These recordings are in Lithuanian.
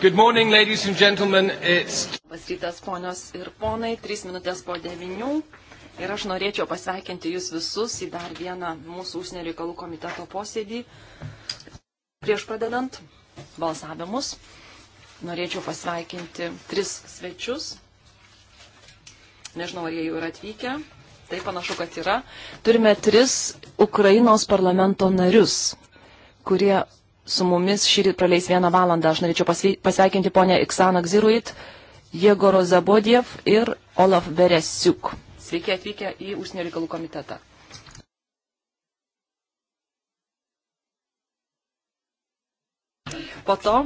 Good morning, ladies and gentlemen. It's... Labas rytas, ponios ir ponai, trys minutės po devinių. Ir aš norėčiau pasveikinti jūs visus į dar vieną mūsų užsienio reikalų komiteto posėdį. Prieš pradedant balsavimus, norėčiau pasveikinti tris svečius. Nežinau, ar jie jau yra atvykę. Tai panašu, kad yra. Turime tris Ukrainos parlamento narius, kurie su mumis šįryt praleis vieną valandą. Aš norėčiau pasveikinti ponę Iksaną Gziruit, Jėgoro Zabodiev ir Olaf Veresiuk. Sveiki atvykę į Užsienio reikalų komitetą. Po to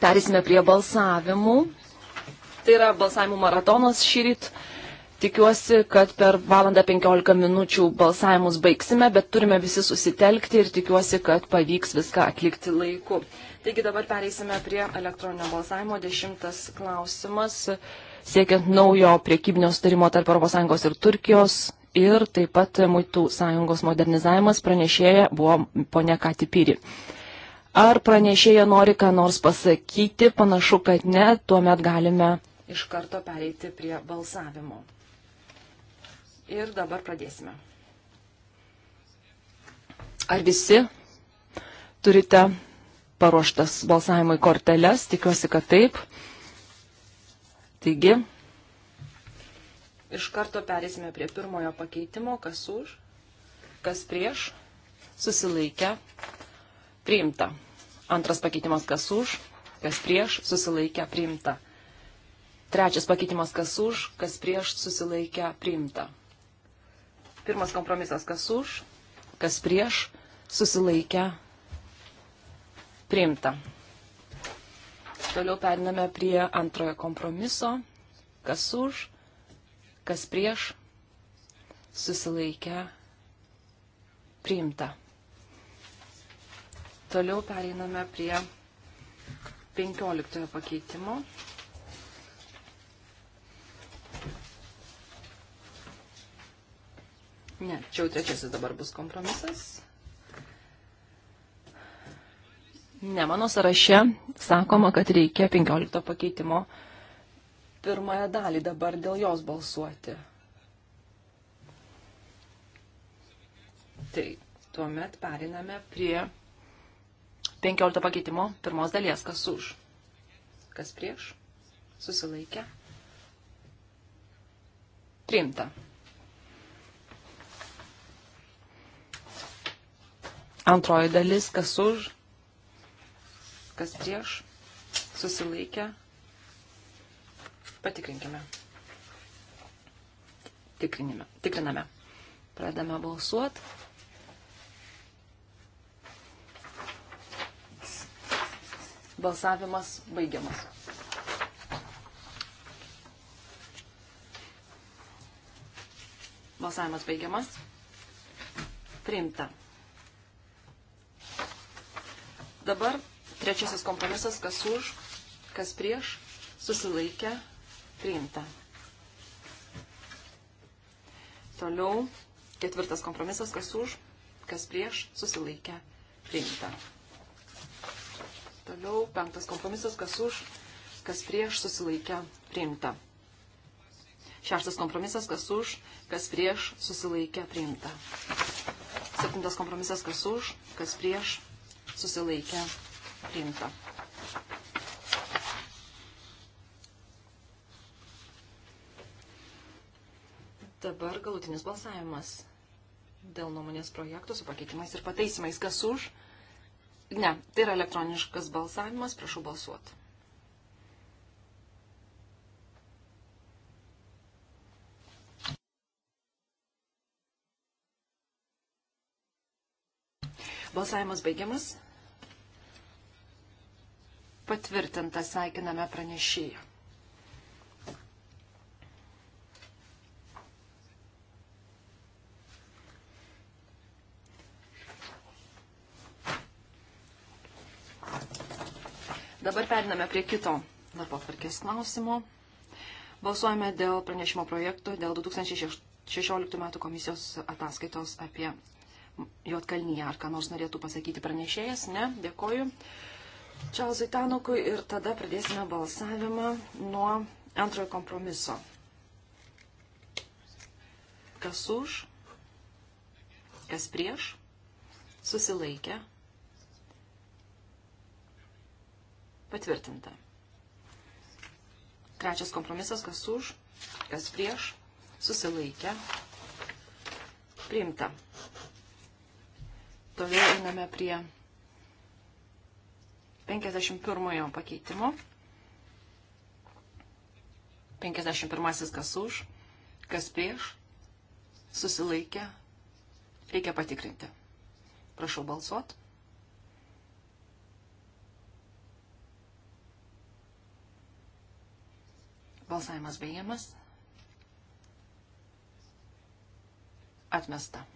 perėsime prie balsavimų. Tai yra balsavimų maratonas šįryt. rytą Tikiuosi, kad per valandą 15 minučių balsavimus baigsime, bet turime visi susitelkti ir tikiuosi, kad pavyks viską atlikti laiku. Taigi dabar pereisime prie elektroninio balsavimo. Dešimtas klausimas. Siekiant naujo priekybinio sutarimo tarp ES ir Turkijos ir taip pat Muitų sąjungos modernizavimas pranešėja buvo ponia Katipyri. Ar pranešėja nori ką nors pasakyti? Panašu, kad ne. Tuomet galime iš karto pereiti prie balsavimo. Ir dabar pradėsime. Ar visi turite paruoštas balsavimui korteles? Tikiuosi, kad taip. Taigi, iš karto perėsime prie pirmojo pakeitimo, kas už, kas prieš, susilaikę, priimta. Antras pakeitimas, kas už, kas prieš, susilaikę, priimta. Trečias pakeitimas, kas už, kas prieš, susilaikę, priimta. Pirmas kompromisas, kas už, kas prieš, susilaikę, priimta. Toliau periname prie antrojo kompromiso, kas už, kas prieš, susilaikę, priimta. Toliau pereiname prie 15 pakeitimo. Ne, čia jau trečiasis dabar bus kompromisas. Ne, mano sąraše sakoma, kad reikia 15 pakeitimo pirmąją dalį dabar dėl jos balsuoti. Tai tuomet periname prie 15 pakeitimo pirmos dalies, kas už, kas prieš, susilaikę, priimta. Antroji dalis, kas už, kas prieš, susilaikę. Patikrinkime. Tikrinime. Tikriname. Pradame balsuoti. Balsavimas baigiamas. Balsavimas baigiamas. Priimta. Dabar trečiasis kompromisas, kas už, kas prieš, susilaikę, priimta. Toliau ketvirtas kompromisas, kas už, kas prieš, susilaikę, priimta. Toliau penktas kompromisas, kas už, kas prieš, susilaikę, priimta. Šeštas kompromisas, kas už, kas prieš, susilaikę, priimta. Septintas kompromisas, kas už, kas prieš, susilaikę priimta. Dabar galutinis balsavimas dėl nuomonės projektų su pakeitimais ir pataisimais. Kas už? Ne, tai yra elektroniškas balsavimas, prašau balsuoti. Balsavimas baigiamas patvirtinta, sveikiname pranešėją. Dabar periname prie kito darbo tvarkės klausimo. Balsuojame dėl pranešimo projektų, dėl 2016 m. komisijos ataskaitos apie Jotkalnyje. Ar ką nors norėtų pasakyti pranešėjas? Ne, dėkoju. Čiausui Tanukui ir tada pradėsime balsavimą nuo antrojo kompromiso. Kas už, kas prieš, susilaikė, patvirtinta. Trečias kompromisas, kas už, kas prieš, susilaikė, priimta. Toliau einame prie 51 pakeitimo. 51 kas už, kas prieš, susilaikė, reikia patikrinti. Prašau balsuot. Balsavimas baigiamas. Atmesta.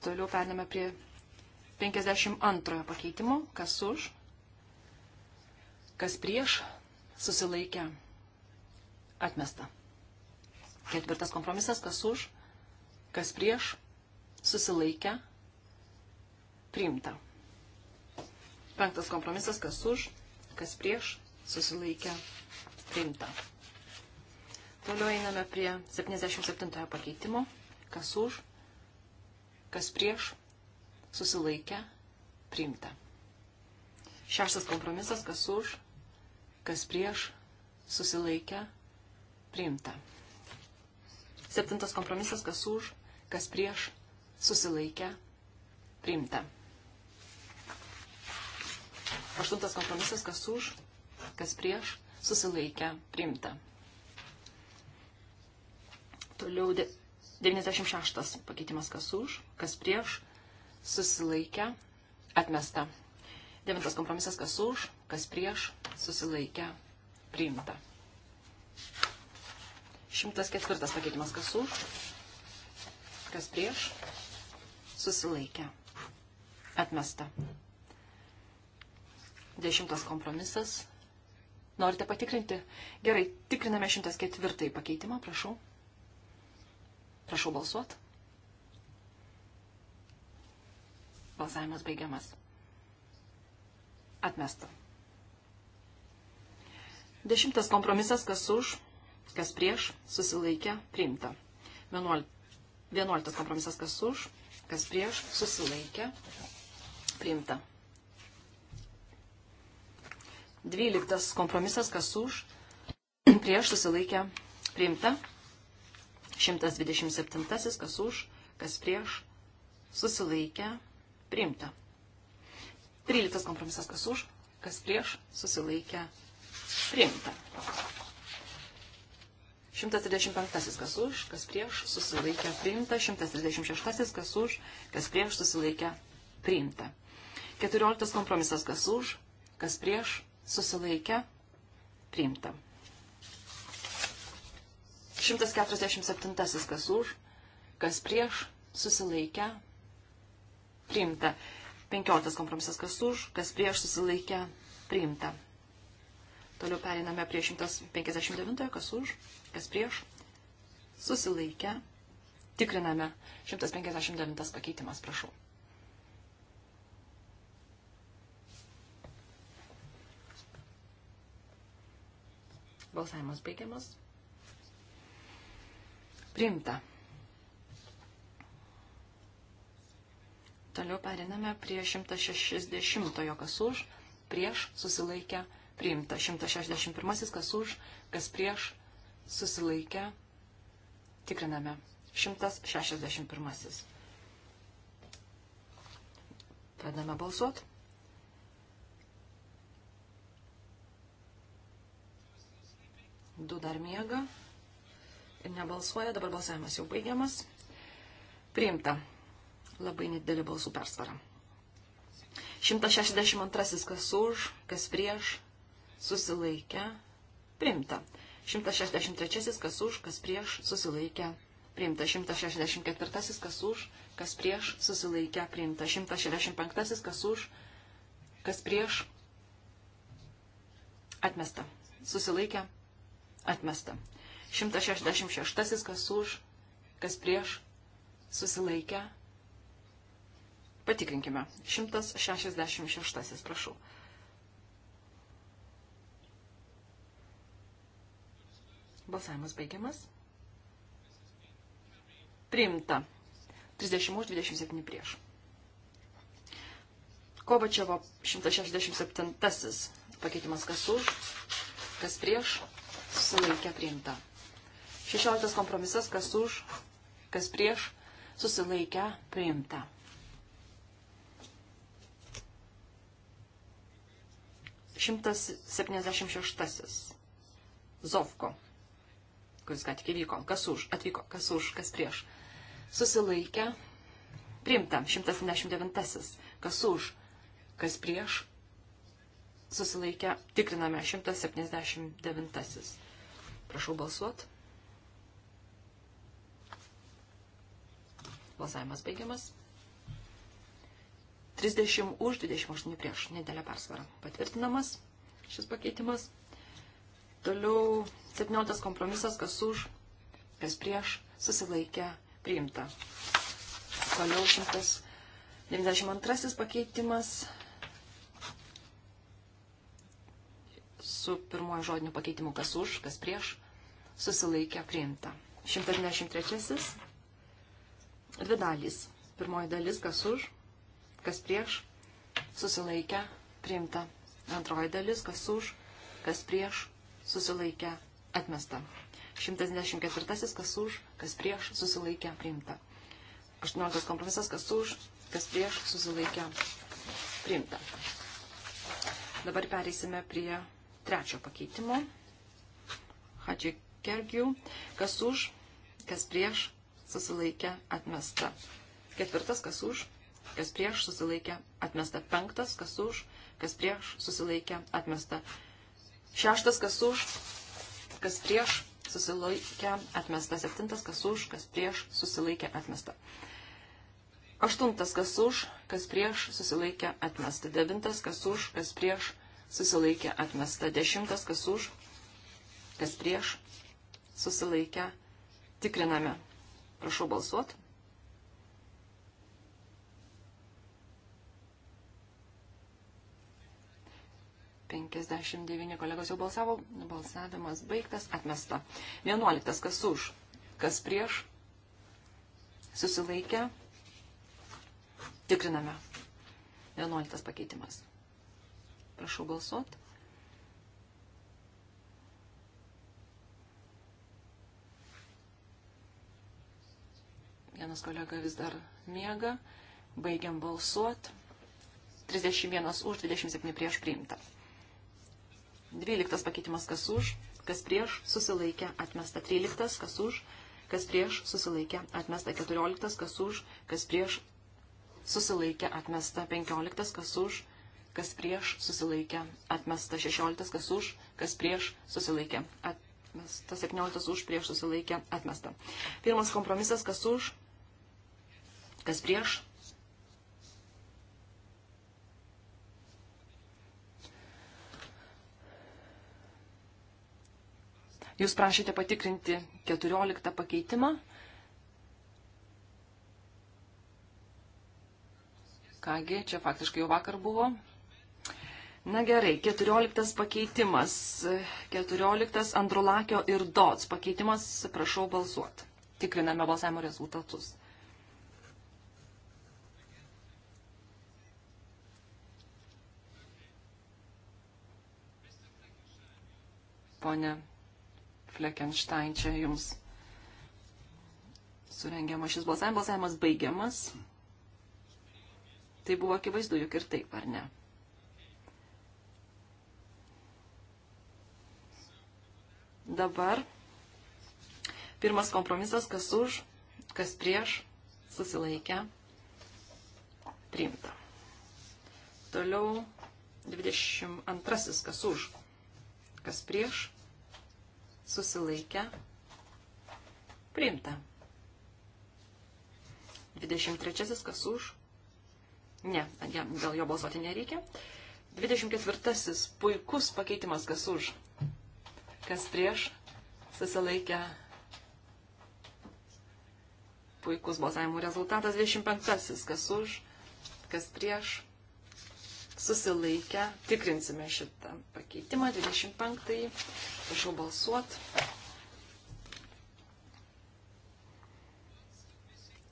Toliau periname prie 52 pakeitimo. Kas už? Kas prieš? Susilaikę. Atmesta. Ketvirtas kompromisas. Kas už? Kas prieš? Susilaikę. Priimta. Penktas kompromisas. Kas už? Kas prieš? Susilaikę. Priimta. Toliau einame prie 77 pakeitimo. Kas už? kas prieš, susilaikę, priimta. Šeštas kompromisas, kas už, kas prieš, susilaikę, priimta. Septintas kompromisas, kas už, kas prieš, susilaikę, priimta. Aštuntas kompromisas, kas už, kas prieš, susilaikę, priimta. Toliau 96 pakeitimas kas už, kas prieš, susilaikę, atmesta. 9 kompromisas kas už, kas prieš, susilaikę, priimta. 104 pakeitimas kas už, kas prieš, susilaikę, atmesta. 10 kompromisas. Norite patikrinti? Gerai, tikriname 104 pakeitimą, prašau. Prašau balsuot. Balsavimas baigiamas. Atmesta. Dešimtas kompromisas, kas už, kas prieš, susilaikė, priimta. Vienuoliktas kompromisas, kas už, kas prieš, susilaikė, priimta. Dvyliktas kompromisas, kas už, prieš, susilaikė, priimta. 127. Kas už, kas prieš, susilaikė, priimta. 13 kompromisas. Kas už, kas prieš, susilaikė, priimta. 135 kas už, kas prieš, susilaikė, priimta. 136 kas už, kas prieš, susilaikė, priimta. 14 kompromisas kas už, kas prieš, susilaikė, priimta. 147 kas už, kas prieš, susilaikę, priimta. 15 kompromisas kas už, kas prieš, susilaikę, priimta. Toliau periname prie 159 kas už, kas prieš, susilaikę, tikriname. 159 pakeitimas, prašau. Balsavimas baigiamas. Primta. Toliau periname prie 160, kas už, prieš, susilaikę, priimta. 161, kas už, kas prieš, susilaikę, tikriname. 161. Pradame balsuoti. Du dar miega nebalsuoja, dabar balsavimas jau baigiamas. Priimta. Labai nedidelį balsų persvarą. 162 kas už, kas prieš, susilaikę, priimta. 163 kas už, kas prieš, susilaikę, priimta. 164 kas už, kas prieš, susilaikę, priimta. 165 kas už, kas prieš, atmesta. Susilaikę, atmesta. 166, kas už, kas prieš, susilaikę. Patikrinkime. 166, prašau. Balsavimas baigiamas. Priimta. 30 už 27 prieš. Kovačiavo 167 pakeitimas kas už, kas prieš, sulaikė priimta. 16 kompromisas, kas už, kas prieš, susilaikę, priimta. Šimtas septyniasdešimt šeštasis. Zovko, kuris ką tik įvyko. Kas už, atvyko, kas už, kas prieš. Susilaikę, priimta. Šimtas septyniasdešimt devintasis. Kas už, kas prieš, susilaikę tikriname 179. Prašau balsuot. Balsavimas baigiamas. 30 už, 28 prieš, nedėlė persvara. Patvirtinamas šis pakeitimas. Toliau 17 kompromisas, kas už, kas prieš, susilaikė, priimta. Toliau 192 pakeitimas su pirmojo žodiniu pakeitimu, kas už, kas prieš, susilaikė, priimta. 193 Dvi dalys. Pirmoji dalis, kas už, kas prieš, susilaikę, priimta. Antroji dalis, kas už, kas prieš, susilaikę, atmesta. 124, kas už, kas prieš, susilaikę, priimta. 18 kompromisas, kas už, kas prieš, susilaikę, priimta. Dabar pereisime prie trečio pakeitimo. Hadži Kergių, kas už, kas prieš, susilaikė, atmesta. Ketvirtas, kas už, kas prieš, susilaikė, atmesta. Penktas, kas už, kas prieš, susilaikė, atmesta. Šeštas, kas už, kas prieš, susilaikė, atmesta. Septintas, kas už, kas prieš, susilaikė, atmesta. Aštuntas, kas už, kas prieš, susilaikė, atmesta. Devintas, kas už, kas prieš, susilaikė, atmesta. Dešimtas, kas už, kas prieš, susilaikė, tikriname. Prašau balsuoti. Penkiasdešimt devyni kolegos jau balsavo, balsavimas baigtas, atmesta. Vienuoliktas, kas už, kas prieš, susilaikę, tikriname. Vienuoliktas pakeitimas. Prašau balsuoti. Vienas kolega vis dar miega. Baigiam balsuoti. 31 už, 27 prieš priimta. 12 pakeitimas kas už, kas prieš, susilaikė, atmesta 13, kas už, kas prieš, susilaikė, atmesta 14, kas už, kas prieš, susilaikė, atmesta 15, kas už, kas prieš, susilaikė, atmesta 16, kas už, kas prieš, susilaikė, atmesta 17, už, prieš, susilaikė, atmesta. Pirmas kompromisas, kas už, Kas prieš? Jūs prašėte patikrinti 14 pakeitimą. Kągi, čia faktiškai jau vakar buvo. Na gerai, 14 pakeitimas. 14 Andrulakio ir Dots pakeitimas, prašau balsuoti. Tikriname balsavimo rezultatus. ponė Fleckenstein, čia jums surengiamas šis balsavimas. Balsavimas baigiamas. Tai buvo akivaizdu, juk ir taip, ar ne? Dabar pirmas kompromisas, kas už, kas prieš, susilaikę, priimta. Toliau 22, kas už, kas prieš, susilaikę, priimta. 23 kas už, ne, dėl jo balsuoti nereikia. 24 puikus pakeitimas kas už, kas prieš, susilaikę, puikus balsavimų rezultatas. 25 kas už, kas prieš, susilaikę. Tikrinsime šitą pakeitimą. 25. Prašau balsuot.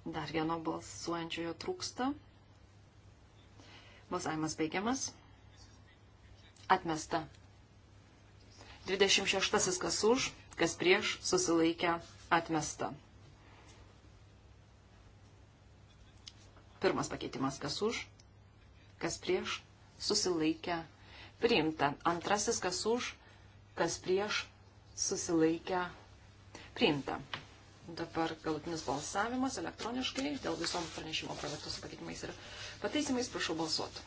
Dar vieno balsuojančiojo trūksta. Balsavimas baigiamas. Atmesta. 26. kas už, kas prieš, susilaikę, atmesta. Pirmas pakeitimas, kas už, kas prieš, susilaikę, priimta. Antrasis, kas už, kas prieš, susilaikę, priimta. Dabar galutinis balsavimas elektroniškai dėl visom pranešimo projektų su pakeitimais ir pataisimais. Prašau balsuoti.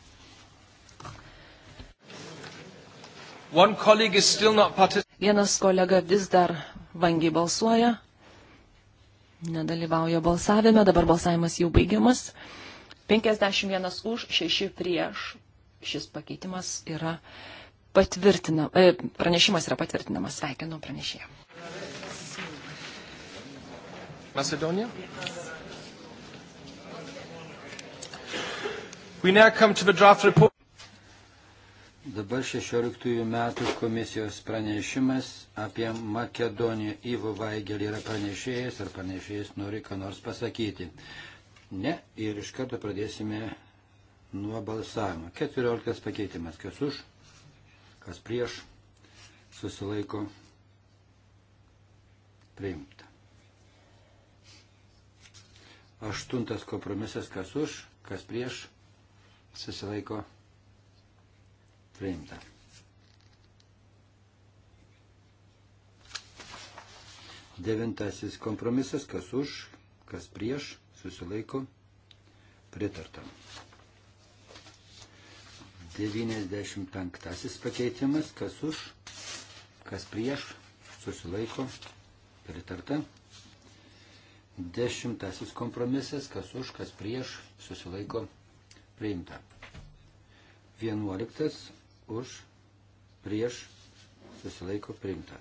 Vienas kolega vis dar vangiai balsuoja, nedalyvauja balsavime, dabar balsavimas jau baigiamas. 51 už, 6 prieš, šis pakeitimas yra patvirtinamas, e, pranešimas yra patvirtinamas. Sveikinu pranešėją. Macedonia? We now come to the draft report. Dabar 16 metų komisijos pranešimas apie Makedoniją. Ivo Vaigelį yra pranešėjas, ar pranešėjas nori ką nors pasakyti. Ne, ir iš karto pradėsime nuo balsavimo. 14 pakeitimas. Kas už, kas prieš, susilaiko priimta. Aštuntas kompromisas. Kas už, kas prieš, susilaiko priimta. Devintasis kompromisas. Kas už, kas prieš, susilaiko pritarta. 95 pakeitimas, kas už, kas prieš, susilaiko, pritarta. Dešimtasis kompromisas, kas už, kas prieš, susilaiko, priimta. Vienuoliktas, už, prieš, susilaiko, priimta.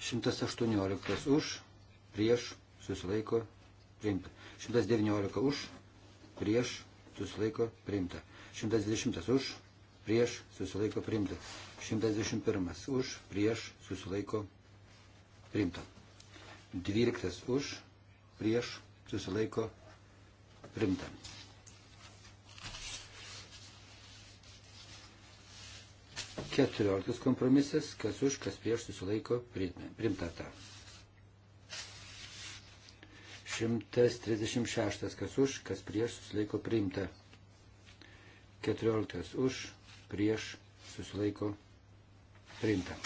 118 už, prieš, susilaiko, priimta. 119 už, prieš, susilaiko priimta. 120 už, prieš susilaiko priimta. 121 už, prieš susilaiko priimta. 12 už, prieš susilaiko priimta. Keturioliktas kompromisas, kas už, kas prieš susilaiko priimta. 136, kas už, kas prieš, susilaiko priimta. 14 už, prieš, susilaiko priimta.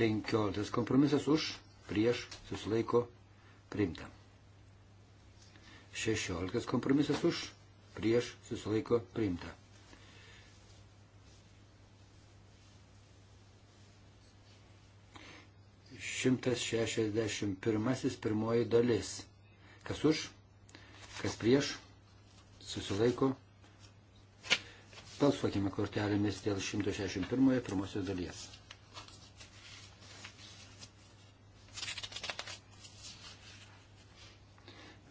15 kompromisas už, prieš, susilaiko priimta. 16 kompromisas už, prieš, susilaiko priimta. 161 pirmoji dalis. Kas už, kas prieš, susilaiko. Balsuokime kortelėmis dėl 161 pirmosios dalies.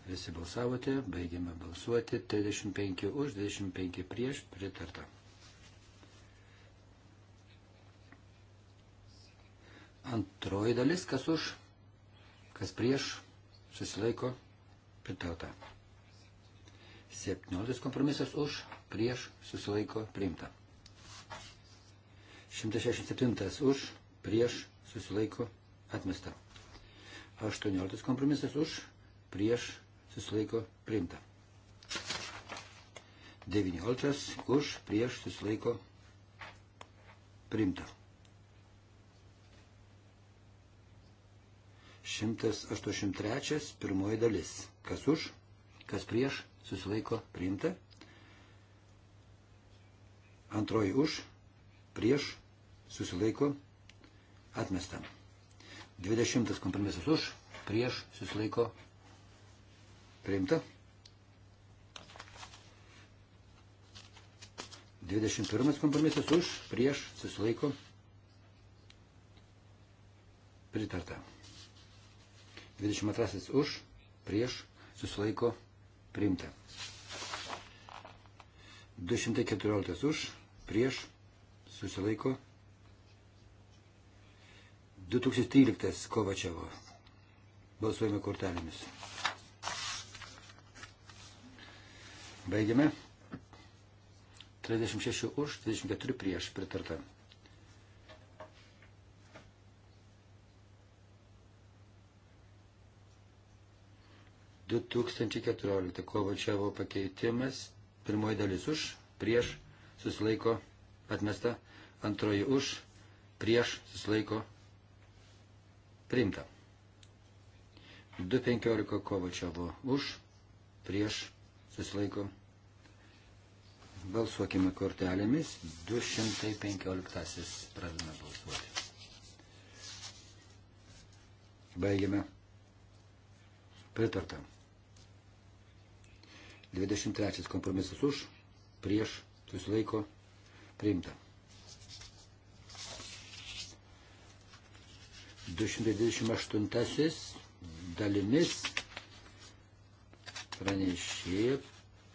Visi balsavote, baigėme balsuoti, 35 už, 25 prieš, pritarta. Antroji dalis, kas už, kas prieš, susilaiko, pritarta. 17 kompromisas už, prieš, susilaiko, priimta. 167 už, prieš, susilaiko, atmesta. 18 kompromisas už, prieš, susilaiko, priimta. 19 už, prieš, susilaiko, priimta. 183 pirmoji dalis. Kas už, kas prieš, susilaiko priimta. Antroji už, prieš, susilaiko atmesta. 20 kompromisas už, prieš, susilaiko priimta. 21 kompromisas už, prieš, susilaiko pritarta. 22 už, prieš, susilaiko, priimta. 214 už, prieš, susilaiko. 2013 Kovačiavo. Balsuojame kortelėmis. Baigiame. 36 už, 24 prieš pritarta. 2014 Kovačiavo pakeitimas, pirmoji dalis už, prieš, susilaiko, atmesta, antroji už, prieš, susilaiko, priimta. 2.15 Kovačiavo už, prieš, susilaiko, balsuokime kortelėmis, 215 pradame balsuoti. Baigiame. Pritartam. 23 kompromisas už, prieš, susilaiko, priimta. 228 dalimis pranešėja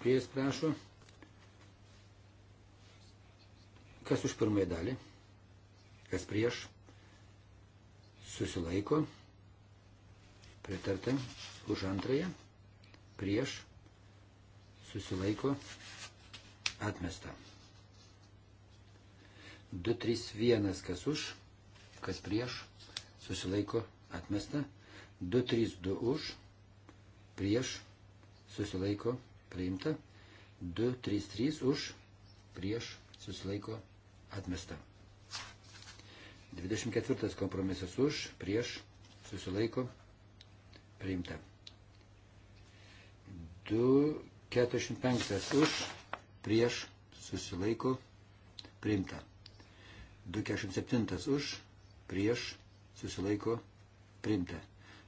priejas prašo. Kas už pirmąją dalį? Kas prieš? Susilaiko. Pritarta. Už antrąją. Prieš susilaiko atmesta. 2, 3, 1, kas už, kas prieš, susilaiko atmesta. 2, 3, 2 už, prieš, susilaiko priimta. 2, 3, 3 už, prieš, susilaiko atmesta. 24 kompromisas už, prieš, susilaiko priimta. 2, 45 už, prieš, susilaiko, priimta. 247 už, prieš, susilaiko, priimta.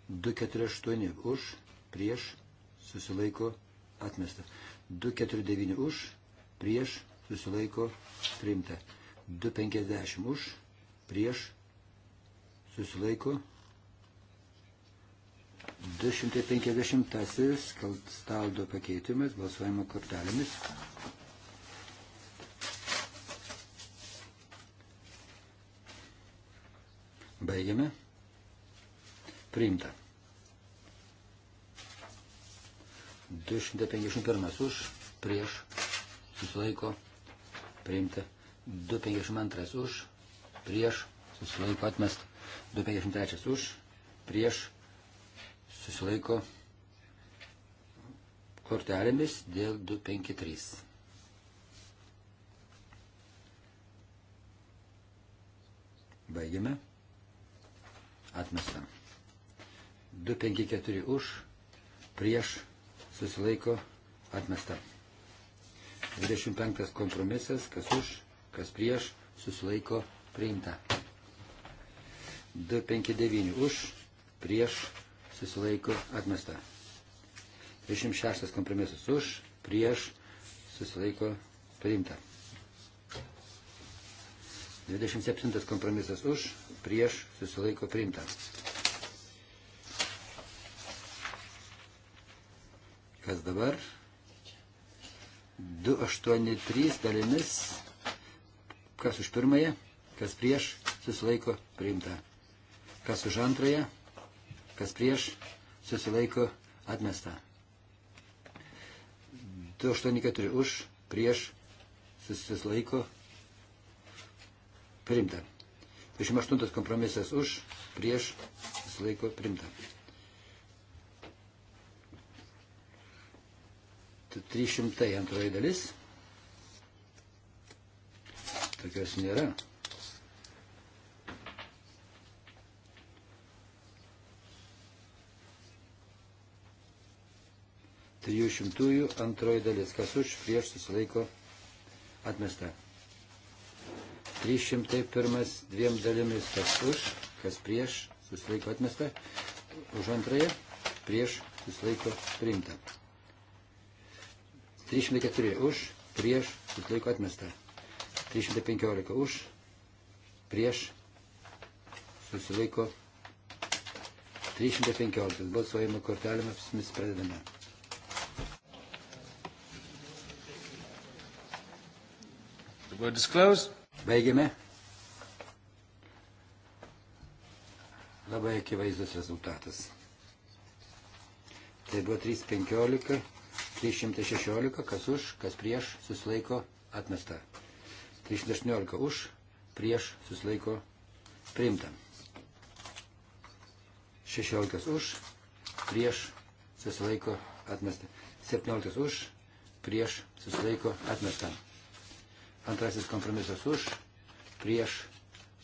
248 už, prieš, susilaiko, atmesta. 249 už, prieš, susilaiko, priimta. 250 už, prieš, susilaiko, atmesta. 250 staldo pakeitimas balsuojimo kortelėmis. Baigiame. Priimta. 251 už, prieš, susilaiko, priimta. 252 už, prieš, susilaiko atmest. 253 už, prieš, susilaiko kortelėmis dėl 253. Baigiame. Atmesta. 254 už, prieš susilaiko atmesta. 25 kompromisas, kas už, kas prieš, susilaiko priimta. 259 už, prieš susilaiko atmesta. 26 kompromisas už, prieš, susilaiko priimta. 27 kompromisas už, prieš, susilaiko priimta. Kas dabar? 283 dalimis. Kas už pirmąją, kas prieš, susilaiko priimta. Kas už antrąją, kas prieš, susilaiko atmesta. 284 už, prieš, susilaiko primta. 28 kompromisas už, prieš, susilaiko primta. 300 antroji dalis. Tokios nėra. 300 antroji dalis. Kas už prieš susilaiko atmesta. 301 dviem dalimis. Kas už, kas prieš susilaiko atmesta. Už antrąją prieš susilaiko priimta. 304 už, prieš susilaiko atmesta. 315 už, prieš susilaiko 315. Balsuojimo kortelėmis pradedame. Vote is closed. Baigėme. Labai akivaizdus rezultatas. Tai buvo 315, 316, kas už, kas prieš, susilaiko, atmesta. 318 už, prieš, susilaiko, priimta. 16 už, prieš, susilaiko, atmesta. 17 už, prieš, susilaiko, atmesta. Antrasis kompromisas už, prieš,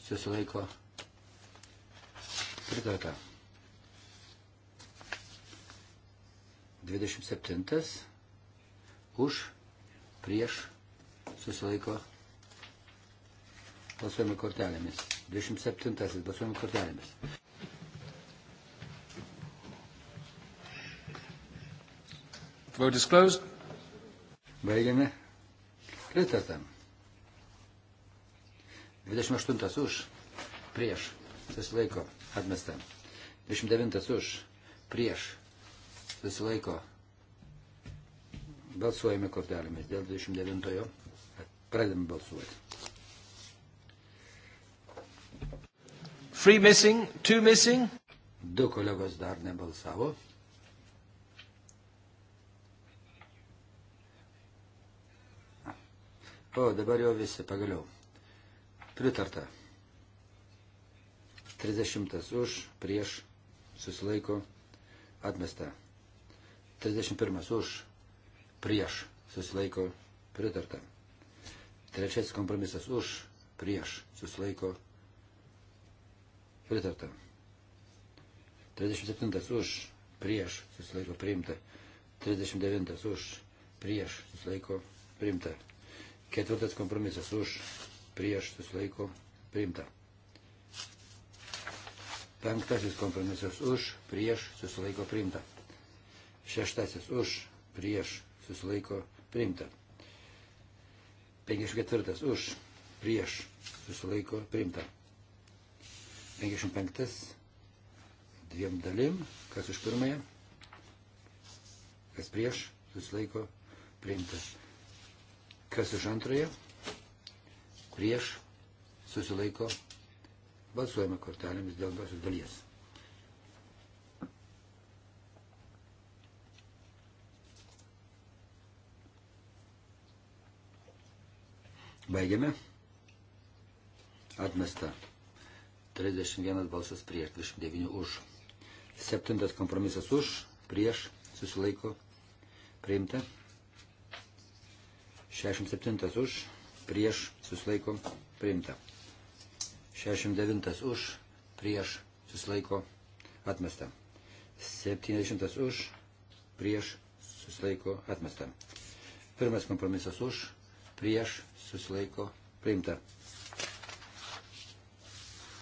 susilaiko pritarta. 27. Už, prieš, susilaiko balsuojimo kortelėmis. 27. balsuojimo kortelėmis. Vote is closed. Baigiame. Pritartam. 28 už, prieš, susilaiko, atmesta. 29 už, prieš, susilaiko. Balsuojame kortelėmis dėl 29-ojo. Pradėm balsuoti. Three missing, two missing. Du kolegos dar nebalsavo. O, dabar jau visi pagaliau. Pritarta. 30 už, prieš, susilaiko, atmesta. 31 už, prieš, susilaiko, pritarta. Trečiasis kompromisas už, prieš, susilaiko, pritarta. 37 už, prieš, susilaiko, priimta. 39 už, prieš, susilaiko, priimta. Ketvirtas kompromisas už, prieš susilaiko priimta. Penktasis kompromisas už, prieš susilaiko priimta. Šeštasis už, prieš susilaiko priimta. 54 už, prieš susilaiko priimta. 55 dviem dalim, kas už pirmąją, kas prieš susilaiko priimta. Kas už antrąją? prieš susilaiko balsuojame kortelėmis dėl antrosios dalies. Baigiame. Atmesta. 31 balsas prieš, 29 už. Septintas kompromisas už, prieš, susilaiko, priimta. 67 už, prieš susilaiko priimta. 69 už prieš susilaiko atmesta. 70 už prieš susilaiko atmesta. Pirmas kompromisas už prieš susilaiko priimta.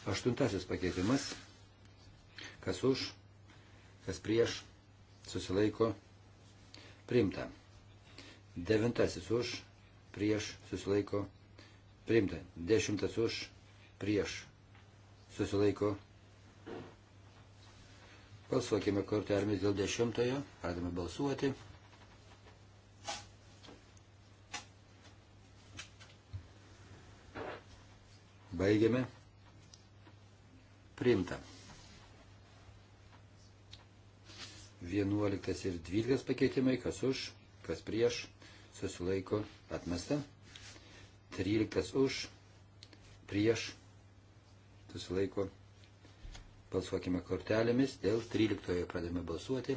Aštuntasis pakeitimas. Kas už, kas prieš susilaiko priimta. Devintasis už prieš susilaiko priimta. Dešimtas už prieš susilaiko. Balsuokime kortelėmis dėl dešimtojo. Pradame balsuoti. Baigiame. Priimta. 11 ir 12 pakeitimai, kas už, kas prieš, susilaiko atmesta. 13 už, prieš, susilaiko. Balsuokime kortelėmis, dėl 13 pradame balsuoti.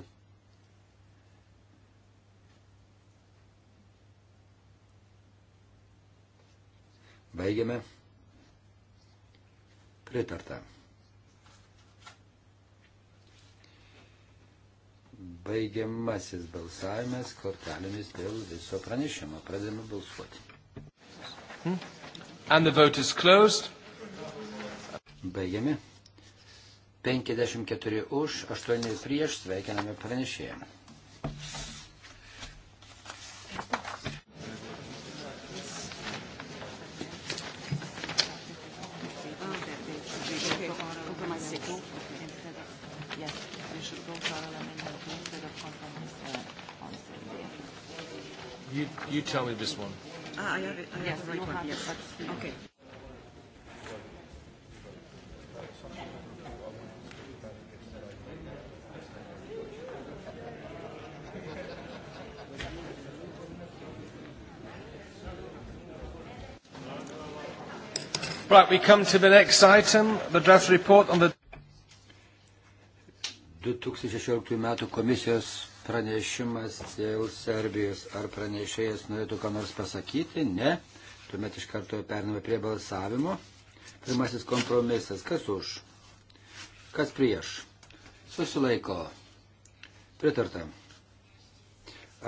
Baigiame. Pritarta. baigiamasis balsavimas kortelėmis dėl viso pranešimo. Pradedame balsuoti. Hmm? And the vote is closed. Baigiame. 54 už, 8 prieš, sveikiname pranešėjimą. you tell me this one? Ah, I have it. I have yes, the right one. Have yes. It, okay. Right, we come to the next item, the draft report on the 2016 m. komisijos pranešimas dėl Serbijos. Ar pranešėjas norėtų ką nors pasakyti? Ne. Tuomet iš karto periname prie balsavimo. Pirmasis kompromisas. Kas už? Kas prieš? Susilaiko. Pritarta.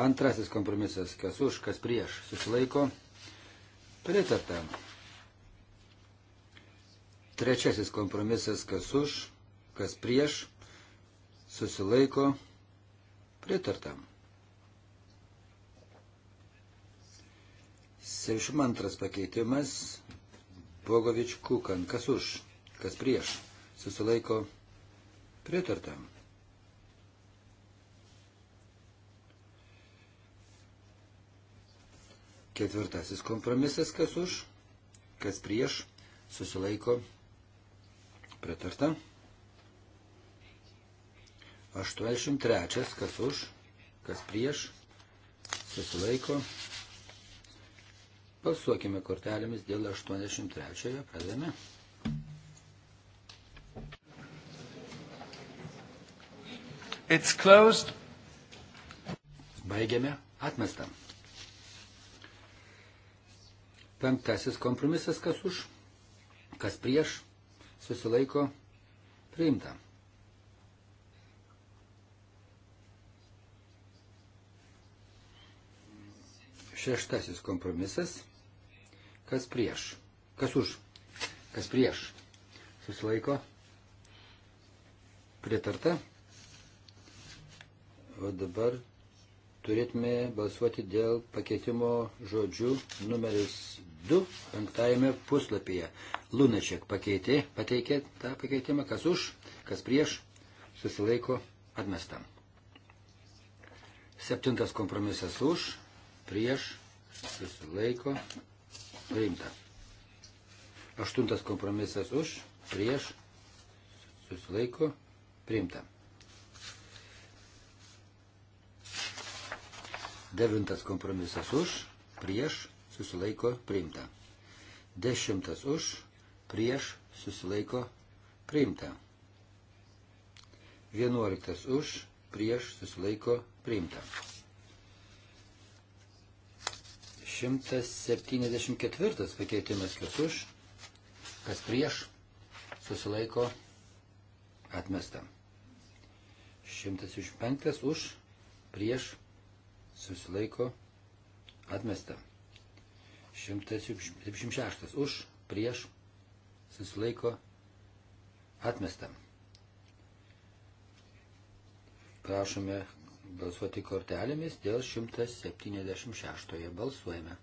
Antrasis kompromisas. Kas už, kas prieš? Susilaiko. Pritarta. Trečiasis kompromisas. Kas už, kas prieš? Susilaiko. Pritarta Pritarta. 72 pakeitimas. Bogovič Kukan. Kas už? Kas prieš? Susilaiko. Pritarta. Ketvirtasis kompromisas. Kas už? Kas prieš? Susilaiko. Pritarta. 83, kas už, kas prieš, susilaiko. Balsuokime kortelėmis dėl 83, pradame. It's closed. Baigiame atmestą. Penktasis kompromisas, kas už, kas prieš, susilaiko priimta. Šeštasis kompromisas. Kas prieš? Kas už? Kas prieš? Susilaiko. Pritarta. O dabar turėtume balsuoti dėl pakeitimo žodžių numeris 2 penktajame puslapyje. Lunačiak pakeitė, pateikė tą pakeitimą, kas už, kas prieš, susilaiko atmestam. Septintas kompromisas už, prieš, susilaiko, priimta. Aštuntas kompromisas už, prieš, susilaiko, priimta. Devintas kompromisas už, prieš, susilaiko, priimta. Dešimtas už, prieš, susilaiko, priimta. Vienuoliktas už, prieš, susilaiko, priimta. 174 pakeitimas, kas už, kas prieš, susilaiko atmesta. 105 už, prieš, susilaiko atmesta. 176 už, prieš, susilaiko atmesta. Prašome balsuoti kortelėmis dėl 176. Balsuojame.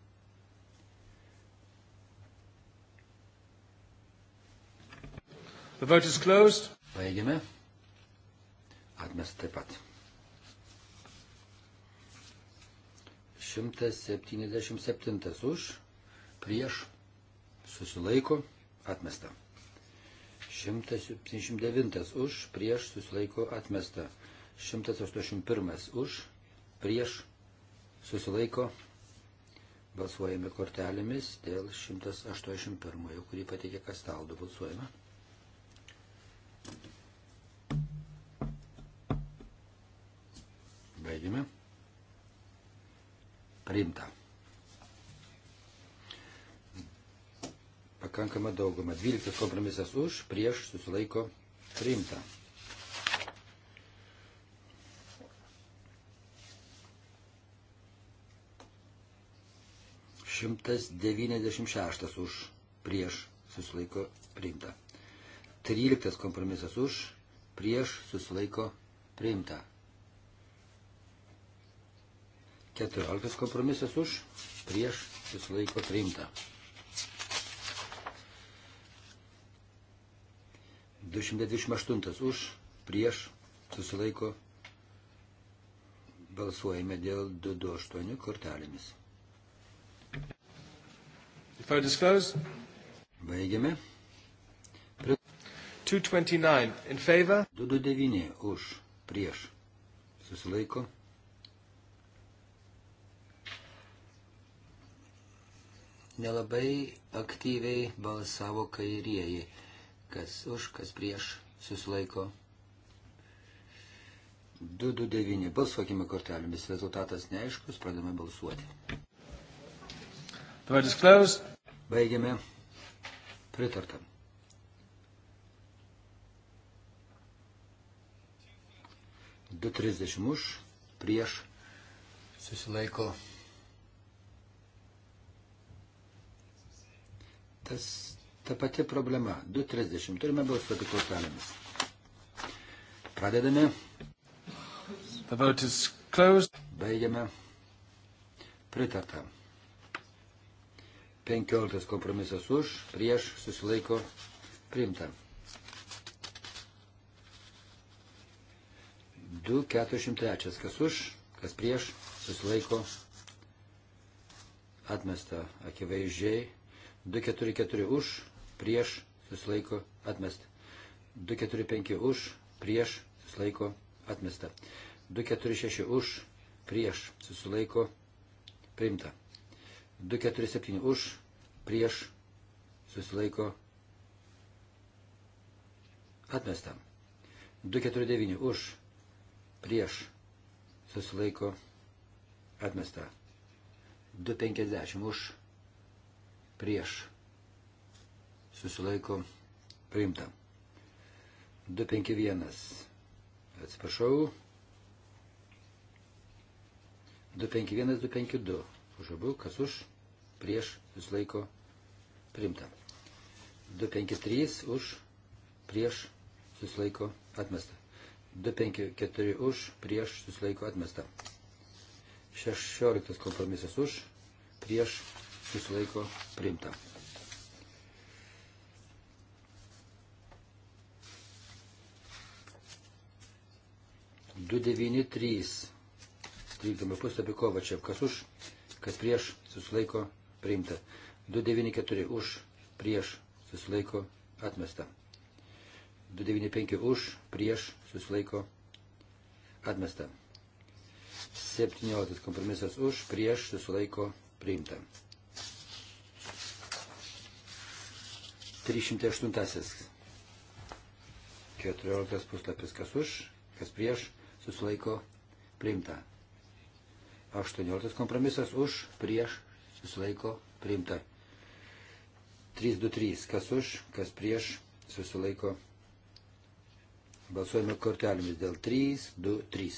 The vote is closed. Baigiame. Atmes taip pat. 177 už, prieš, susilaiko, atmesta. 179 už, prieš, susilaiko, atmesta. 181 už, prieš, susilaiko, balsuojame kortelėmis dėl 181, kurį pateikė Kastaldo, balsuojame. Baigime. Priimta. Pakankama dauguma. 12 kompromisas už, prieš, susilaiko, priimta. 196 už prieš susilaiko priimta. 13 kompromisas už prieš susilaiko priimta. 14 kompromisas už prieš susilaiko priimta. 228 už prieš susilaiko priimta balsuojame dėl 228 kortelėmis. Vote is closed. Baigiame. 229 in favor. 229 už, prieš. Susilaiko. Nelabai aktyviai balsavo kairieji. Kas už, kas prieš. Susilaiko. 229. Balsuokime kortelėmis. Rezultatas neaiškus. Pradame balsuoti. The vote is closed. Baigiame. Pritarta. 2.30 už, prieš. Susilaiko. Tas ta pati problema. 2.30. Turime balsuoti kortelėmis. Pradedame. The vote is closed. Baigiame. Pritarta. 15 kompromisas už, prieš, susilaiko, priimta. 2.403. Kas už, kas prieš, susilaiko, atmesta akivaizdžiai. 2.44 už, prieš, susilaiko, atmesta. 2.45 už, prieš, susilaiko, atmesta. 2.46 už, prieš, susilaiko, priimta. 247 už, prieš, susilaiko, atmesta. 249 už, prieš, susilaiko, atmesta. 250 už, prieš, susilaiko, priimta. 251, atsiprašau. 251, 252 už abu, kas už, prieš, susilaiko, primta. 253 už, prieš, susilaiko, atmesta. 254 už, prieš, susilaiko, atmesta. 16 kompromisas už, prieš, susilaiko, primta. 293. 13 puslapį Kovačev. Kas už, kad prieš susilaiko priimta. 294 už, prieš susilaiko atmesta. 295 už, prieš susilaiko atmesta. 17 kompromisas už, prieš susilaiko priimta. 308. 14 puslapis kas už, kas prieš, susilaiko priimta. 18 kompromisas už, prieš, susilaiko, priimta. 323, kas už, kas prieš, susilaiko. Balsuojame kortelėmis dėl 3, 2, 3.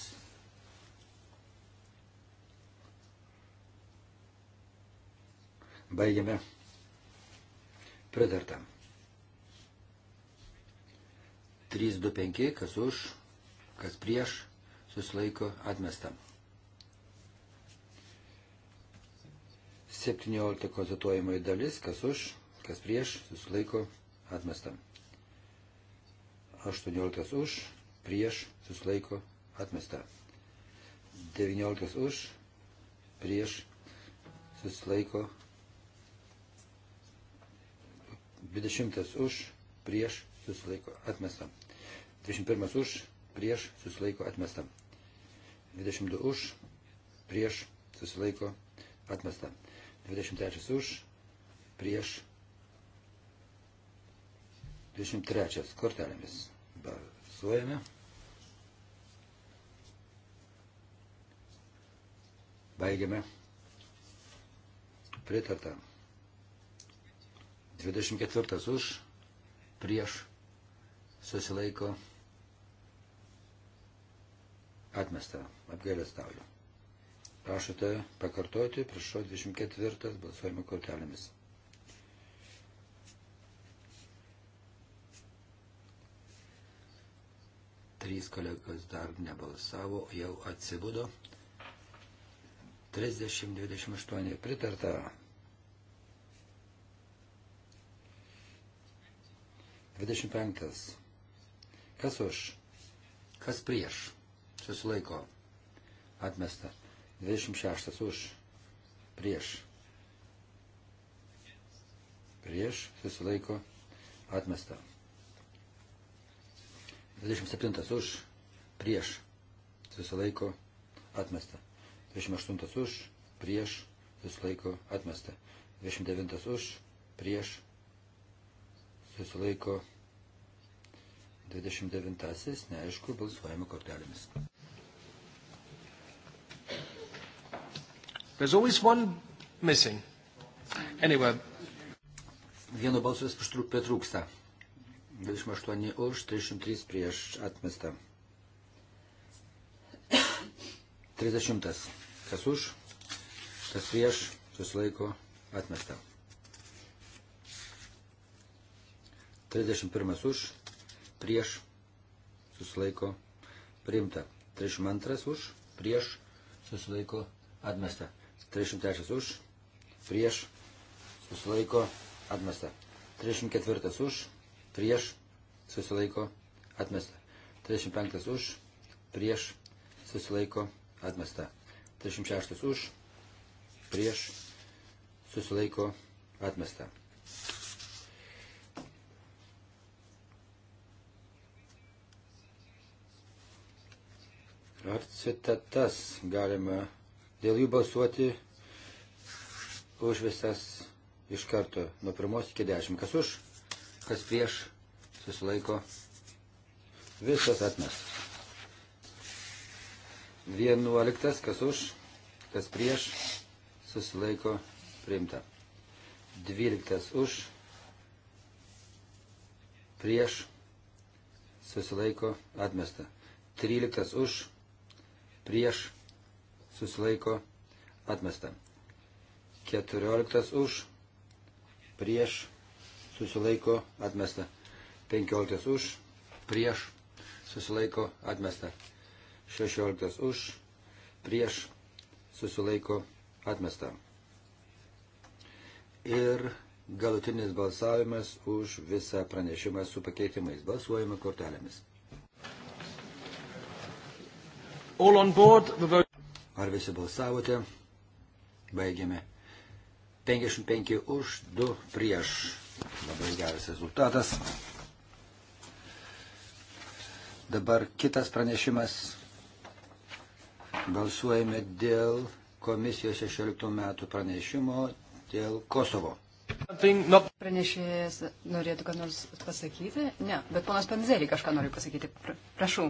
Baigiame. Pritarta. 3, 2, 5, kas už, kas prieš, susilaiko, atmestam. 17 konstatuojamoji dalis, kas už, kas prieš, susilaiko, atmesta. 18 už, prieš, susilaiko, atmesta. 19 už, prieš, susilaiko, 20 už, prieš, susilaiko, atmesta. 21 už, prieš, susilaiko, atmesta. 22 už, prieš, susilaiko, atmesta. 23 už, prieš 23 kortelėmis balsuojame. Baigiame. Pritarta. 24 už, prieš susilaiko atmesta, apgailestauju. Prašote pakartoti, prašau 24 balsuojimo kortelėmis. Trys kolegos dar nebalsavo, jau atsibudo. 30-28 pritarta. 25. Kas už? Kas prieš? Susilaiko. Atmesta. 26 už. Prieš. Prieš susilaiko atmesta. 27 už. Prieš susilaiko atmesta. 28 už. Prieš susilaiko atmesta. 29 už. Prieš susilaiko 29. Neaišku, balsuojame kortelėmis. There's always one missing. Anyway. Vieno balso vis pritrūksta. trūksta. 28 už, 303 prieš atmestą. 30. Kas už, kas prieš, susilaiko atmestą. 31 už, prieš, susilaiko priimta. 32 už, prieš, susilaiko atmestą. 33 už, prieš, susilaiko, atmesta. 34 už, prieš, susilaiko, atmesta. 35 už, prieš, susilaiko, atmesta. 36 už, prieš, susilaiko, atmesta. Ar citatas galima dėl jų balsuoti už visas iš karto, nuo pirmos iki dešimt. Kas už, kas prieš, susilaiko, visas atmestas. Vienuoliktas, kas už, kas prieš, susilaiko, priimta. Dvyliktas už, prieš, susilaiko, atmesta. Tryliktas už, prieš, susilaiko atmesta. 14 už, prieš, susilaiko atmesta. 15 už, prieš, susilaiko atmesta. 16 už, prieš, susilaiko atmesta. Ir galutinis balsavimas už visą pranešimą su pakeitimais. Balsuojame kortelėmis. All on board. The vote. Ar visi balsavote? Baigėme. 55 už, 2 prieš. Labai geras rezultatas. Dabar kitas pranešimas. Balsuojame dėl komisijos 16 metų pranešimo dėl Kosovo. Pranešėjas norėtų ką nors pasakyti? Ne, bet ponas Panzerį kažką nori pasakyti. Prašau.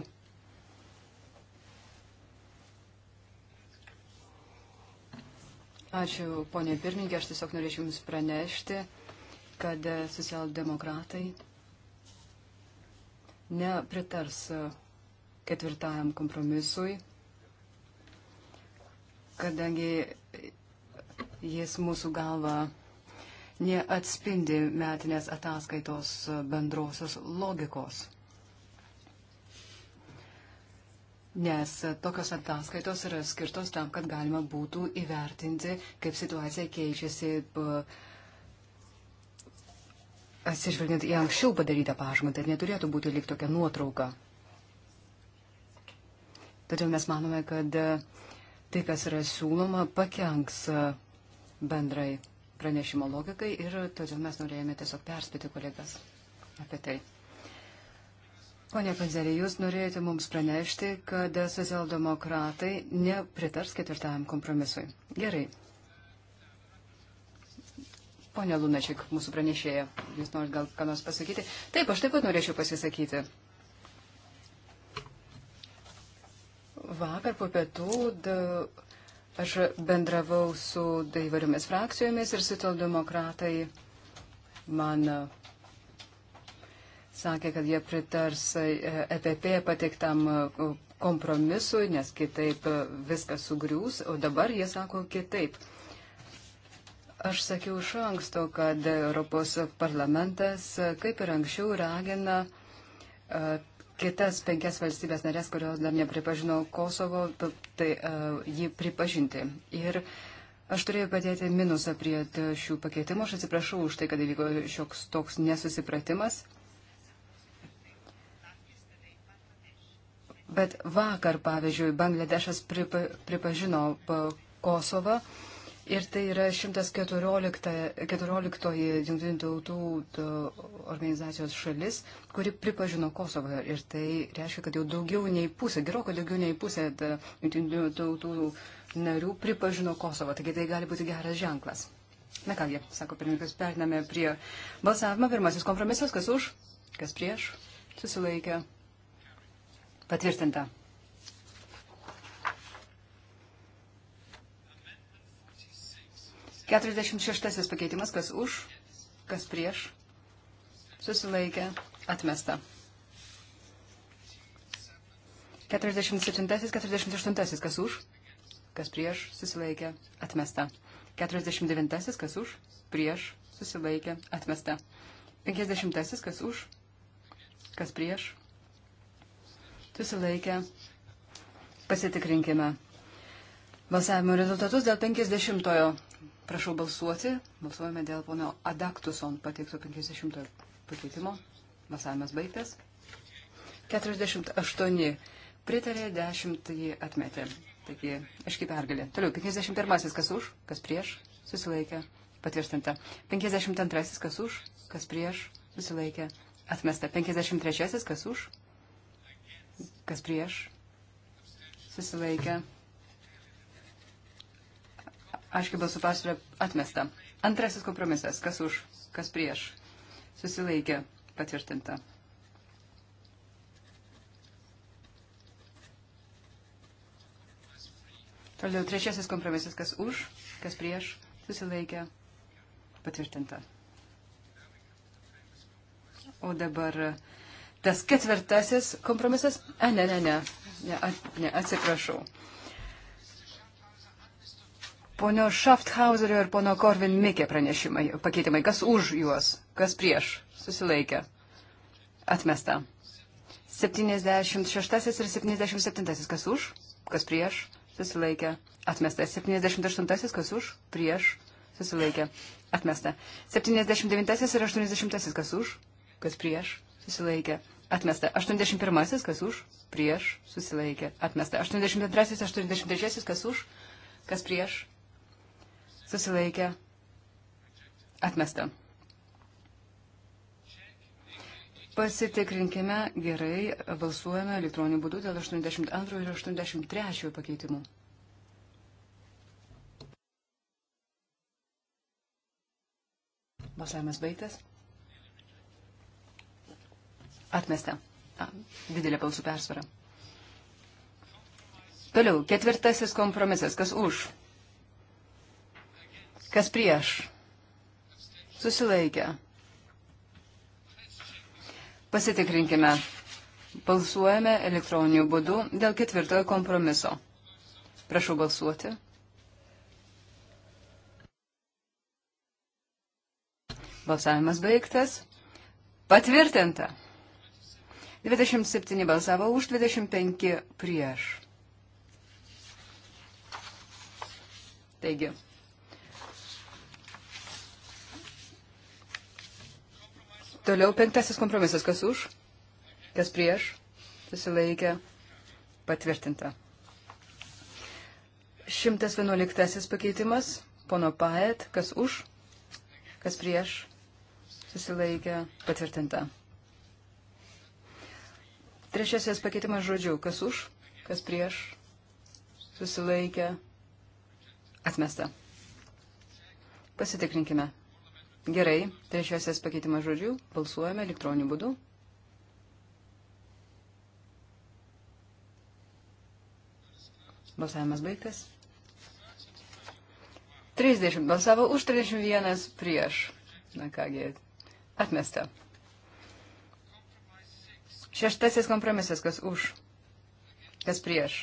Ačiū, ponė pirmininkė, aš tiesiog norėčiau Jums pranešti, kad socialdemokratai nepritars ketvirtajam kompromisui, kadangi jis mūsų galva neatspindi metinės ataskaitos bendrosios logikos. nes tokios ataskaitos yra skirtos tam, kad galima būtų įvertinti, kaip situacija keičiasi. Atsižvelgiant į anksčiau padarytą pažangą, tai neturėtų būti lik tokia nuotrauka. Todėl mes manome, kad tai, kas yra siūloma, pakenks bendrai pranešimo logikai ir todėl mes norėjome tiesiog perspėti kolegas apie tai. Pone Panzerė, jūs norėjote mums pranešti, kad socialdemokratai nepritars ketvirtajam kompromisui. Gerai. Pone Lunačik, mūsų pranešėja, jūs norit gal ką nors pasakyti? Taip, aš taip pat norėčiau pasisakyti. Vakar po pietų da, aš bendravau su įvairiomis frakcijomis ir socialdemokratai man sakė, kad jie pritars EPP e pateiktam e, kompromisui, nes kitaip e, viskas sugriūs, o dabar jie sako kitaip. Aš sakiau iš anksto, kad Europos parlamentas, kaip ir anksčiau, ragina kitas penkias valstybės narės, kurios dar nepripažino Kosovo, tai uh, jį pripažinti. Ir aš turėjau padėti minusą prie šių pakeitimų. Aš atsiprašau už tai, kad įvyko šioks toks nesusipratimas. Uh, Bet vakar, pavyzdžiui, Bangladešas pripa, pripažino Kosovą ir tai yra 114 jungtinių tautų organizacijos šalis, kuri pripažino Kosovą. Ir tai reiškia, kad jau daugiau nei pusė, gerokai daugiau nei pusė jungtinių tautų narių pripažino Kosovą. Taigi tai gali būti geras ženklas. Na kągi, sako pirmininkas, periname prie balsavimo. Pirmasis kompromisas, kas už, kas prieš, susilaikė, Patvirtinta. Keturiasdešimt šeštasis pakeitimas, kas už, kas prieš, susilaikė, atmesta. 47, 48, kas už, kas prieš, susilaikė, atmesta. 49, kas už, prieš, susilaikė, atmesta. 50, kas už, kas prieš, susilaikę, pasitikrinkime. Balsavimo rezultatus dėl 50-ojo. Prašau balsuoti. Balsuojame dėl pono Adaktuson pateikto 50-ojo pakeitimo. Balsavimas baigtas. 48 pritarė, 10 jį atmetė. Taigi, aiškiai pergalė. Toliau, 51 kas už, kas prieš, susilaikė, patvirtinta. 52 kas už, kas prieš, susilaikė, atmesta. 53 kas už, Kas prieš? Susilaikę. Aiškiai balsų pasvirė atmesta. Antrasis kompromisas. Kas už? Kas prieš? Susilaikė. Patvirtinta. Toliau trečiasis kompromisas, kas už, kas prieš, susilaikė, patvirtinta. O dabar tas ketvirtasis kompromisas. A, ne, ne, ne, ne, ne atsiprašau. Pono Šafthauserio ir pono Korvin Mikė pranešimai, pakeitimai. Kas už juos, kas prieš, susilaikė. Atmesta. 76 ir 77, kas už, kas prieš, susilaikė. Atmesta. 78, kas už, prieš, susilaikė. Atmesta. 79 ir 80, kas už, kas prieš, susilaikė, atmesta. 81, kas už, prieš, susilaikė, atmesta. 82, 83, kas už, kas prieš, susilaikė, atmesta. Pasitikrinkime gerai, balsuojame elektroniniu būdu dėl 82 ir 83 pakeitimų. Balsavimas baigtas. Atmesta. A, didelė balsų persvara. Toliau, ketvirtasis kompromisas. Kas už? Kas prieš? Susilaikę. Pasitikrinkime. Balsuojame elektroniniu būdu dėl ketvirtojo kompromiso. Prašau balsuoti. Balsavimas baigtas. Patvirtinta. 27 balsavo už, 25 prieš. Taigi. Toliau penktasis kompromisas. Kas už? Kas prieš? Susilaikė. Patvirtinta. 111 pakeitimas. Pono Paet. Kas už? Kas prieš? Susilaikė. Patvirtinta. Trečiasis pakeitimas žodžiu. Kas už, kas prieš, susilaikė, atmesta. Pasitikrinkime. Gerai, trečiasis pakeitimas žodžiu. Balsuojame elektroniniu būdu. Balsavimas baigtas. 30 balsavo už 31 prieš. Na kągi, atmesta. Šeštasis kompromisas, kas už, kas prieš.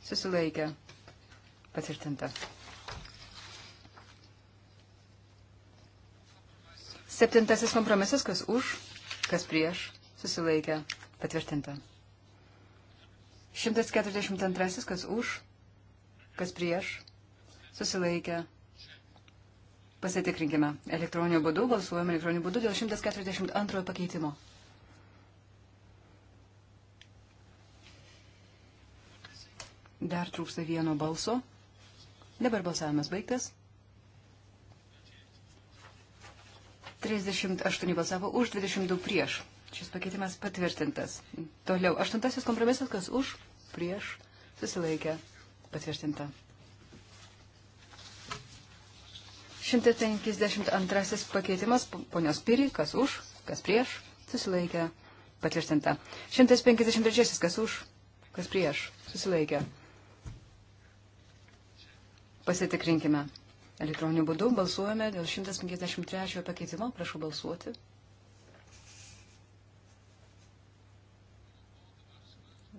Susilaikė. Patvirtinta. Septintasis kompromisas, kas už, kas prieš. Susilaikė. Patvirtinta. 142, kas už, kas prieš. Susilaikė. Pasitikrinkime. Elektroniniu būdu balsuojame elektroniniu būdu dėl 142 pakeitimo. Dar trūksta vieno balso. Dabar balsavimas baigtas. 38 balsavo už, 22 prieš. Šis pakeitimas patvirtintas. Toliau, aštuntasis kompromisas, kas už, prieš, susilaikė, patvirtinta. 152 pakeitimas, ponios Piri, kas už, kas prieš, susilaikė, patvirtinta. 153 kas už, kas prieš, susilaikė, Pasitikrinkime. Elektroniniu būdu balsuojame dėl 153 pakeitimo. Prašau balsuoti.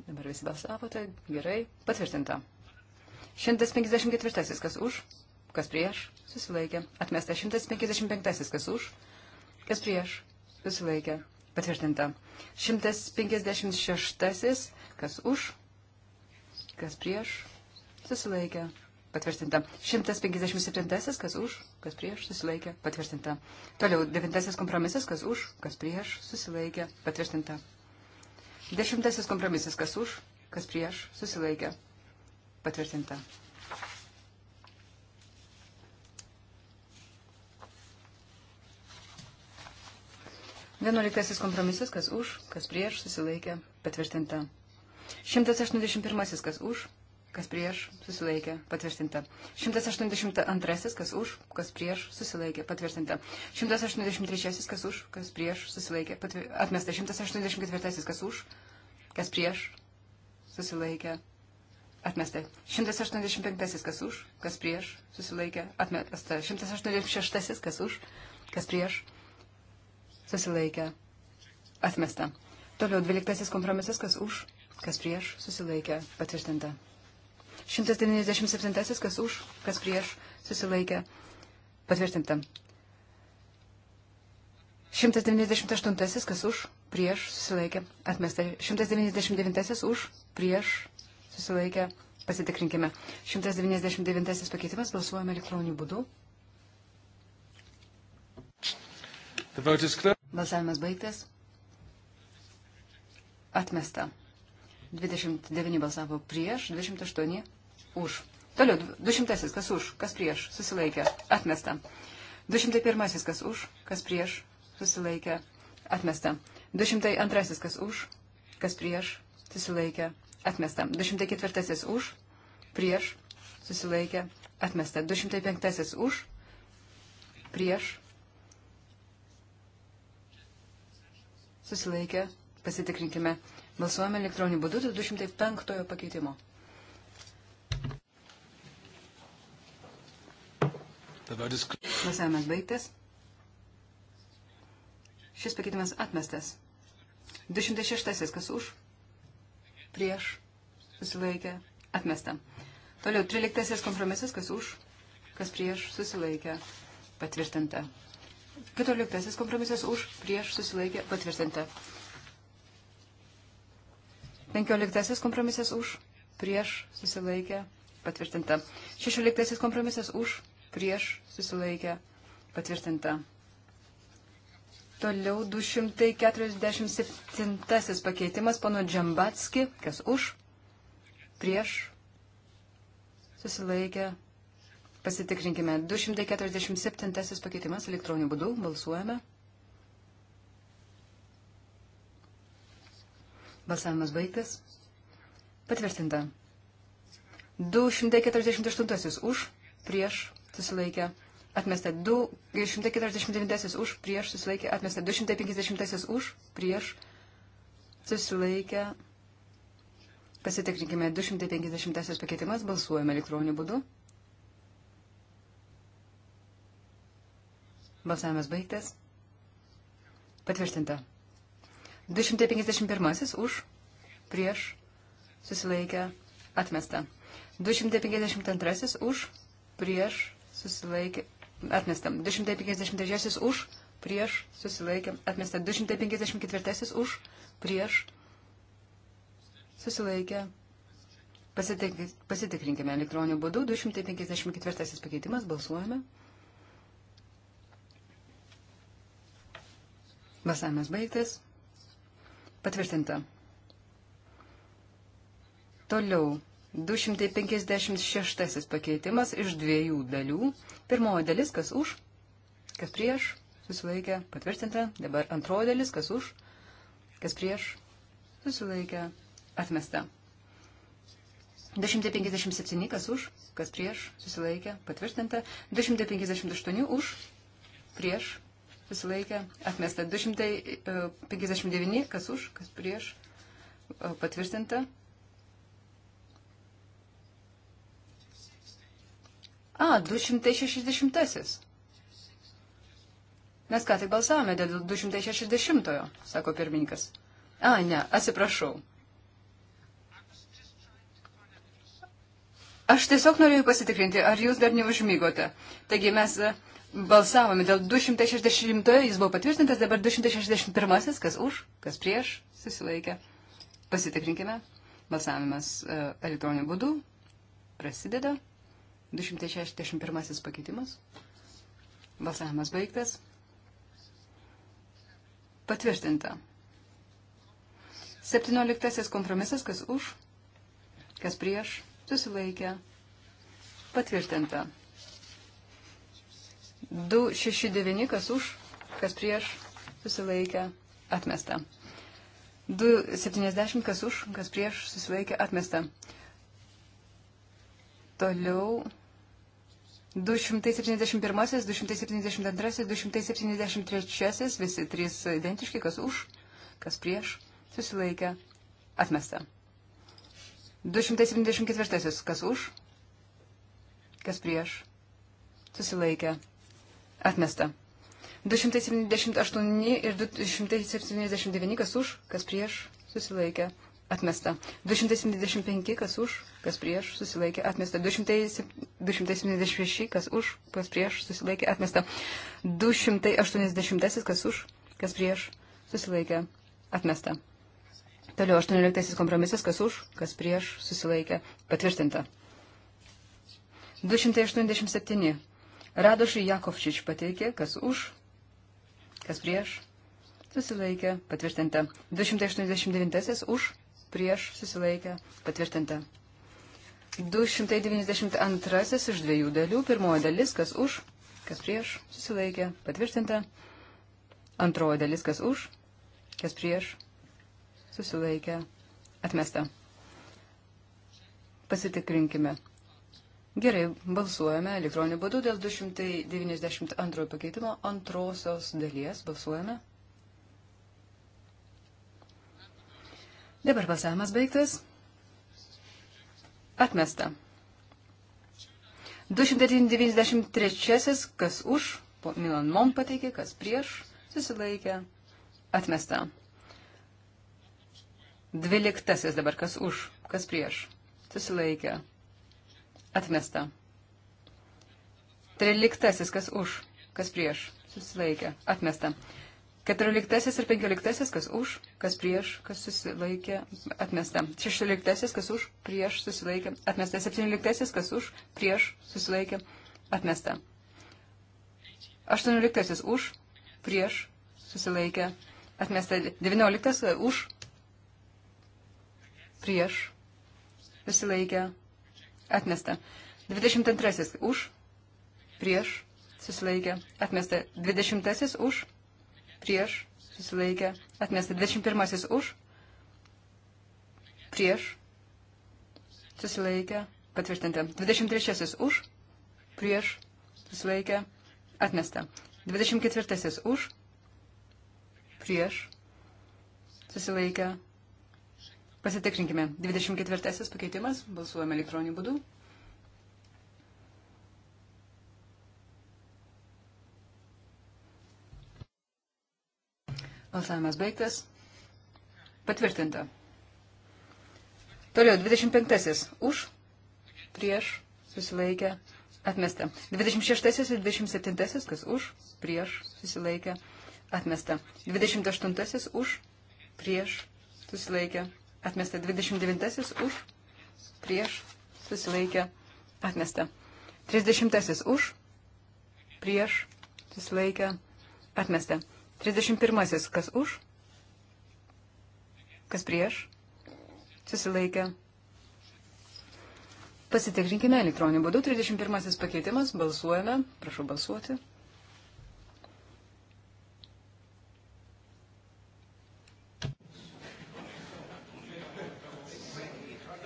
Dabar visi balsavote. Gerai. Patvirtinta. 154. Kas už? Kas prieš? Susilaikė. Atmesta. 155. Kas už? Kas prieš? Susilaikė. Patvirtinta. 156. Kas už? Kas prieš? Susilaikė patvirtinta. 157, kas už, kas prieš, susilaikė, patvirtinta. Toliau, 9 kompromisas, kas už, kas prieš, susilaikė, patvirtinta. 10 kompromisas, kas už, kas prieš, susilaikė, patvirtinta. Vienuoliktasis kompromisas, kas už, kas prieš, susilaikė, patvirtinta. 181, kas už, kas prieš, susilaikė, patvirtinta. 182, kas už, kas prieš, susilaikė, patvirtinta. 183, kas už, kas prieš, susilaikė, patvi... atmesta. 184, kas už, kas prieš, susilaikė, atmesta. 185, kas už, kas prieš, susilaikė, atmesta. 186, kas už, kas prieš, susilaikė, atmesta. Toliau 12 kompromisas, kas už, kas prieš, susilaikė, patvirtinta. 197, kas už, kas prieš, susilaikė, patvirtinta. 198, kas už, prieš, susilaikė, atmesta. 199, už, prieš, susilaikė, pasitikrinkime. 199 pakeitimas, balsuojame elektroniniu būdu. Balsavimas baigtas. Atmesta. 29 balsavo prieš, 28 už. Toliau, 200 kas už, kas prieš, susilaikė, atmesta. 201 kas už, kas prieš, susilaikė, atmesta. 202 kas už, kas prieš, susilaikė, atmesta. 204 už, prieš, susilaikė, atmesta. 205 už, prieš, susilaikė, pasitikrinkime. Balsuojame elektroniniu būdu 205 pakeitimo. Balsavimas baigtas. Šis pakeitimas atmestas. 206. Kas už? Prieš. Susilaikė. Atmesta. Toliau 13. Kompromisas. Kas už? Kas prieš? Susilaikė. Patvirtinta. 14. Kompromisas už. Prieš. Susilaikė. Patvirtinta. 15. Kompromisas už. Prieš. Susilaikė. Patvirtinta. 16. Kompromisas už prieš susilaikę patvirtinta. Toliau 247 pakeitimas pono Džambatski, kas už, prieš, susilaikę, pasitikrinkime. 247 pakeitimas elektroniniu būdu, balsuojame. Balsavimas baigtas. Patvirtinta. 248 už, prieš, susilaikė atmesta 249 už, prieš susilaikė atmesta 250 už, prieš susilaikė. Pasitikrinkime 250 pakeitimas, balsuojame elektroniniu būdu. Balsavimas baigtas. Patvirtinta. 251 už, prieš susilaikė atmesta. 252 už, prieš susilaikė, atmestam. 253 už, prieš, susilaikė, atmestam. 254 už, prieš, susilaikė. Pasitik, pasitikrinkime elektroniniu būdu. 254 pakeitimas, balsuojame. Balsavimas baigtas. Patvirtinta. Toliau. 256 pakeitimas iš dviejų dalių. Pirmoji dalis, kas už, kas prieš, susilaikė, patvirtinta. Dabar antroji dalis, kas už, kas prieš, susilaikė, atmesta. 257, kas už, kas prieš, susilaikė, patvirtinta. 258 už, prieš, susilaikė, atmesta. 259, kas už, kas prieš, patvirtinta. A, 260. Mes ką tik balsavome dėl 260-ojo, sako pirmininkas. A, ne, atsiprašau. Aš tiesiog norėjau pasitikrinti, ar jūs dar neužmygote. Taigi mes e, balsavome dėl 260-ojo, jis buvo patvirtintas, dabar 261-asis, kas už, kas prieš, susilaikė. Pasitikrinkime. Balsavimas e, elektroniniu būdu prasideda. 261 pakeitimas. Balsavimas baigtas. Patvirtinta. 17 kompromisas, kas už, kas prieš, susilaikė. Patvirtinta. 269, kas už, kas prieš, susilaikė, atmesta. 270, kas už, kas prieš, susilaikė, atmesta. Toliau 271, 272, 273, visi trys identiški, kas už, kas prieš, susilaikė, atmesta. 274, kas už, kas prieš, susilaikė, atmesta. 278 ir 279, kas už, kas prieš, susilaikė, atmesta atmesta. 275, kas už, kas prieš, susilaikė, atmesta. 276, kas už, kas prieš, susilaikė, atmesta. 280, kas už, kas prieš, susilaikė, atmesta. Toliau 18 kompromisas, kas už, kas prieš, susilaikė, patvirtinta. 287. Radošai Jakovčič pateikė, kas už, kas prieš, susilaikė, patvirtinta. 289 už, prieš susilaikę patvirtinta. 292 iš dviejų dalių. Pirmoji dalis, kas už, kas prieš, susilaikė, patvirtinta. Antroji dalis, kas už, kas prieš, susilaikė, atmesta. Pasitikrinkime. Gerai, balsuojame elektroniniu būdu dėl 292 pakeitimo antrosios dalies. Balsuojame. Dabar balsavimas baigtas. Atmesta. 293, kas už, Milan Mom pateikė, kas prieš, susilaikė, atmesta. 12 dabar, kas už, kas prieš, susilaikė, atmesta. 13, kas už, kas prieš, susilaikė, atmesta. Keturioliktasis ir penkioliktasis, kas už, kas prieš, kas susilaikė, atmesta. Šešioliktasis, kas už, prieš, susilaikė, atmesta. Septynioliktasis, kas už, prieš, susilaikė, atmesta. Aštuonioliktasis už, prieš, susilaikė, atmesta. Devynioliktas už, prieš, susilaikė, atmesta. Dvidešimt antrasis už, prieš, susilaikė, atmesta. Dvidešimtasis už, prieš prieš, susilaikė, atmesta. 21 už, prieš, susilaikė, patvirtinta. 23 už, prieš, susilaikė, atmesta. 24 už, prieš, susilaikė. Pasitikrinkime. 24 pakeitimas, balsuojame elektroniniu būdu. Balsavimas baigtas. Patvirtinta. Toliau, 25-asis. Už, prieš, susilaikę, atmesta. 26-asis ir 27-asis, kas už, prieš, susilaikę, atmesta. 28-asis už, prieš, susilaikę, atmesta. 29-asis už, prieš, susilaikę, atmesta. 30-asis už, prieš, susilaikę, atmesta. 31. Kas už? Kas prieš? Susilaikė. Pasitikrinkime elektroniniu būdu. 31 pakeitimas. Balsuojame. Prašau balsuoti.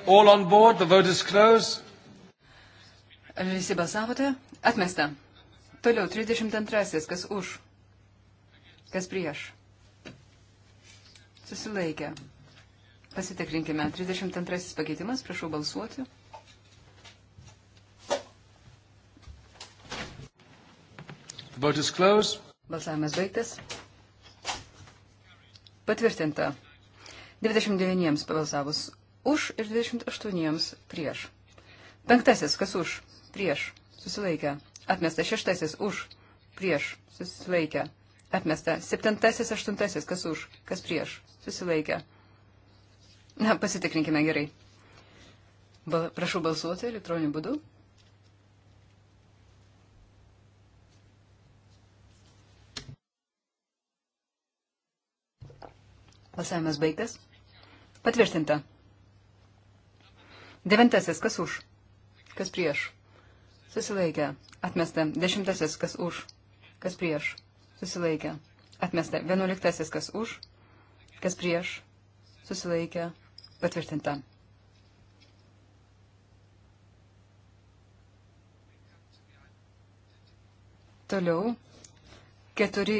All on board, the vote is closed. Visi balsavote? Atmesta. Toliau, 32. Kas už? Kas prieš? Susilaikė. Pasitikrinkime. 32 pakeitimas. Prašau balsuoti. Balsavimas baigtas. Patvirtinta. 29 pabalsavus už ir 28 prieš. Penktasis, kas už, prieš, susilaikę. Atmestas šeštasis, už, prieš, susilaikę atmesta. Septintasis, aštuntasis, kas už, kas prieš, susilaikė. Na, pasitikrinkime gerai. Bal, prašau balsuoti elektroniniu būdu. Balsavimas baigtas. Patvirtinta. Devintasis, kas už? Kas prieš? Susilaikė. Atmesta. Dešimtasis, kas už? Kas prieš? susilaikė, atmesta. Vienuoliktasis, kas už, kas prieš, susilaikė, patvirtinta. Toliau keturi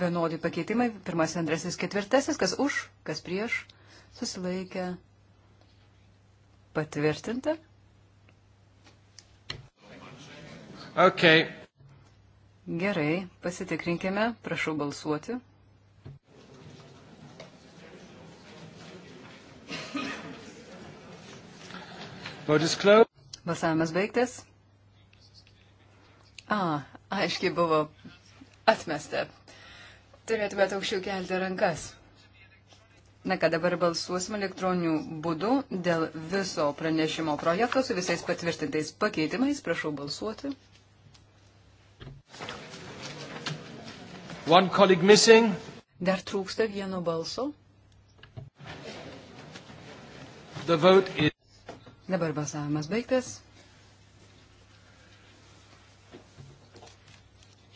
vienodi pakeitimai. Pirmasis, antrasis, ketvirtasis, kas už, kas prieš, susilaikė, patvirtinta. Okay. Gerai, pasitikrinkime, prašau balsuoti. Balsavimas baigtas. A, aiškiai buvo atmesta. Turėtumėte aukščiau kelti rankas. Na ką, dabar balsuosime elektroniniu būdu dėl viso pranešimo projekto su visais patvirtintais pakeitimais. Prašau balsuoti. One colleague missing. Dar trūksta vieno balso. The vote is... Dabar balsavimas baigtas.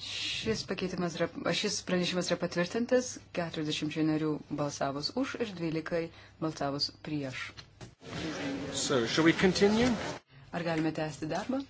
Šis, pakeitimas, šis pranešimas yra patvirtintas, 40 narių balsavus už ir 12 balsavus prieš. So, Ar galime tęsti darbą?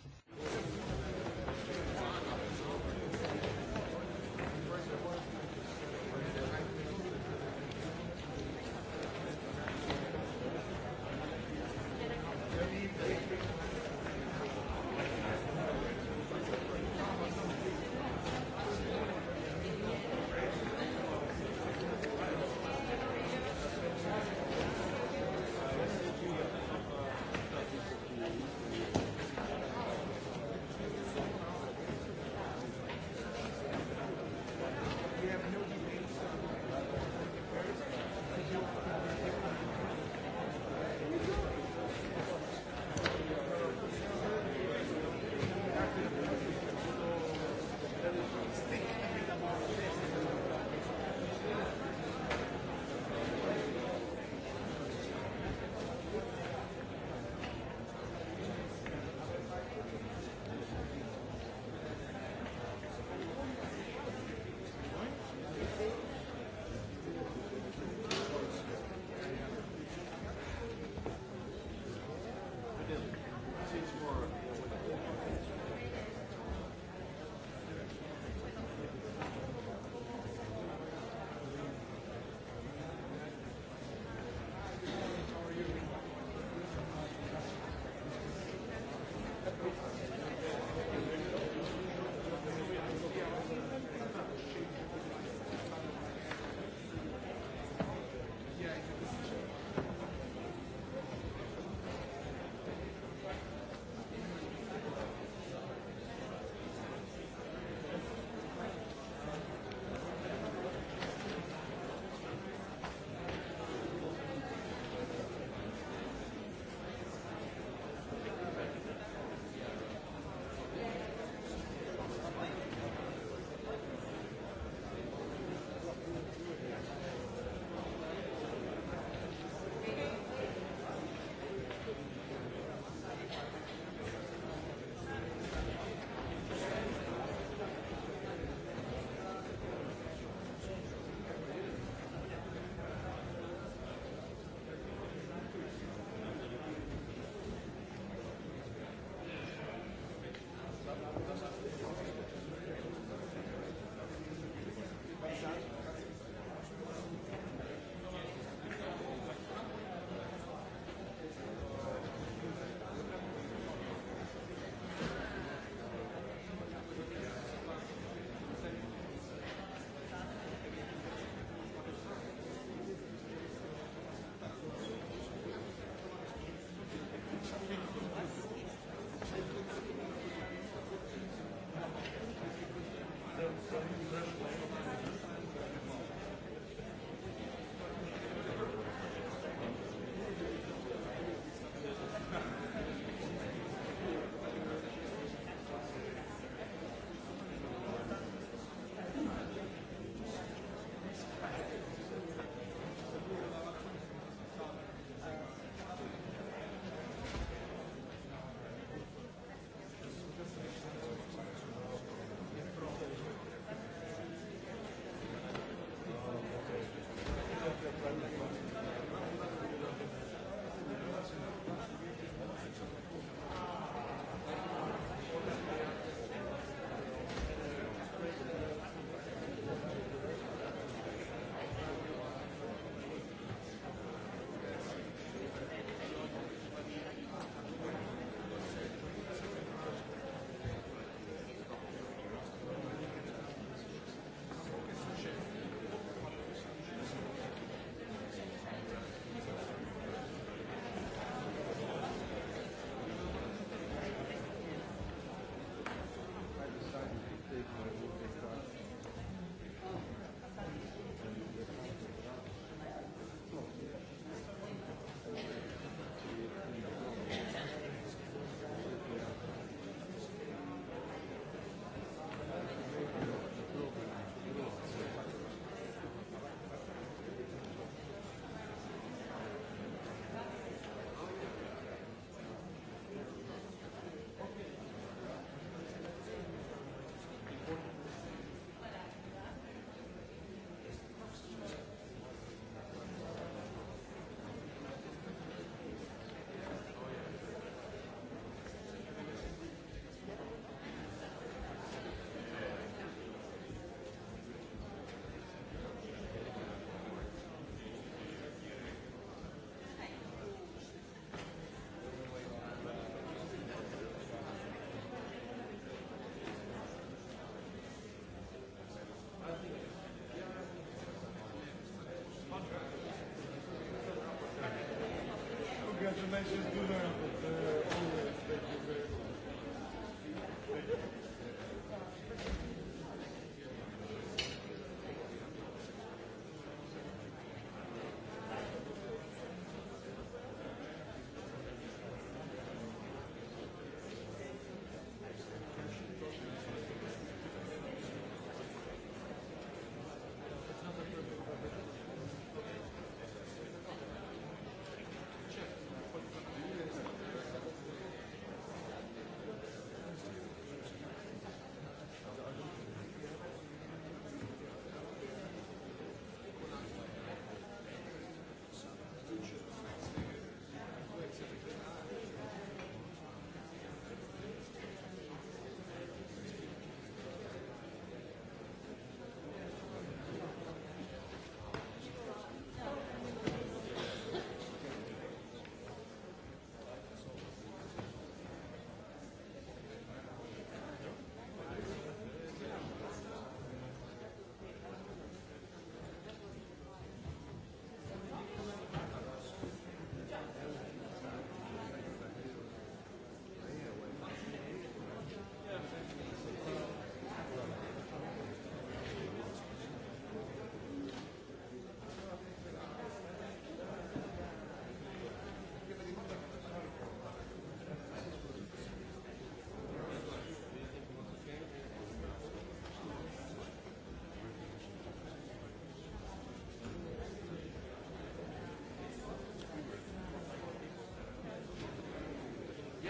information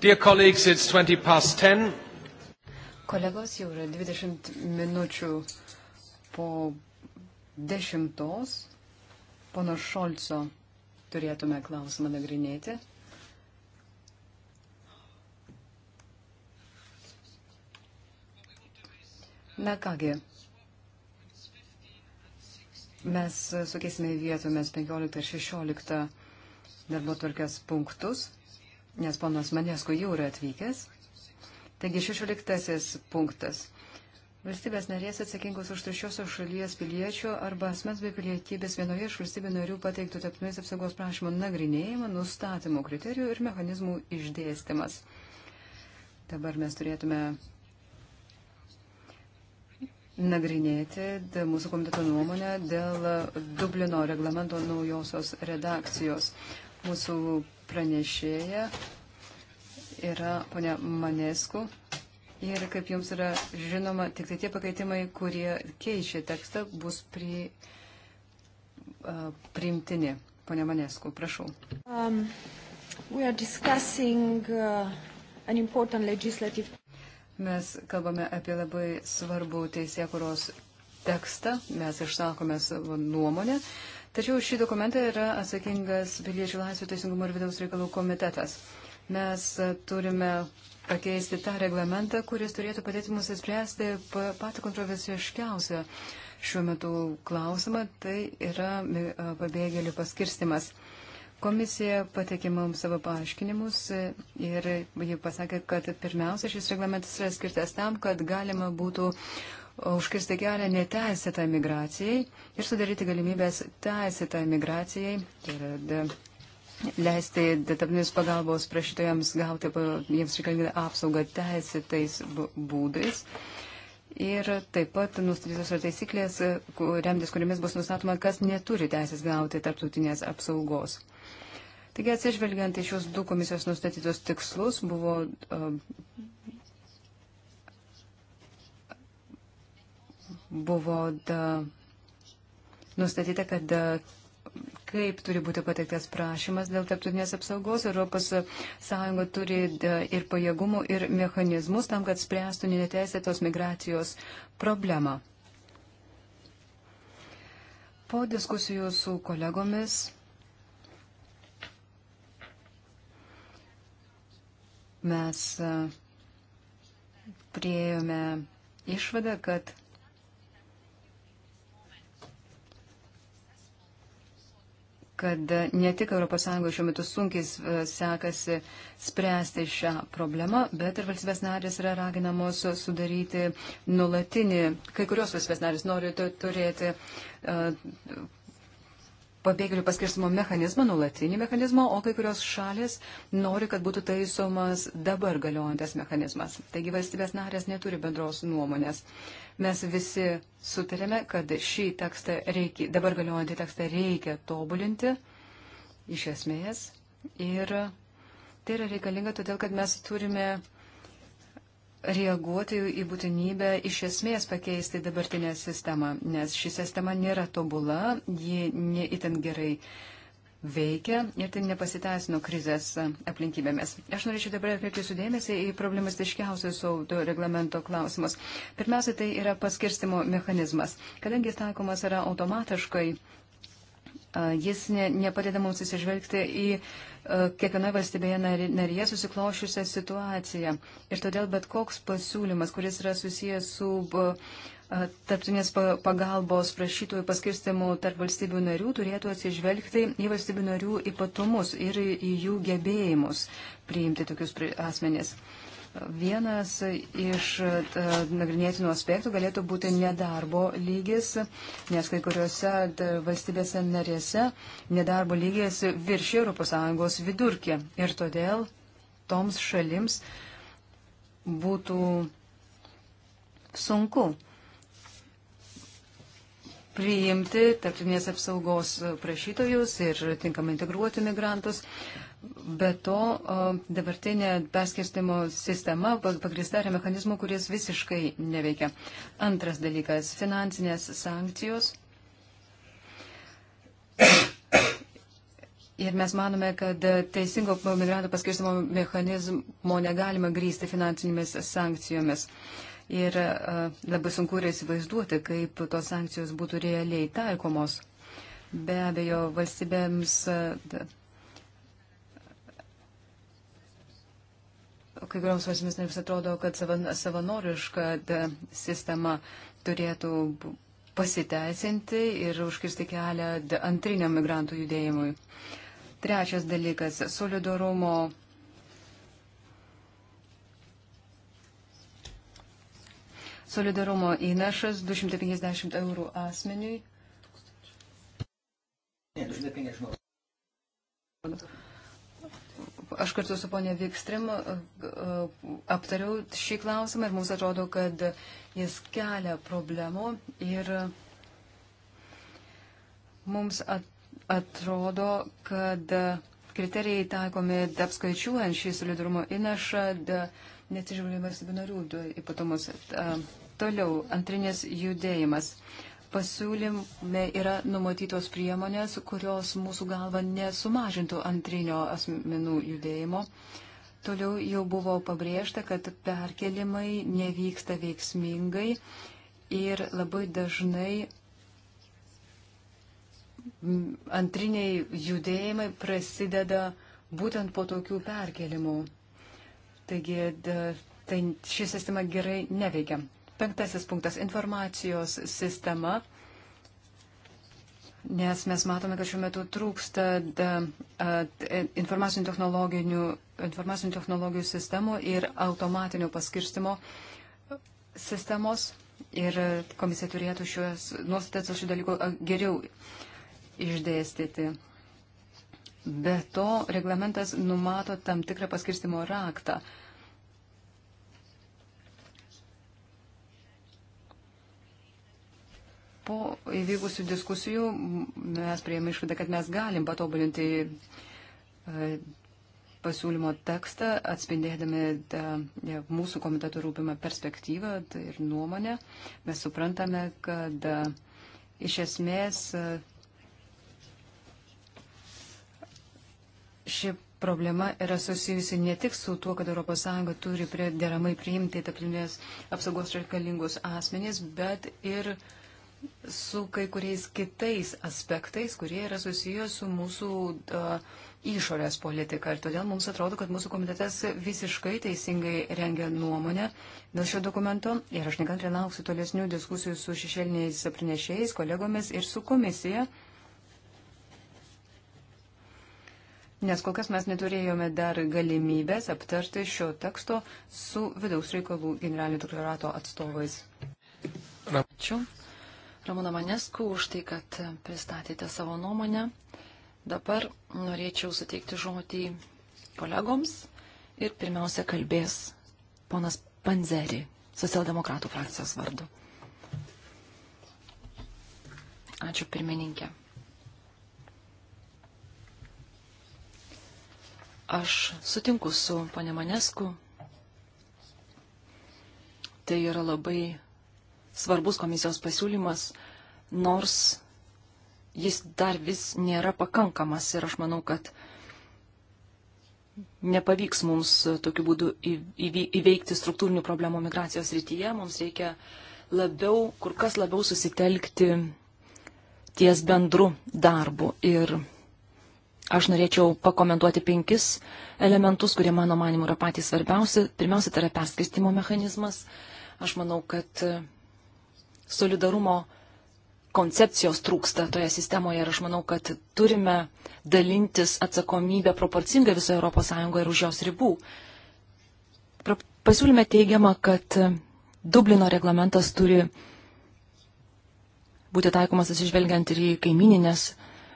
Dear colleagues, it's 20 past 10. Kolegos, jau yra 20 minučių po dešimtos. Pono Šolco turėtume klausimą nagrinėti. Na kągi, mes sukeisime vietomis 15 ir 16 darbo tvarkės punktus nes ponas Manesko jau yra atvykęs. Taigi 16 punktas. Valstybės narės atsakingos už trečiosios šalies piliečio arba asmens bei pilietybės vienoje iš valstybių narių pateiktų tarptautinės apsaugos prašymo nagrinėjimą, nustatymo kriterijų ir mechanizmų išdėstymas. Dabar mes turėtume nagrinėti mūsų komiteto nuomonę dėl Dublino reglamento naujosios redakcijos. Mūsų pranešėja yra ponia Manesku. Ir kaip jums yra žinoma, tik tai tie pakeitimai, kurie keičia tekstą, bus pri, uh, priimtini. Pone Manesku, prašau. Um, uh, legislative... Mes kalbame apie labai svarbų teisėkuros tekstą, mes išsakome savo nuomonę. Uh, Tačiau šį dokumentą yra atsakingas Piliečių laisvių teisingumo ir vidaus reikalų komitetas. Mes turime pakeisti tą reglamentą, kuris turėtų padėti mums įspręsti patį kontroversiškiausią šiuo metu klausimą, tai yra e, pabėgėlių paskirstimas. Komisija pateikė mums savo paaiškinimus e, ir ji pasakė, kad pirmiausia šis reglamentas yra skirtas tam, kad galima būtų užkirsti kelią neteisėtą migracijai ir sudaryti galimybės teisėtą migracijai. Tai yra e, leisti tarptautinės pagalbos prašytojams gauti jiems reikalingą apsaugą teisėtais būdais. Ir taip pat nustatytos yra taisyklės, e, remdės kuriamis bus nustatoma, kas neturi teisės gauti tarptautinės apsaugos. Taigi atsižvelgiant į šios du komisijos nustatytus tikslus, buvo uh, buvo da, nustatyta, kad da, kaip turi būti pateiktas prašymas dėl tarptautinės apsaugos. Europos Sąjunga turi da, ir pajėgumų, ir mechanizmus tam, kad spręstų neteisėtos migracijos problemą. Po diskusijų su kolegomis mes priejome išvadą, kad kad ne tik ES šiuo metu sunkiai e, sekasi spręsti šią problemą, bet ir valstybės narės yra raginamos sudaryti nulatinį, kai kurios valstybės narės nori turėti uh, pabėgėlių paskirstimo mechanizmą, nulatinį mechanizmą, o kai kurios šalis nori, kad būtų taisomas dabar galiojantis mechanizmas. Taigi valstybės narės neturi bendros nuomonės. Uh, Mes visi sutarėme, kad šį tekstą reikia, dabar galiojantį tekstą reikia tobulinti iš esmės. Ir tai yra reikalinga todėl, kad mes turime reaguoti į būtinybę iš esmės pakeisti dabartinę sistemą, nes ši sistema nėra tobula, ji neįtin gerai uh, veikia ir tai nepasiteisino krizės aplinkybėmis. Aš norėčiau dabar atkreipti sudėmėsi į problemistiškiausius saudo reglamento klausimus. Pirmiausia, tai yra paskirstimo mechanizmas. Kadangi jis taikomas yra automatiškai, jis ne, nepadeda mums įsižvelgti į kiekvienoje valstybėje narėje susiklošiusią situaciją. Ir todėl bet koks pasiūlymas, kuris yra susijęs su uh, tarptautinės pagalbos prašytojų paskirstimų tarp valstybių narių turėtų atsižvelgti į valstybių narių ypatumus ir į jų gebėjimus priimti tokius asmenys. Vienas iš nagrinėtinų aspektų galėtų būti nedarbo lygis, nes kai kuriuose valstybėse narėse nedarbo lygis virš ES vidurkį ir todėl toms šalims būtų sunku priimti tarptautinės apsaugos prašytojus ir tinkamai integruoti migrantus. Be to, dabartinė perskirstimo sistema pagrįsta yra mechanizmų, kuris visiškai neveikia. Antras dalykas - finansinės sankcijos. Ir mes manome, kad teisingo migrantų paskirstimo mechanizmo negalima grįsti finansinėmis sankcijomis. Uh, Ir e, labai sunku yra įsivaizduoti, kaip tos sankcijos būtų realiai taikomos. Be abejo, valstybėms. E, kai kurioms valstybėms narims atrodo, kad savanoriška e, sistema turėtų pasiteisinti ir užkirsti kelią antriniam migrantų judėjimui. Trečias dalykas - solidarumo solidarumo įnašas 250 eurų asmeniui. Aš kartu su ponė Vikstrim e, aptariau šį klausimą ir mums atrodo, kad jis kelia problemų ir mums atrodo, kad kriterijai taikomi apskaičiuojant šį solidarumo įnašą. De, neatsižiūrėjome valstybių narių ypatumus. Toliau, antrinės judėjimas. Pasiūlyme yra numatytos priemonės, kurios mūsų galva nesumažintų antrinio asmenų judėjimo. Toliau jau buvo pabrėžta, kad perkelimai nevyksta veiksmingai ir labai dažnai antriniai judėjimai prasideda būtent po tokių perkelimų. Taigi da, tai ši sistema gerai neveikia. Penktasis punktas - informacijos sistema. Nes mes matome, kad šiuo metu trūksta da, informacinių, technologinių, informacinių technologijų sistemų ir automatinio paskirstimo sistemos. Ir komisija turėtų šios nuostatas šių dalykų geriau išdėstyti. Be to, reglamentas numato tam tikrą paskirstimo raktą. Uh, po įvykusių diskusijų mes prieėmė išvadą, kad mes galim patobulinti e, pasiūlymo tekstą, atspindėdami e, e, mūsų komiteto rūpimą perspektyvą tai ir nuomonę. Mes suprantame, kad iš esmės ši problema yra susijusi ne tik su tuo, kad ES turi deramai priimti tarptautinės apsaugos reikalingus asmenys, bet ir uh, su kai kuriais kitais aspektais, kurie yra susijęs su mūsų uh, išorės politika. Ir todėl mums atrodo, kad mūsų komitetas visiškai teisingai rengia nuomonę dėl šio dokumento. Ir aš nekantriai lauksiu tolesnių diskusijų su šešėliniais pranešėjais, kolegomis ir su komisija. Nes kol kas mes neturėjome dar galimybės aptarti šio teksto su vidaus reikalų generalinio doktorato atstovais. Ačiū. Ramūną Maneskų už tai, kad pristatėte savo nuomonę. Dabar norėčiau suteikti žodį kolegoms ir pirmiausia kalbės ponas Panzeri, socialdemokratų frakcijos vardu. Ačiū pirmininkė. Aš sutinku su ponė Manesku. Tai yra labai svarbus komisijos pasiūlymas, nors jis dar vis nėra pakankamas ir aš manau, kad nepavyks mums tokiu būdu įveikti struktūrinių problemų migracijos rytyje. Mums reikia labiau, kur kas labiau susitelkti ties bendru darbu. Ir Aš norėčiau pakomentuoti penkis elementus, kurie mano manimu yra patys svarbiausi. Pirmiausia, tai yra perskaistimo mechanizmas. Aš manau, kad solidarumo koncepcijos trūksta toje sistemoje ir aš manau, kad turime dalintis atsakomybę proporcingai visoje ES ir už jos ribų. Pasiūlyme teigiama, kad Dublino reglamentas turi būti taikomas atsižvelgiant ir į kaimininės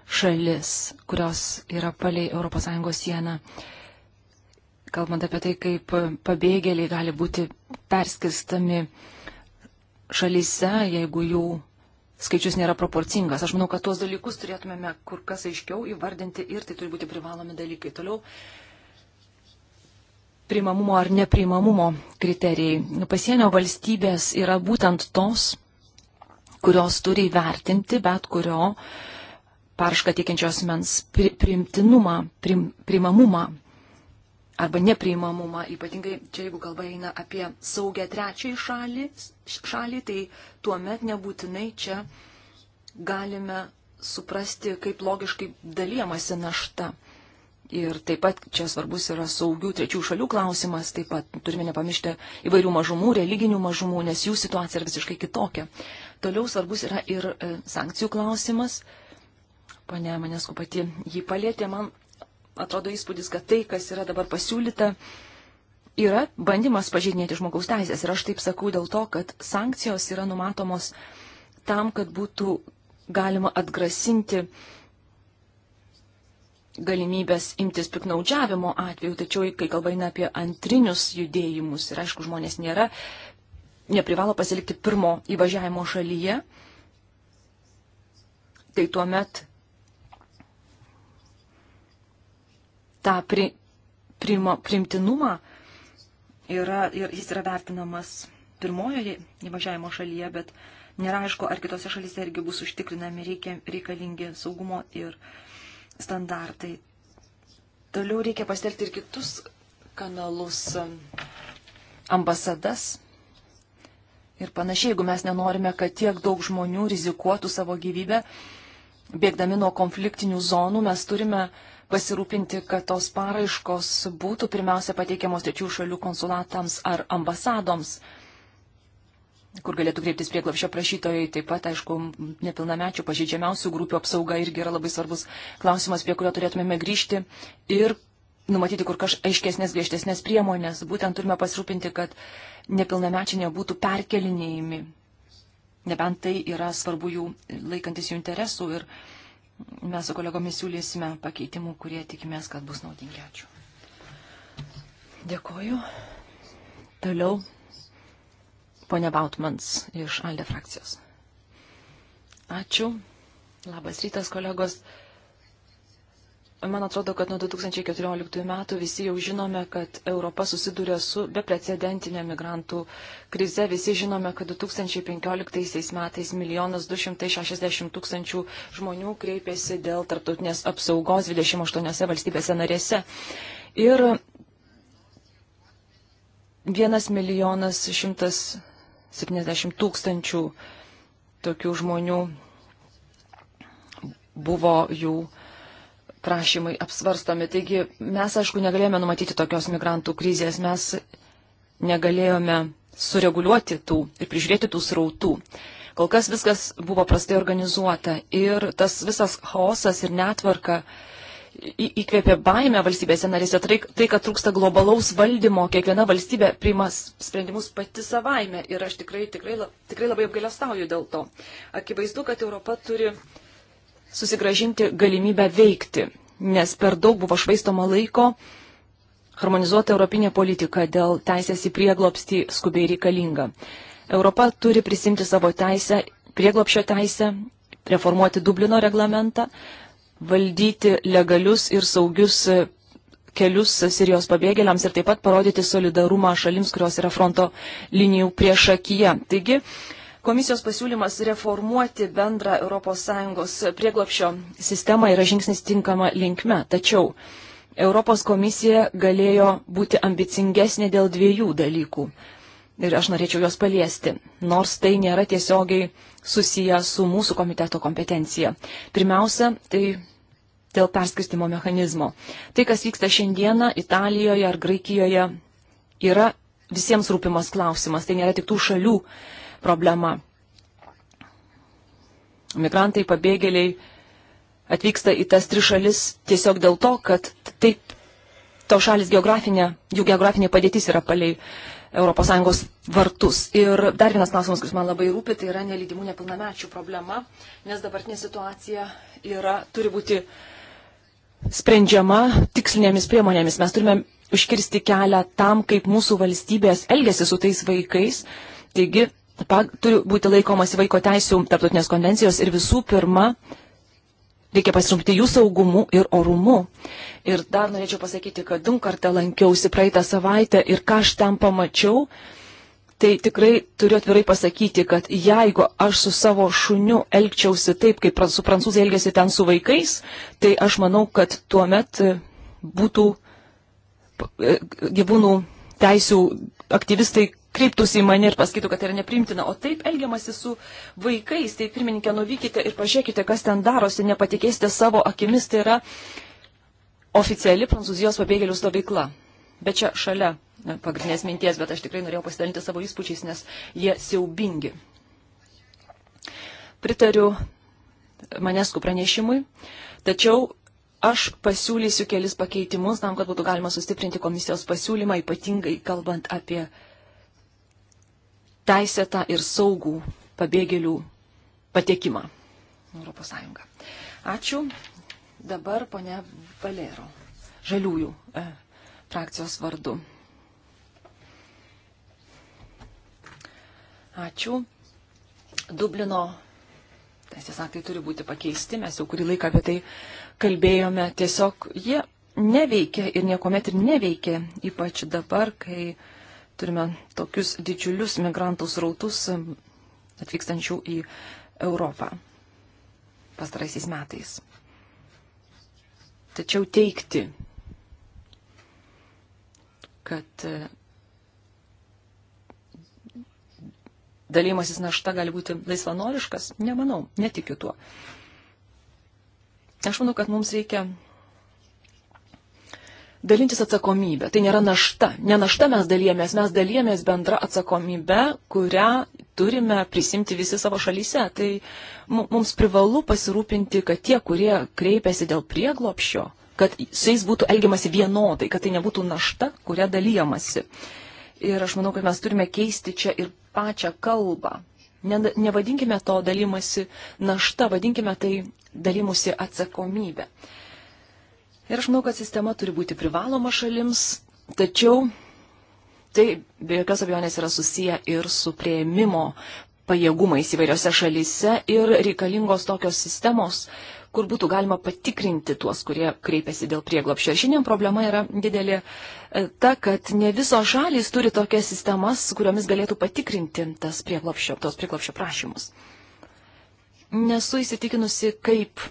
šalis, kurios yra palei ES sieną. Kalbant apie tai, kaip pabėgėliai gali būti perskirstami šalyse, jeigu jų skaičius nėra proporcingas. Aš manau, kad tuos dalykus turėtumėme kur kas aiškiau įvardinti ir tai turi būti privalomi dalykai. Toliau priimamumo ar nepriimamumo kriterijai. Nu, pasienio valstybės yra būtent tos, kurios turi įvertinti bet kurio paršką tiekiančios mens priimtinumą, prim, primamumą arba nepriimamumą, ypatingai čia jeigu kalba eina apie saugę trečiai šalį, šalį, tai tuomet nebūtinai čia galime suprasti, kaip logiškai dalyjamasi našta. Ir taip pat čia svarbus yra saugių trečių šalių klausimas, taip pat turime nepamiršti įvairių mažumų, religinių mažumų, nes jų situacija yra visiškai kitokia. Toliau svarbus yra ir e, sankcijų klausimas. Pane Manesku pati jį palėtė, man atrodo įspūdis, kad tai, kas yra dabar pasiūlyta, yra bandymas pažeidinėti žmogaus teisės. Ir aš taip sakau dėl to, kad sankcijos yra numatomos tam, kad būtų galima atgrasinti galimybės imtis piknaudžiavimo atveju, tačiau kai kalba eina apie antrinius judėjimus ir aišku, žmonės nėra, neprivalo pasilikti pirmo įvažiavimo šalyje, tai tuomet tą pri, primo, primtinumą yra, ir jis yra vertinamas pirmojoje įvažiavimo šalyje, bet nėra aišku, ar kitose šalyse irgi bus užtikrinami reikia, reikalingi saugumo ir standartai. Toliau reikia pasitelkti ir kitus kanalus, ambasadas ir panašiai, jeigu mes nenorime, kad tiek daug žmonių rizikuotų savo gyvybę, bėgdami nuo konfliktinių zonų, mes turime uh, pasirūpinti, kad tos paraiškos būtų pirmiausia pateikiamos trečių šalių konsulatams ar ambasadoms, kur galėtų kreiptis prieglapšio prašytojai. Taip pat, aišku, nepilnamečių pažydžiamiausių grupių apsauga irgi yra labai svarbus klausimas, prie kurio turėtumėme grįžti ir numatyti kur kažkokias aiškesnės, griežtesnės priemonės. Būtent turime pasirūpinti, kad nepilnamečiai nebūtų perkelinėjami nebent tai yra svarbu jų laikantis jų interesų ir uh, Mes su kolegomis siūlysime pakeitimų, kurie tikimės, kad bus naudingi. Ačiū. Dėkoju. Toliau ponia Bautmans iš Alde frakcijos. Ačiū. Labas rytas, kolegos. Man atrodo, kad nuo 2014 metų visi jau žinome, kad Europa susiduria su beprecedentinė migrantų krize. Visi žinome, kad 2015 metais milijonas 260 tūkstančių žmonių kreipėsi dėl tarptautinės apsaugos 28 valstybėse narėse. Ir vienas milijonas šimtas 70 tūkstančių tokių žmonių buvo jų prašymai apsvarstomi. Taigi mes, aišku, negalėjome numatyti tokios migrantų krizės, mes negalėjome sureguliuoti tų ir prižiūrėti tų srautų. Kol kas viskas buvo prastai organizuota ir tas visas chaosas ir netvarka įkvėpė baimę valstybėse narėse, tai, tai, kad trūksta globalaus valdymo, kiekviena valstybė priima sprendimus pati savaime ir aš tikrai, tikrai, tikrai labai apgailestauju dėl to. Akivaizdu, kad Europa turi susigražinti galimybę veikti, nes per daug buvo švaistoma laiko, harmonizuota europinė politika dėl teisės į prieglopstį skubiai reikalinga. Europa turi prisimti savo teisę, prieglopšio teisę, reformuoti Dublino reglamentą, valdyti legalius ir saugius kelius Sirijos pabėgėliams ir taip pat parodyti solidarumą šalims, kurios yra fronto linijų priešakyje. Taigi, Komisijos pasiūlymas reformuoti bendrą ES prieglopšio sistemą yra žingsnis tinkama linkme, tačiau Europos komisija galėjo būti ambicingesnė dėl dviejų dalykų. Ir aš norėčiau juos paliesti, nors tai nėra tiesiogiai susiję su mūsų komiteto kompetencija. Pirmiausia, tai dėl perskirstimo mechanizmo. Tai, kas vyksta šiandieną Italijoje ar Graikijoje, yra visiems rūpimas klausimas. Tai nėra tik tų šalių problema. Migrantai, pabėgėliai atvyksta į tas tris šalis tiesiog dėl to, kad taip to šalis geografinė, jų geografinė padėtis yra palei ES vartus. Ir dar vienas klausimas, kuris man labai rūpi, tai yra nelydimų nepilnamečių problema, nes dabartinė situacija yra, turi būti sprendžiama tikslinėmis priemonėmis. Mes turime užkirsti kelią tam, kaip mūsų valstybės elgesi su tais vaikais. Taigi pag, turi būti laikomasi vaiko teisų tarptautinės konvencijos ir visų pirma, reikia pasirūpinti jų saugumu ir orumu. Ir dar norėčiau pasakyti, kad dum kartą lankiausi praeitą savaitę ir ką aš ten pamačiau, tai tikrai turiu atvirai pasakyti, kad jeigu aš su savo šuniu elgčiausi taip, kaip su prancūzai elgėsi ten su vaikais, tai aš manau, kad tuo met e, būtų e, gyvūnų teisų aktyvistai kreiptųsi į mane ir pasakytų, kad tai yra neprimtina. O taip elgiamasi su vaikais, tai pirmininkė, nuvykite ir pažiūrėkite, kas ten darosi, nepatikėsite savo akimis, tai yra oficiali prancūzijos pabėgėlių stovykla. Bet čia šalia pagrindinės minties, bet aš tikrai norėjau pasidalinti savo įspūdžiais, nes jie siaubingi. Pritariu Maneskų pranešimui, tačiau aš pasiūlysiu kelis pakeitimus tam, kad būtų galima sustiprinti komisijos pasiūlymą, ypatingai kalbant apie teisėtą ir saugų pabėgėlių patekimą Europos Sąjungą. Ačiū. Dabar ponia Valero, žaliųjų e, frakcijos vardu. Ačiū. Dublino teisės aktai turi būti pakeisti, mes jau kurį laiką apie tai kalbėjome, tiesiog jie neveikia ir niekuomet ir neveikia, ypač dabar, kai turime tokius didžiulius migrantų srautus atvykstančių į Europą pastaraisiais metais. Tačiau teikti, kad e, dalymasis našta gali būti laisvanoriškas, nemanau, netikiu tuo. Aš manau, kad mums reikia dalintis atsakomybę. Tai nėra našta. Ne našta mes dalyjamės, mes dalyjamės bendra atsakomybė, kurią turime prisimti visi savo šalyse. Tai mums privalu pasirūpinti, kad tie, kurie kreipiasi dėl prieglopšio, kad su jais būtų elgiamasi vienodai, kad tai nebūtų našta, kuria dalyjamasi. Ir aš manau, kad mes turime keisti čia ir pačią kalbą. Ne, nevadinkime to dalymasi našta, vadinkime tai dalymusi atsakomybė. Uh, Ir aš manau, kad sistema turi būti privaloma šalims, tačiau tai be jokios abejonės yra susiję ir su prieimimo pajėgumais įvairiose šalyse ir reikalingos tokios sistemos, kur būtų galima patikrinti tuos, kurie kreipiasi dėl prieglopščio. Šiandien problema yra didelė e, ta, kad ne visos šalys turi tokias sistemas, kuriomis galėtų patikrinti tas prieglopščio, tos prieglopščio prašymus. Nesu įsitikinusi, kaip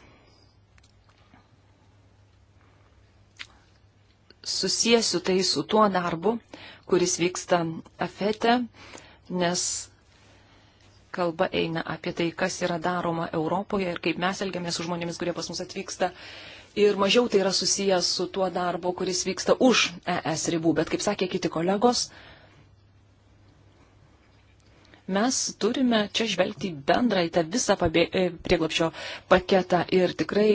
susijęsiu tai su tuo darbu, kuris vyksta afete, nes kalba eina apie tai, kas yra daroma Europoje ir kaip mes elgiamės su žmonėmis, kurie pas mus atvyksta. Ir mažiau tai yra susijęs su tuo darbu, kuris vyksta už ES ribų. Bet kaip sakė kiti kolegos, mes turime čia žvelgti bendrą į tą visą pabė... E, prieglapšio paketą. Ir tikrai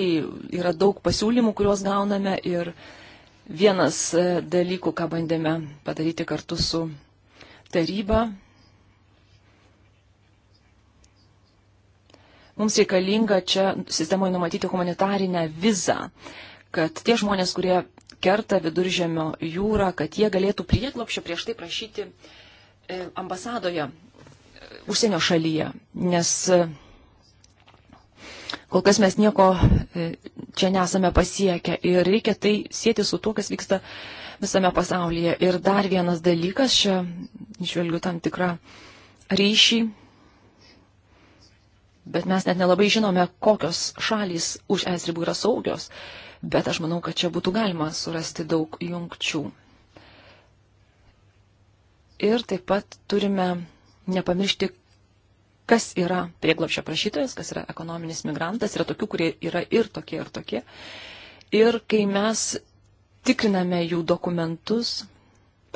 yra daug pasiūlymų, kuriuos gauname. Ir uh, vienas e, dalykų, ką bandėme padaryti kartu su taryba. Mums reikalinga čia sistemoje numatyti humanitarinę vizą, kad tie žmonės, kurie kerta viduržėmio jūrą, kad jie galėtų prieglopšio prieš tai prašyti e, ambasadoje e, užsienio šalyje, nes Kol kas mes nieko e, čia nesame pasiekę ir reikia tai sėti su tuo, kas vyksta visame pasaulyje. Ir dar vienas dalykas, čia išvelgiu tam tikrą ryšį, bet mes net nelabai žinome, kokios šalys už es ribų yra saugios. Bet aš manau, kad čia būtų galima surasti daug jungčių. Ir taip pat turime nepamiršti, kas yra prieglapšio prašytojas, kas yra ekonominis migrantas, yra tokių, kurie yra ir tokie, ir tokie. Ir kai mes tikriname jų dokumentus,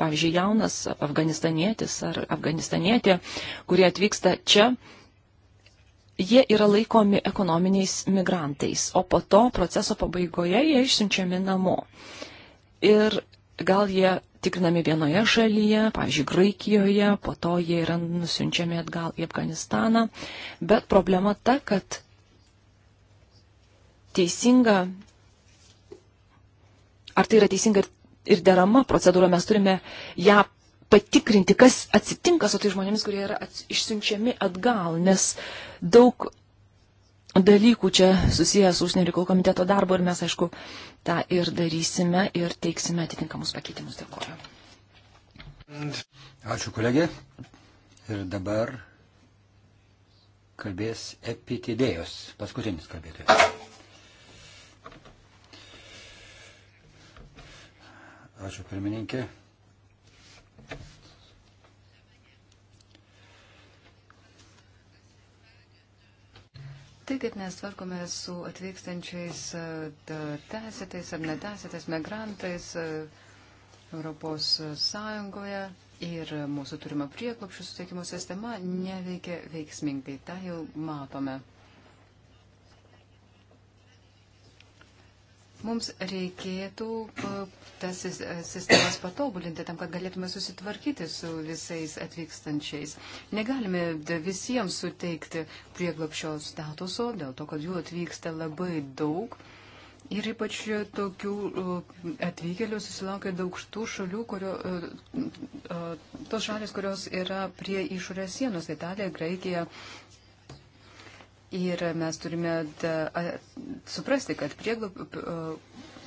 pavyzdžiui, jaunas afganistanietis ar afganistanietė, kurie atvyksta čia, jie yra laikomi ekonominiais migrantais, o po to proceso pabaigoje jie išsiunčiami namo. Ir gal jie tikrinami vienoje šalyje, pavyzdžiui, Graikijoje, po to jie yra nusiunčiami atgal į Afganistaną. Bet problema ta, kad teisinga, ar tai yra teisinga ir, ir derama procedūra, mes turime ją patikrinti, kas atsitinka su tai žmonėmis, kurie yra ats, išsiunčiami atgal, nes daug dalykų čia susijęs užsienio reikalų komiteto darbo ir mes, aišku, tą ir darysime ir teiksime atitinkamus pakeitimus. Dėkuoju. Ačiū, kolegė. Ir dabar kalbės epitidėjos, paskutinis kalbėtojas. Ačiū, pirmininkė. Tai, kaip mes tvarkome su atvykstančiais e, teisėtais ar neteisėtais migrantais e, Europos Sąjungoje ir mūsų turima prieklopšių suteikimo sistema neveikia veiksmingai. Ta jau matome. Mums reikėtų e, tas e, sistemas patobulinti tam, kad galėtume susitvarkyti su visais atvykstančiais. Negalime visiems suteikti prieglapšio statuso, dėl to, kad jų atvyksta labai daug. Ir ypač tokių e, atvykėlių susilaukia daug tų šalių, kurio, tos šalis, kurios yra prie išorės sienos - Italija, Graikija, Ir mes turime da, suprasti, kad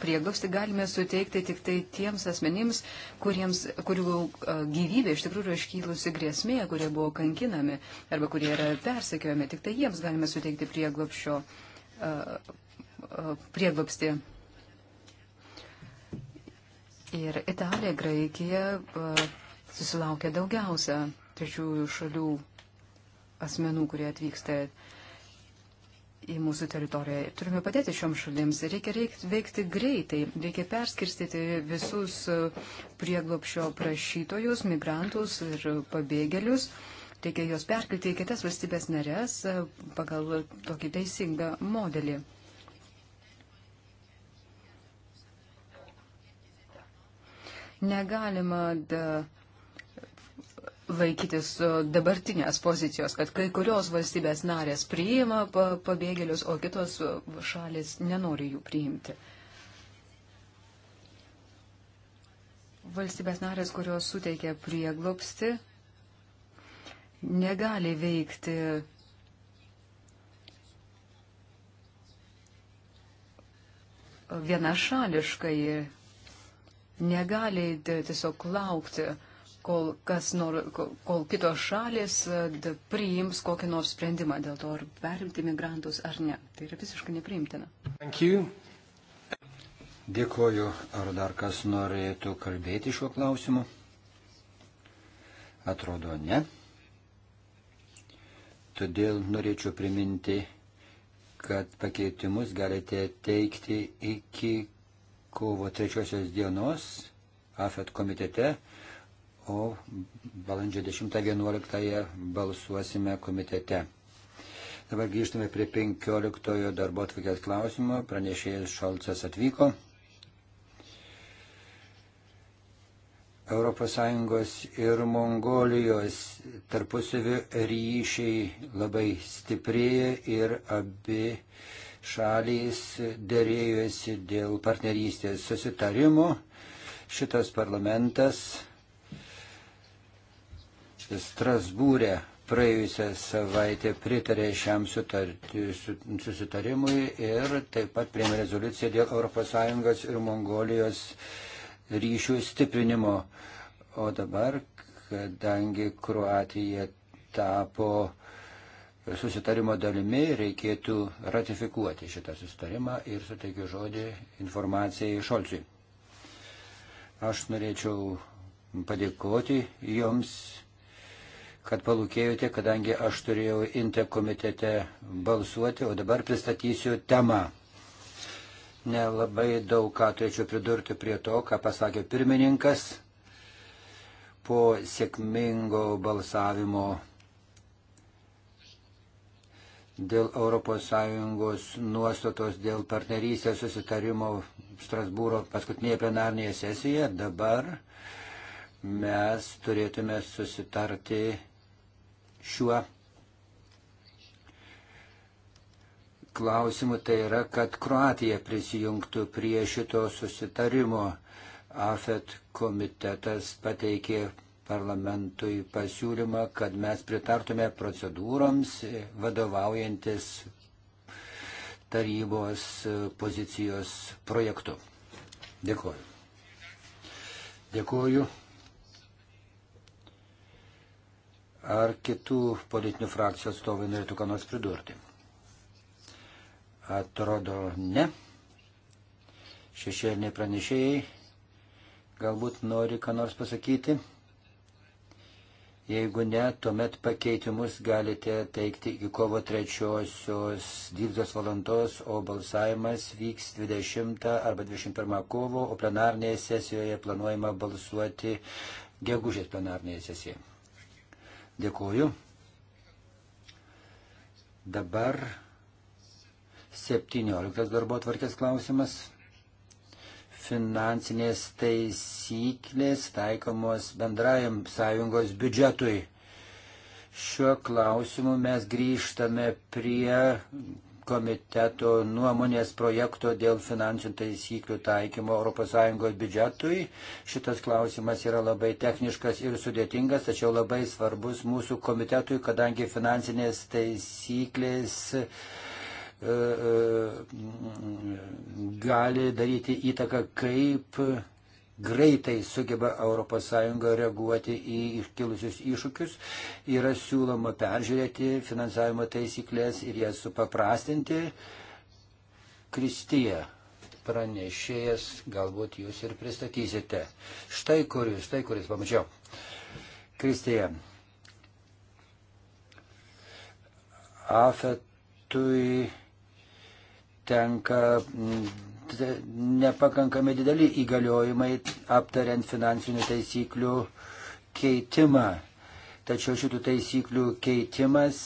prieglobstį galime suteikti tik tai tiems asmenims, kuriems, kurių gyvybė iš tikrųjų iškylusi grėsmė, kurie buvo kankinami arba kurie yra persekiojami. Tik tai jiems galime suteikti prieglobščio prieglobstį. Ir Italija, Graikija susilaukia daugiausia trečiųjų šalių asmenų, kurie atvyksta į į mūsų teritoriją. Turime padėti šioms šalims. Reikia veikti greitai. Reikia perskirstyti visus e, prieglopšio prašytojus, migrantus ir pabėgėlius. Reikia juos perkelti į kitas valstybės narės e, pagal tokį teisingą modelį. Negalima da, laikytis e, dabartinės pozicijos, kad kai kurios valstybės narės priima pabėgėlius, o kitos e, šalis nenori jų priimti. Valstybės narės, kurios suteikia prieglopsti, negali veikti vienašališkai, negali tiesiog laukti kol, nor, kol kitos šalis e, priims kokį nors sprendimą dėl to, ar perimti migrantus ar ne. Tai yra visiškai nepriimtina. Dėkoju. Ar dar kas norėtų kalbėti šiuo klausimu? Atrodo, ne. Todėl norėčiau priminti, kad pakeitimus galite teikti iki kovo trečiosios dienos AFET komitete o balandžio 10-11 balsuosime komitete. Dabar grįžtame prie 15 darbo atvykęs klausimo. Pranešėjas Šolcas atvyko. ES ir Mongolijos tarpusavio ryšiai labai stiprėja ir abi šalys dėrėjosi dėl partnerystės susitarimo. Šitas parlamentas Strasbūrė praėjusią savaitę pritarė šiam sutartį, susitarimui ir taip pat priėmė rezoliuciją dėl ES ir Mongolijos ryšių stiprinimo. O dabar, kadangi Kroatija tapo susitarimo dalimi, reikėtų ratifikuoti šitą susitarimą ir suteikiu žodį informacijai Šolcui. Aš norėčiau padėkoti joms kad palūkėjote, kadangi aš turėjau inte komitete balsuoti, o dabar pristatysiu temą. Nelabai daug ką turėčiau pridurti prie to, ką pasakė pirmininkas po sėkmingo balsavimo dėl ES nuostatos dėl partnerystės susitarimo Strasbūro paskutinėje plenarnėje sesijoje. Dabar mes turėtume susitarti šiuo klausimu, tai yra, kad Kroatija prisijungtų prie šito susitarimo. AFET komitetas pateikė parlamentui pasiūlymą, kad mes pritartume procedūroms vadovaujantis tarybos pozicijos projektu. Dėkuoju. Dėkuoju. Ar kitų politinių frakcijų atstovai norėtų ką nors pridurti? Atrodo, ne. Šešėliniai pranešėjai galbūt nori ką nors pasakyti. Jeigu ne, tuomet pakeitimus galite teikti iki kovo 3.12 valandos, o balsavimas vyks 20 arba 21 kovo, o plenarnėje sesijoje planuojama balsuoti gegužės plenarnėje sesijoje. Dėkuoju. Dabar 17 darbo tvarkės klausimas. Finansinės taisyklės taikomos bendrajam sąjungos biudžetui. Šiuo klausimu mes grįžtame prie komiteto nuomonės projekto dėl finansinių taisyklių taikymo ES biudžetui. Šitas klausimas yra labai techniškas ir sudėtingas, tačiau labai svarbus mūsų komitetui, kadangi finansinės taisyklės e, e, gali daryti įtaką, kaip greitai sugeba ES reaguoti į iškilusius iššūkius, yra siūloma peržiūrėti finansavimo taisyklės ir jas supaprastinti. Kristija pranešėjas, galbūt jūs ir pristatysite. Štai kuris, štai kuris, pamačiau. Kristija. Afetui tenka nepakankamai dideli įgaliojimai aptariant finansinių taisyklių keitimą. Tačiau šitų taisyklių keitimas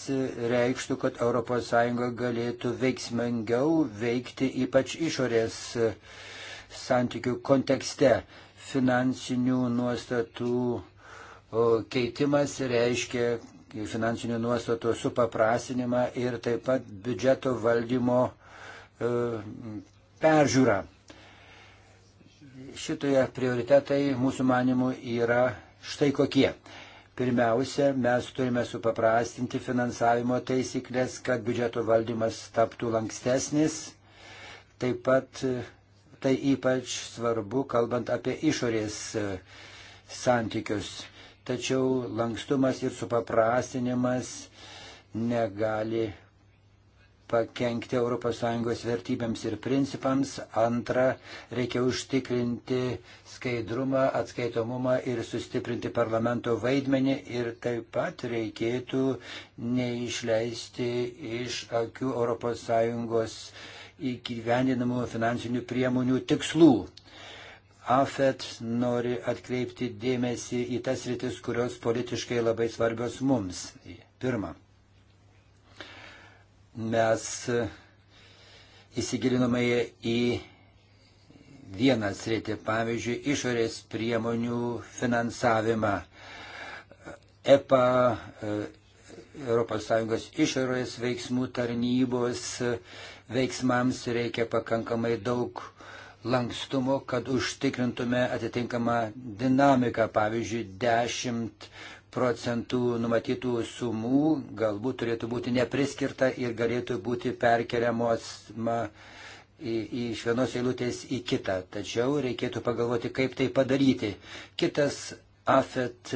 reikštų, kad ES galėtų veiksmingiau veikti ypač išorės santykių kontekste. Finansinių nuostatų keitimas reiškia finansinių nuostatų supaprasinimą ir taip pat biudžeto valdymo e, peržiūrą. Šitoje prioritetai mūsų manimų yra štai kokie. Pirmiausia, mes turime supaprastinti finansavimo taisyklės, kad biudžeto valdymas taptų lankstesnis. Taip pat e, tai ypač svarbu, kalbant apie išorės e, santykius. Tačiau lankstumas ir supaprastinimas negali pakenkti ES vertybėms ir principams. Antra, reikia užtikrinti skaidrumą, atskaitomumą ir sustiprinti parlamento vaidmenį. Ir taip pat reikėtų neišleisti iš akių ES įgyvendinamų finansinių priemonių tikslų. AFET nori atkreipti dėmesį į tas rytis, kurios politiškai labai svarbios mums. Pirma, mes įsigilinome į vieną sritį, pavyzdžiui, išorės priemonių finansavimą. EPA, ES išorės veiksmų tarnybos veiksmams reikia pakankamai daug lankstumo, kad užtikrintume atitinkamą dinamiką, pavyzdžiui, 10 procentų numatytų sumų galbūt turėtų būti nepriskirta ir galėtų būti perkeliamos ma, į, iš vienos eilutės į kitą. Tačiau reikėtų pagalvoti, kaip tai padaryti. Kitas AFET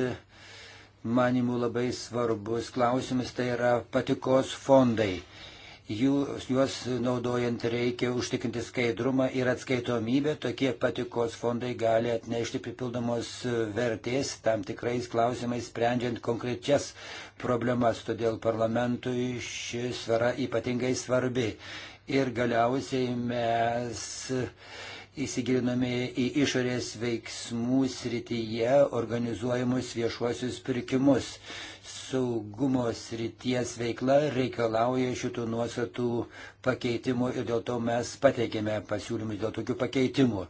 manimų labai svarbus klausimas tai yra patikos fondai jų, juos naudojant reikia užtikrinti skaidrumą ir atskaitomybę. Tokie patikos fondai gali atnešti papildomos vertės tam tikrais klausimais, sprendžiant konkrečias problemas. Todėl parlamentui ši sfera ypatingai svarbi. Ir galiausiai mes įsigilinome į išorės veiksmų srityje organizuojamus viešuosius pirkimus saugumo srities veikla reikalauja šitų nuostatų pakeitimų ir dėl to mes pateikėme pasiūlymus dėl tokių pakeitimų.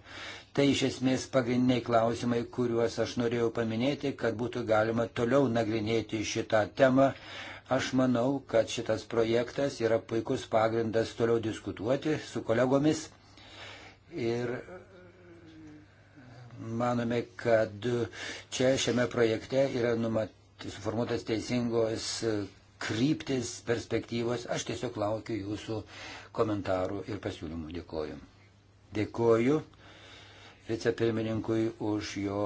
Tai iš esmės pagrindiniai klausimai, kuriuos aš norėjau paminėti, kad būtų galima toliau nagrinėti šitą temą. Aš manau, kad šitas projektas yra puikus pagrindas toliau diskutuoti su kolegomis. Ir manome, kad čia šiame projekte yra numatyta suformuotas teisingos e, kryptis, perspektyvos. Aš tiesiog laukiu jūsų komentarų ir pasiūlymų. Dėkoju. Dėkoju vicepirmininkui už jo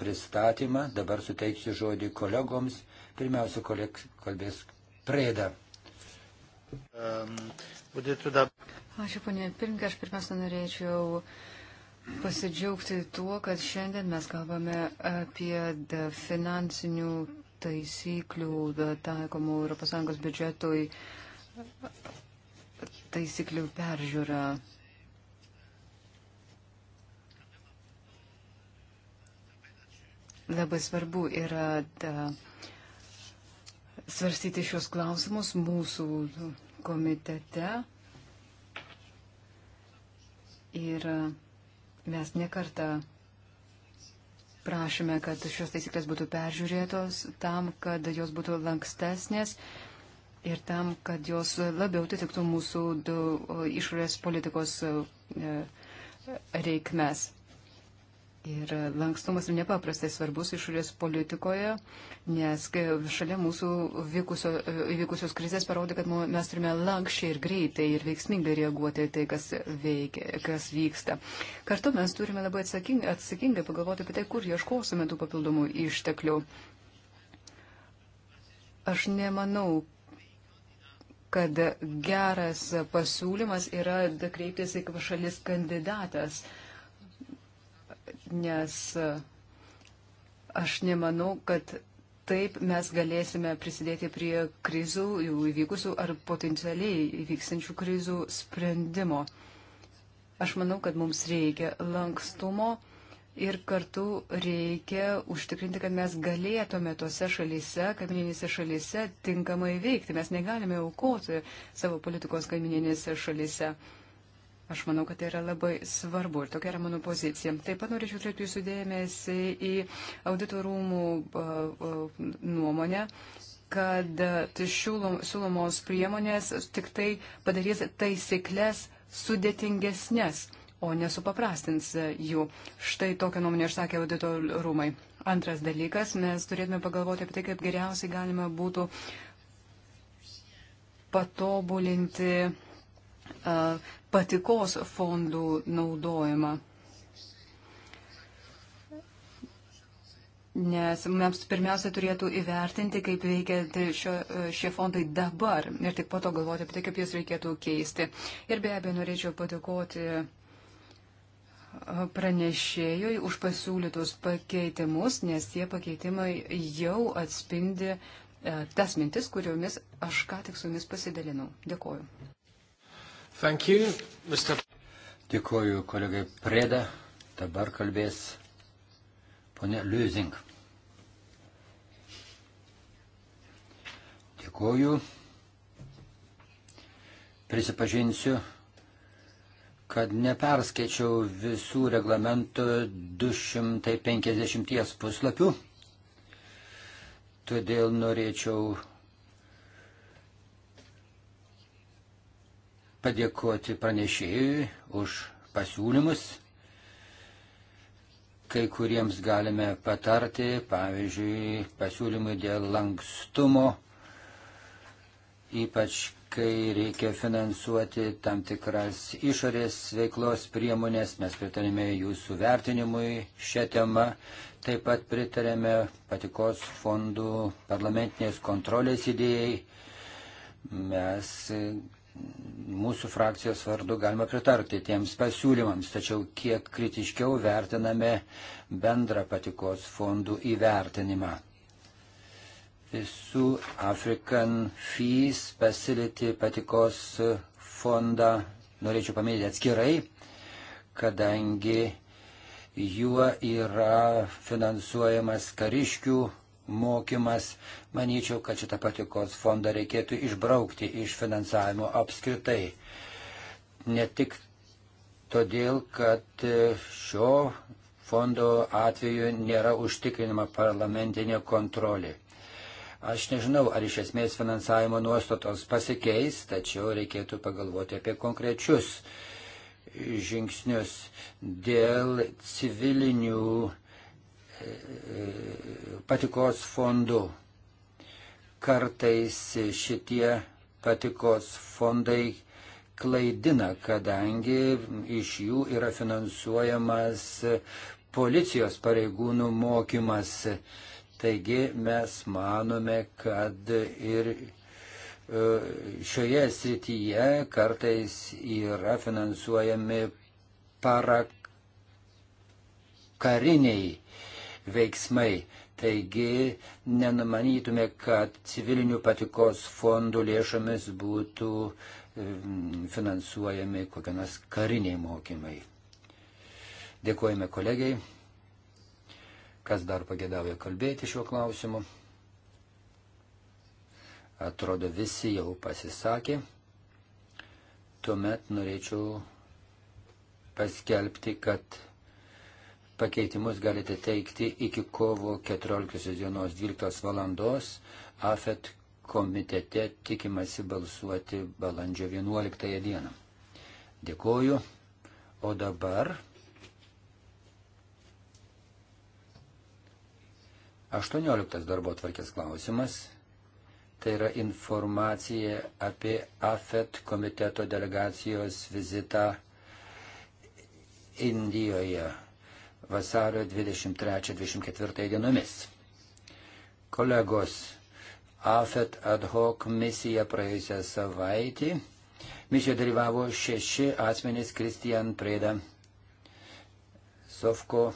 pristatymą. Dabar suteiksiu žodį kolegoms. Pirmiausia, koleg, kalbės Prėda. Ehm, Ačiū, ponė Pirinkė. Aš pirmiausia norėčiau pasidžiaugti tuo, kad šiandien mes kalbame apie finansinių taisyklių taikomų ES biudžetui taisyklių peržiūra. Labai svarbu yra da, svarstyti šios klausimus mūsų komitete. Ir mes nekartą prašome, kad šios taisyklės būtų peržiūrėtos tam, kad jos būtų lankstesnės ir tam, kad jos labiau atitiktų mūsų išorės politikos e, reikmes. Ir lankstumas yra nepaprastai svarbus išorės politikoje, nes šalia mūsų vykusio, vykusios krizės parodė, kad mes turime lankščiai ir greitai ir veiksmingai reaguoti į tai, kas, veikia, kas vyksta. Kartu mes turime labai atsakingai, atsakingai pagalvoti apie tai, kur ieškosime tų papildomų išteklių. Aš nemanau, kad geras pasiūlymas yra kreiptis į šalis kandidatas. Uh, nes e, aš nemanau, kad taip mes galėsime prisidėti prie krizų, jų įvykusių ar potencialiai įvyksančių krizų sprendimo. Aš manau, kad mums reikia lankstumo ir kartu reikia užtikrinti, kad mes galėtume tose šalyse, kaiminėse šalyse tinkamai veikti. Mes negalime aukoti savo politikos kaiminėse šalyse. Aš manau, kad tai yra labai svarbu ir tokia yra mano pozicija. Taip pat norėčiau atkreipti jūsų dėmesį į auditorumų nuomonę kad tai siūlomos priemonės tik tai padarys taisyklės sudėtingesnės, o nesupaprastins jų. Štai tokią nuomonę išsakė audito rūmai. Antras dalykas, mes turėtume pagalvoti apie tai, kaip geriausiai galima būtų patobulinti patikos fondų naudojimą. Nes mums pirmiausia turėtų įvertinti, kaip veikia tai šio, šie fondai dabar ir tik po to galvoti apie tai, kaip jas reikėtų keisti. Ir be abejo, norėčiau padėkoti pranešėjui už pasiūlytus pakeitimus, nes tie pakeitimai jau atspindi tas mintis, kuriomis aš ką tik su jumis pasidalinau. Dėkuoju. Thank you, Mr. Dėkuoju kolegai Preda. Dabar kalbės ponė Liuzink. Dėkuoju. Prisipažinsiu, kad neperskaičiau visų reglamentų 250 puslapių. Todėl norėčiau padėkoti pranešėjui už pasiūlymus. Kai kuriems galime patarti, pavyzdžiui, pasiūlymai dėl lankstumo, ypač kai reikia finansuoti tam tikras išorės veiklos priemonės, mes pritarėme jūsų vertinimui šią temą, taip pat pritarėme patikos fondų parlamentinės kontrolės idėjai. Mes mūsų frakcijos vardu galima pritarti tiems pasiūlymams, tačiau kiek kritiškiau vertiname bendrą patikos fondų įvertinimą. Visų African Fees Facility patikos fondą norėčiau paminėti atskirai, kadangi juo yra finansuojamas kariškių mokymas. Manyčiau, kad šitą patikos fondą reikėtų išbraukti iš finansavimo apskritai. Ne tik todėl, kad šio fondo atveju nėra užtikrinama parlamentinė kontrolė. Aš nežinau, ar iš esmės finansavimo nuostatos pasikeis, tačiau reikėtų pagalvoti apie konkrečius žingsnius dėl civilinių patikos fondų. Kartais šitie patikos fondai klaidina, kadangi iš jų yra finansuojamas policijos pareigūnų mokymas. Taigi mes manome, kad ir e, šioje srityje kartais yra finansuojami parakariniai veiksmai. Taigi nenumanytume, kad civilinių patikos fondų lėšomis būtų finansuojami kokie nors kariniai mokymai. Dėkojame kolegiai, kas dar pagėdavo kalbėti šiuo klausimu. Atrodo, visi jau pasisakė. Tuomet norėčiau paskelbti, kad Pakeitimus galite teikti iki kovo 14 dienos 12 valandos. AFET komitete tikimasi balsuoti balandžio 11 dieną. Dėkoju. O dabar 18 darbo tvarkės klausimas. Tai yra informacija apie AFET komiteto delegacijos vizitą Indijoje vasario 23-24 dienomis. Kolegos, AFET ad hoc misija praėjusią savaitį. Misijoje dalyvavo šeši asmenys Kristijan Preda, Sofko,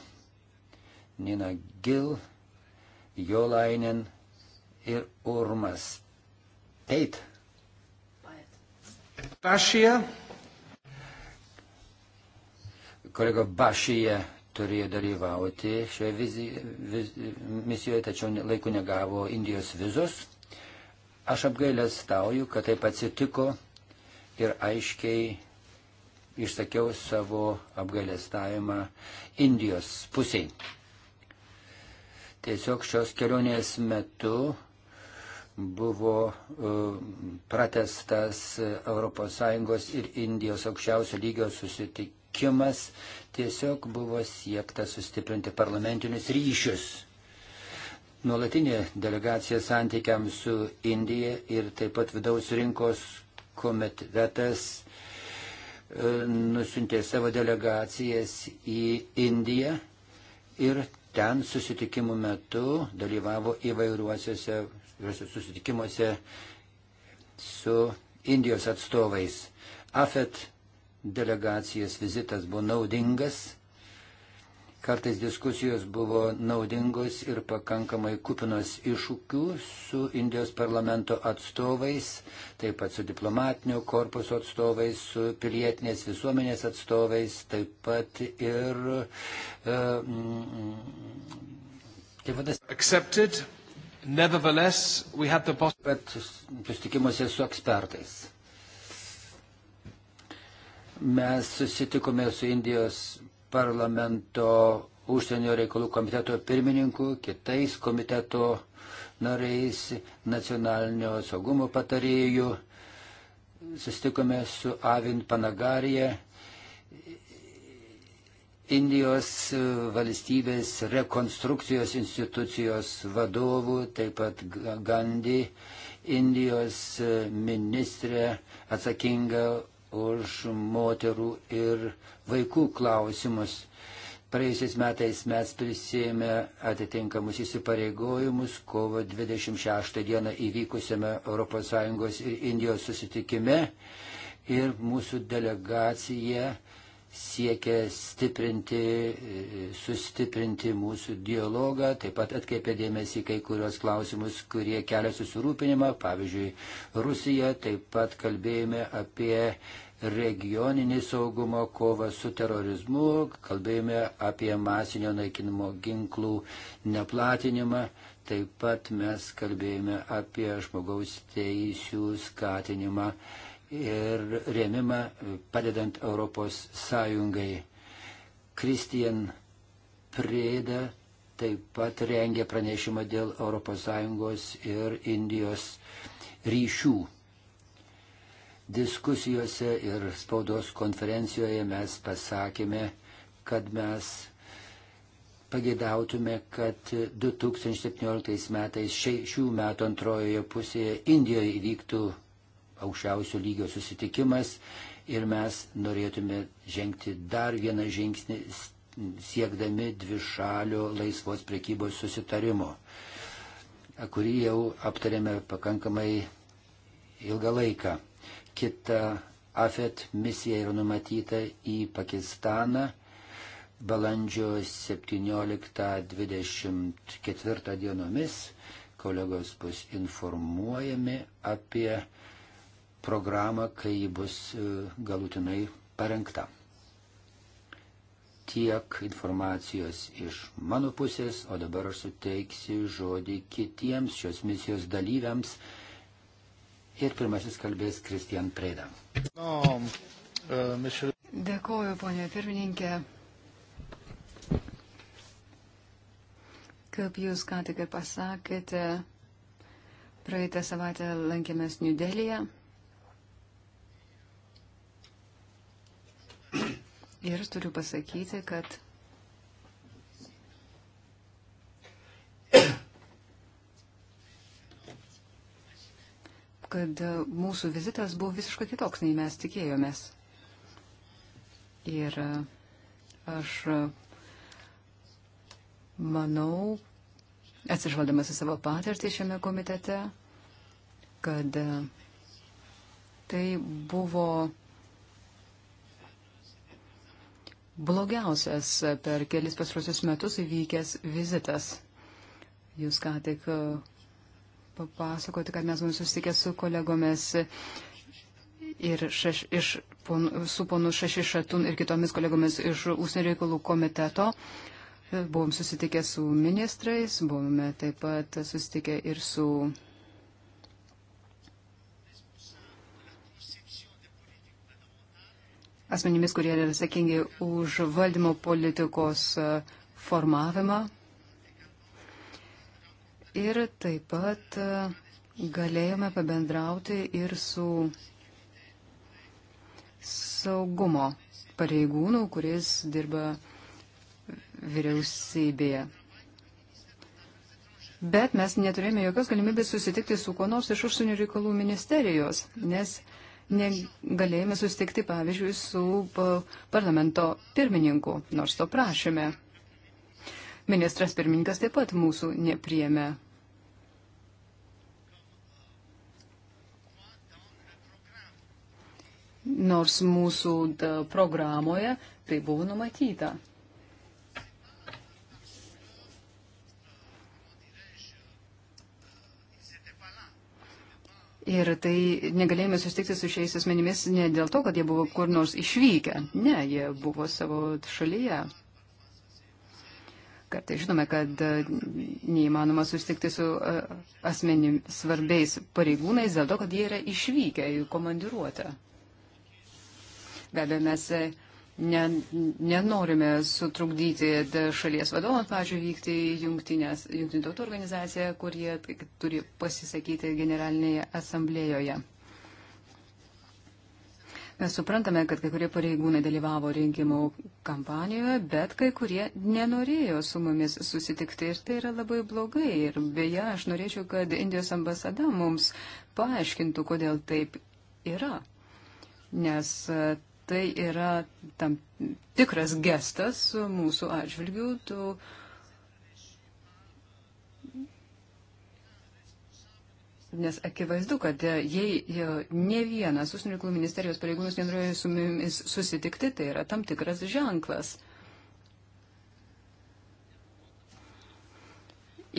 Nina Gil, Jolainen ir Urmas. Teit. Bašija. Kolega Bašija turėjo dalyvauti šioje vizi, viz, misijoje, tačiau laiku negavo Indijos vizos. Aš apgailęs tauju, kad taip atsitiko ir aiškiai išsakiau savo apgailestavimą Indijos pusiai. Tiesiog šios kelionės metu buvo uh, pratestas ES ir Indijos aukščiausio lygio susitik, likimas, tiesiog buvo siekta sustiprinti parlamentinius ryšius. Nuolatinė delegacija santykiams su Indija ir taip pat vidaus rinkos komitetas e, nusintė savo delegacijas į Indiją ir ten susitikimų metu dalyvavo įvairiuosiuose susitikimuose su Indijos atstovais. AFET delegacijos vizitas buvo naudingas. Kartais diskusijos buvo naudingos ir pakankamai kupinos iššūkių su Indijos parlamento atstovais, taip pat su diplomatinio korpuso atstovais, su pilietinės visuomenės atstovais, taip pat ir. Uh, mm, tai vadasi. Accepted. Nevertheless, we had the possibility. Bet susitikimuose su ekspertais. Mes susitikome su Indijos parlamento užsienio reikalų komiteto pirmininku, kitais komiteto nariais, nacionalinio saugumo patarėjų. Sustikome su Avin Panagarija, Indijos valstybės rekonstrukcijos institucijos vadovų, taip pat Gandhi, Indijos ministrė atsakinga už moterų ir vaikų klausimus. Praėjusiais metais mes prisėmė atitinkamus įsipareigojimus kovo 26 dieną įvykusiame ES ir Indijos susitikime ir mūsų delegacija siekia stiprinti, sustiprinti mūsų dialogą, taip pat atkreipia dėmesį kai kurios klausimus, kurie kelia susirūpinimą, pavyzdžiui, Rusija, taip pat kalbėjome apie regioninį saugumo kovą su terorizmu, kalbėjome apie masinio naikinimo ginklų neplatinimą, taip pat mes kalbėjome apie žmogaus teisų skatinimą ir rėmimą e, padedant Europos Sąjungai. Kristijan Prėda taip pat rengė pranešimą dėl ES ir Indijos ryšių. Diskusijose ir spaudos konferencijoje mes pasakėme, kad mes pagėdautume, kad 2017 metais šių metų antrojoje pusėje Indijoje įvyktų aukščiausio lygio susitikimas ir mes norėtume žengti dar vieną žingsnį siekdami dvišalio laisvos prekybos susitarimo, kurį jau aptarėme pakankamai ilgą laiką. Kita AFET misija yra numatyta į Pakistaną balandžio 17-24 dienomis kolegos bus informuojami apie programą, kai ji bus e, galutinai parengta. Tiek informacijos iš mano pusės, o dabar aš suteiksiu žodį kitiems šios misijos dalyviams. Ir pirmasis kalbės Kristian Preda. No, uh, Dėkoju, ponė pirmininkė. Kaip jūs ką tik ir pasakėte, praeitą savaitę lankėmės Niudelėje. Ir turiu pasakyti, kad kad mūsų vizitas buvo visiškai kitoks, nei mes tikėjomės. Ir e, aš e, manau, atsižvaldamas į savo patirtį šiame komitete, kad e, tai buvo blogiausias per kelis pasrusius metus įvykęs vizitas. Jūs ką tik e, papasakote, kad mes mums susitikę su kolegomis ir šeš, iš, pon, su ponu Šešišatun ir kitomis kolegomis iš Užsienio reikalų komiteto. E, buvom susitikę su ministrais, buvome taip pat susitikę ir su asmenimis, kurie yra atsakingi už valdymo politikos e, formavimą. Ir taip pat e, galėjome pabendrauti ir su saugumo pareigūnų, kuris dirba vyriausybėje. Bet mes neturėjome jokios galimybės susitikti su kuo nors iš užsienio reikalų ministerijos, nes negalėjome sustikti, pavyzdžiui, su parlamento pirmininku, nors to prašėme. Ministras pirmininkas taip pat mūsų nepriemė. Nors mūsų programoje tai buvo numatyta. Ir tai negalėjome susitikti su šiais asmenimis ne dėl to, kad jie buvo kur nors išvykę. Ne, jie buvo savo šalyje. Kartai žinome, kad e, neįmanoma susitikti su e, asmenim svarbiais pareigūnais dėl to, kad jie yra išvykę į komandiruotę. Be abejo, mes e, nenorime sutrukdyti šalies vadovams, pavyzdžiui, vykti į Junktinių tautų organizaciją, kur jie turi pasisakyti generalinėje asamblėjoje. Mes suprantame, kad kai kurie pareigūnai dalyvavo rinkimų kampanijoje, bet kai kurie nenorėjo su mumis susitikti ir tai yra labai blogai. Ir beje, aš norėčiau, kad Indijos ambasada mums paaiškintų, kodėl taip yra. Nes tai yra tam tikras gestas mūsų atžvilgių. Tu, Nes akivaizdu, kad e, jei e, ne vienas užsienio reikalų ministerijos pareigūnas nenorėjo su mumis susitikti, tai yra tam tikras ženklas.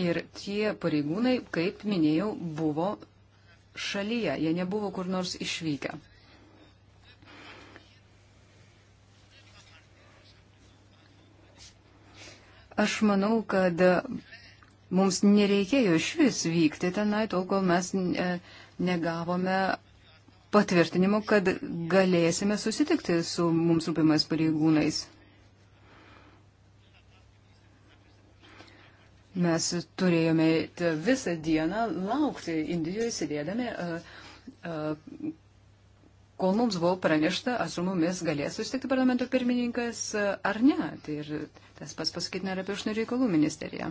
Ir tie pareigūnai, kaip minėjau, buvo šalyje, jie nebuvo kur nors išvykę. Aš manau, kad mums nereikėjo iš vis vykti tenai, tol kol mes negavome patvirtinimu, kad galėsime susitikti su mums rūpimais pareigūnais. Mes turėjome visą dieną laukti Indijoje, sėdėdami, Kol mums buvo pranešta, ar su mumis galės susitikti parlamento pirmininkas ar ne, tai ir tas pats pasakyti nėra apie užsienio reikalų ministeriją.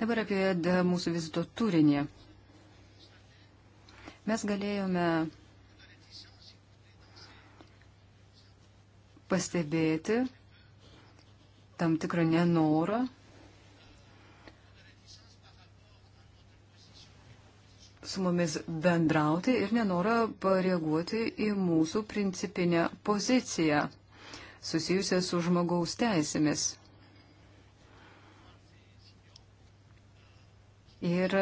Dabar apie mūsų vizito turinį. Mes galėjome pastebėti tam tikrą nenorą su mumis bendrauti ir nenorą pareaguoti į mūsų principinę poziciją susijusią su žmogaus teisėmis. Ir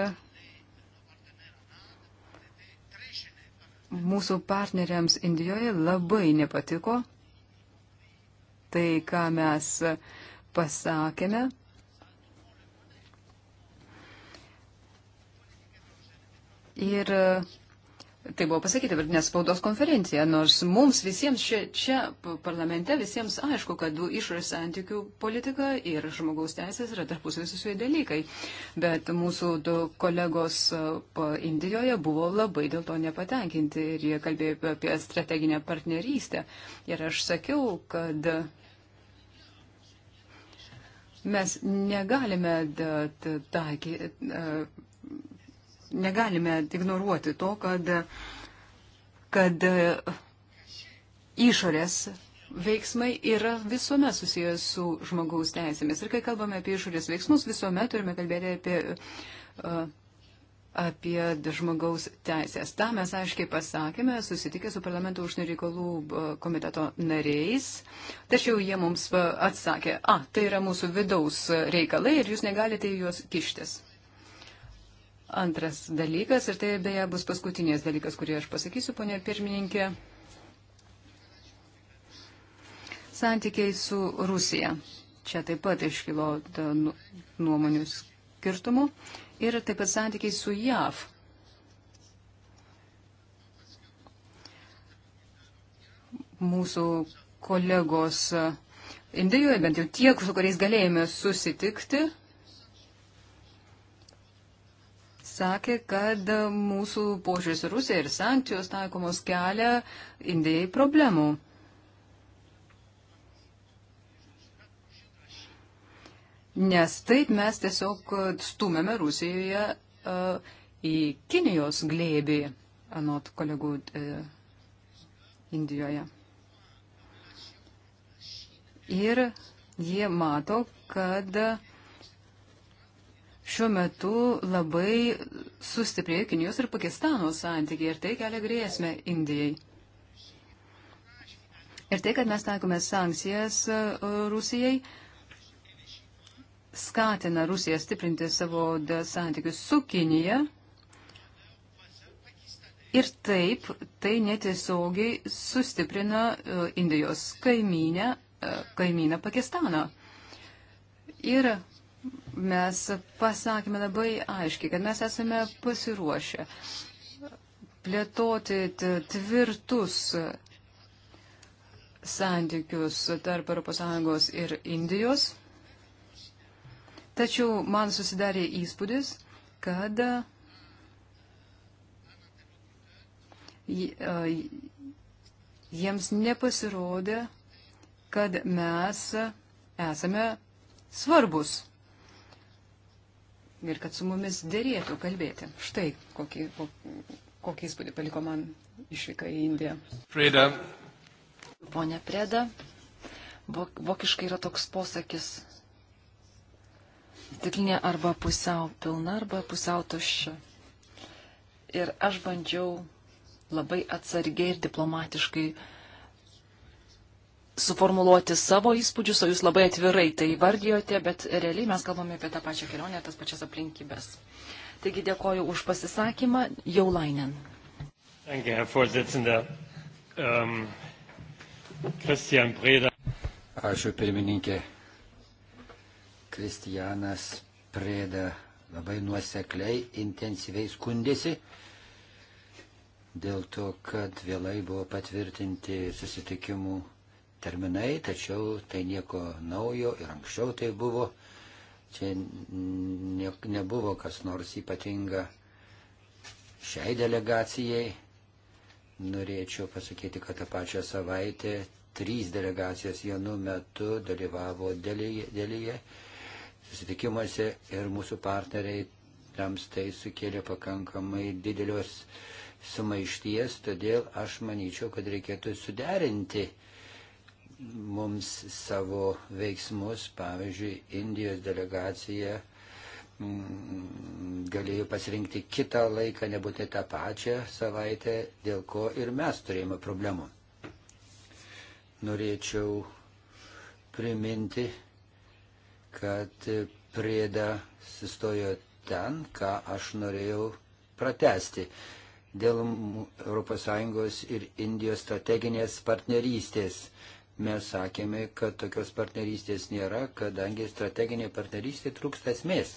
mūsų partneriams Indijoje labai nepatiko tai, ką mes pasakėme Ir e, tai buvo pasakyta per nespaudos konferenciją, nors mums visiems čia, čia parlamente visiems aišku, kad išorės santykių politika ir žmogaus teisės yra tarpusavį susiję dalykai. Bet mūsų du kolegos e, Indijoje buvo labai dėl to nepatenkinti ir jie kalbėjo apie strateginę partnerystę. Ir aš sakiau, kad mes negalime taikyti e, negalime ignoruoti to, kad, kad išorės veiksmai yra visuomet susijęs su žmogaus teisėmis. Ir kai kalbame apie išorės veiksmus, visuomet turime kalbėti apie, e, apie žmogaus teisės. Ta mes aiškiai pasakėme, susitikę su parlamento užsienio reikalų e, komiteto nariais, tačiau jie mums e, atsakė, a, tai yra mūsų vidaus reikalai ir jūs negalite į juos kištis. Antras dalykas, ir tai beje bus paskutinės dalykas, kurį aš pasakysiu, ponė pirmininkė, santykiai su Rusija. Čia taip pat iškilo nu, nuomonių skirtumų ir taip pat santykiai su JAV. Mūsų kolegos Indijoje, bent jau tiek, su kuriais galėjome susitikti, sakė, kad mūsų požiūris Rusija ir sankcijos taikomos kelia Indijai problemų. Nes taip mes tiesiog stumėme Rusijoje uh, į Kinijos glėbį, anot kolegų uh, Indijoje. Ir jie mato, kad uh, šiuo metu labai sustiprėjo Kinijos ir Pakistano santykiai ir tai kelia grėsmę Indijai. Ir tai, kad mes taikome sankcijas e, Rusijai, skatina Rusiją stiprinti savo santykius su Kinija. Ir taip, tai netiesiogiai sustiprina e, Indijos kaimynę, e, kaimyną Pakistaną. Ir mes pasakėme labai aiškiai, kad mes esame pasiruošę plėtoti tvirtus santykius tarp ES ir Indijos. Tačiau man susidarė įspūdis, kad jiems nepasirodė, kad mes esame svarbus ir kad su mumis dėrėtų kalbėti. Štai kokį, kokį įspūdį paliko man išvyka į Indiją. Preda. Pone Preda, vokiškai yra toks posakis. Stiklinė arba pusiau pilna, arba pusiau tuščia. Ir aš bandžiau labai atsargiai ir diplomatiškai uh, suformuluoti savo įspūdžius, o jūs labai atvirai tai vardijote, bet realiai mes kalbame apie tą pačią kelionę, tas pačias aplinkybės. Taigi dėkoju už pasisakymą, jau lainen. Ähm, Ačiū pirmininkė. Kristijanas Prėda labai nuosekliai, intensyviai skundėsi dėl to, kad vėlai buvo patvirtinti susitikimų terminai, tačiau tai nieko naujo ir anksčiau tai buvo. Čia ne, nebuvo kas nors ypatinga šiai delegacijai. Norėčiau pasakyti, kad tą pačią savaitę trys delegacijos vienu metu dalyvavo dėlyje susitikimuose ir mūsų partneriai tams tai sukėlė pakankamai didelios sumaišties, todėl aš manyčiau, kad reikėtų suderinti uh, mums savo veiksmus, pavyzdžiui, Indijos delegacija mm, galėjo pasirinkti kitą laiką, nebūtinai tą pačią savaitę, dėl ko ir mes turėjome problemų. Norėčiau priminti, kad prieda sustojo ten, ką aš norėjau pratesti dėl ES ir Indijos strateginės partnerystės mes sakėme, kad tokios partnerystės nėra, kadangi strateginė partnerystė trūksta esmės.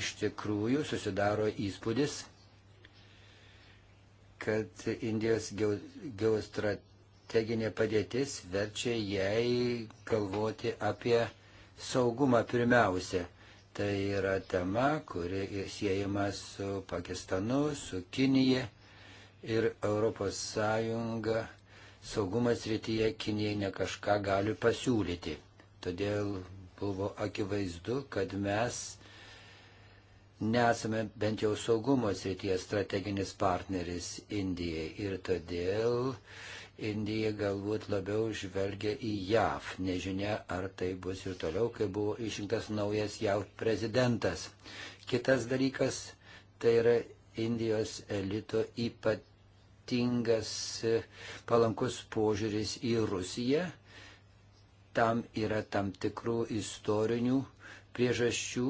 Iš tikrųjų susidaro įspūdis, kad Indijos geostrateginė padėtis verčia jai galvoti apie saugumą pirmiausia. Tai yra tema, kuri siejama su Pakistanu, su Kinija ir Europos Sąjunga saugumas rytyje Kinija ne kažką gali pasiūlyti. Todėl buvo akivaizdu, kad mes nesame bent jau saugumo srityje strateginis partneris Indijai ir todėl Indija galbūt labiau žvelgia į JAV. Nežinia, ar tai bus ir toliau, kai buvo išrinktas naujas JAV prezidentas. Kitas dalykas tai yra Indijos elito ypat ypatingas e, palankus požiūris į Rusiją. Tam yra tam tikrų istorinių priežasčių,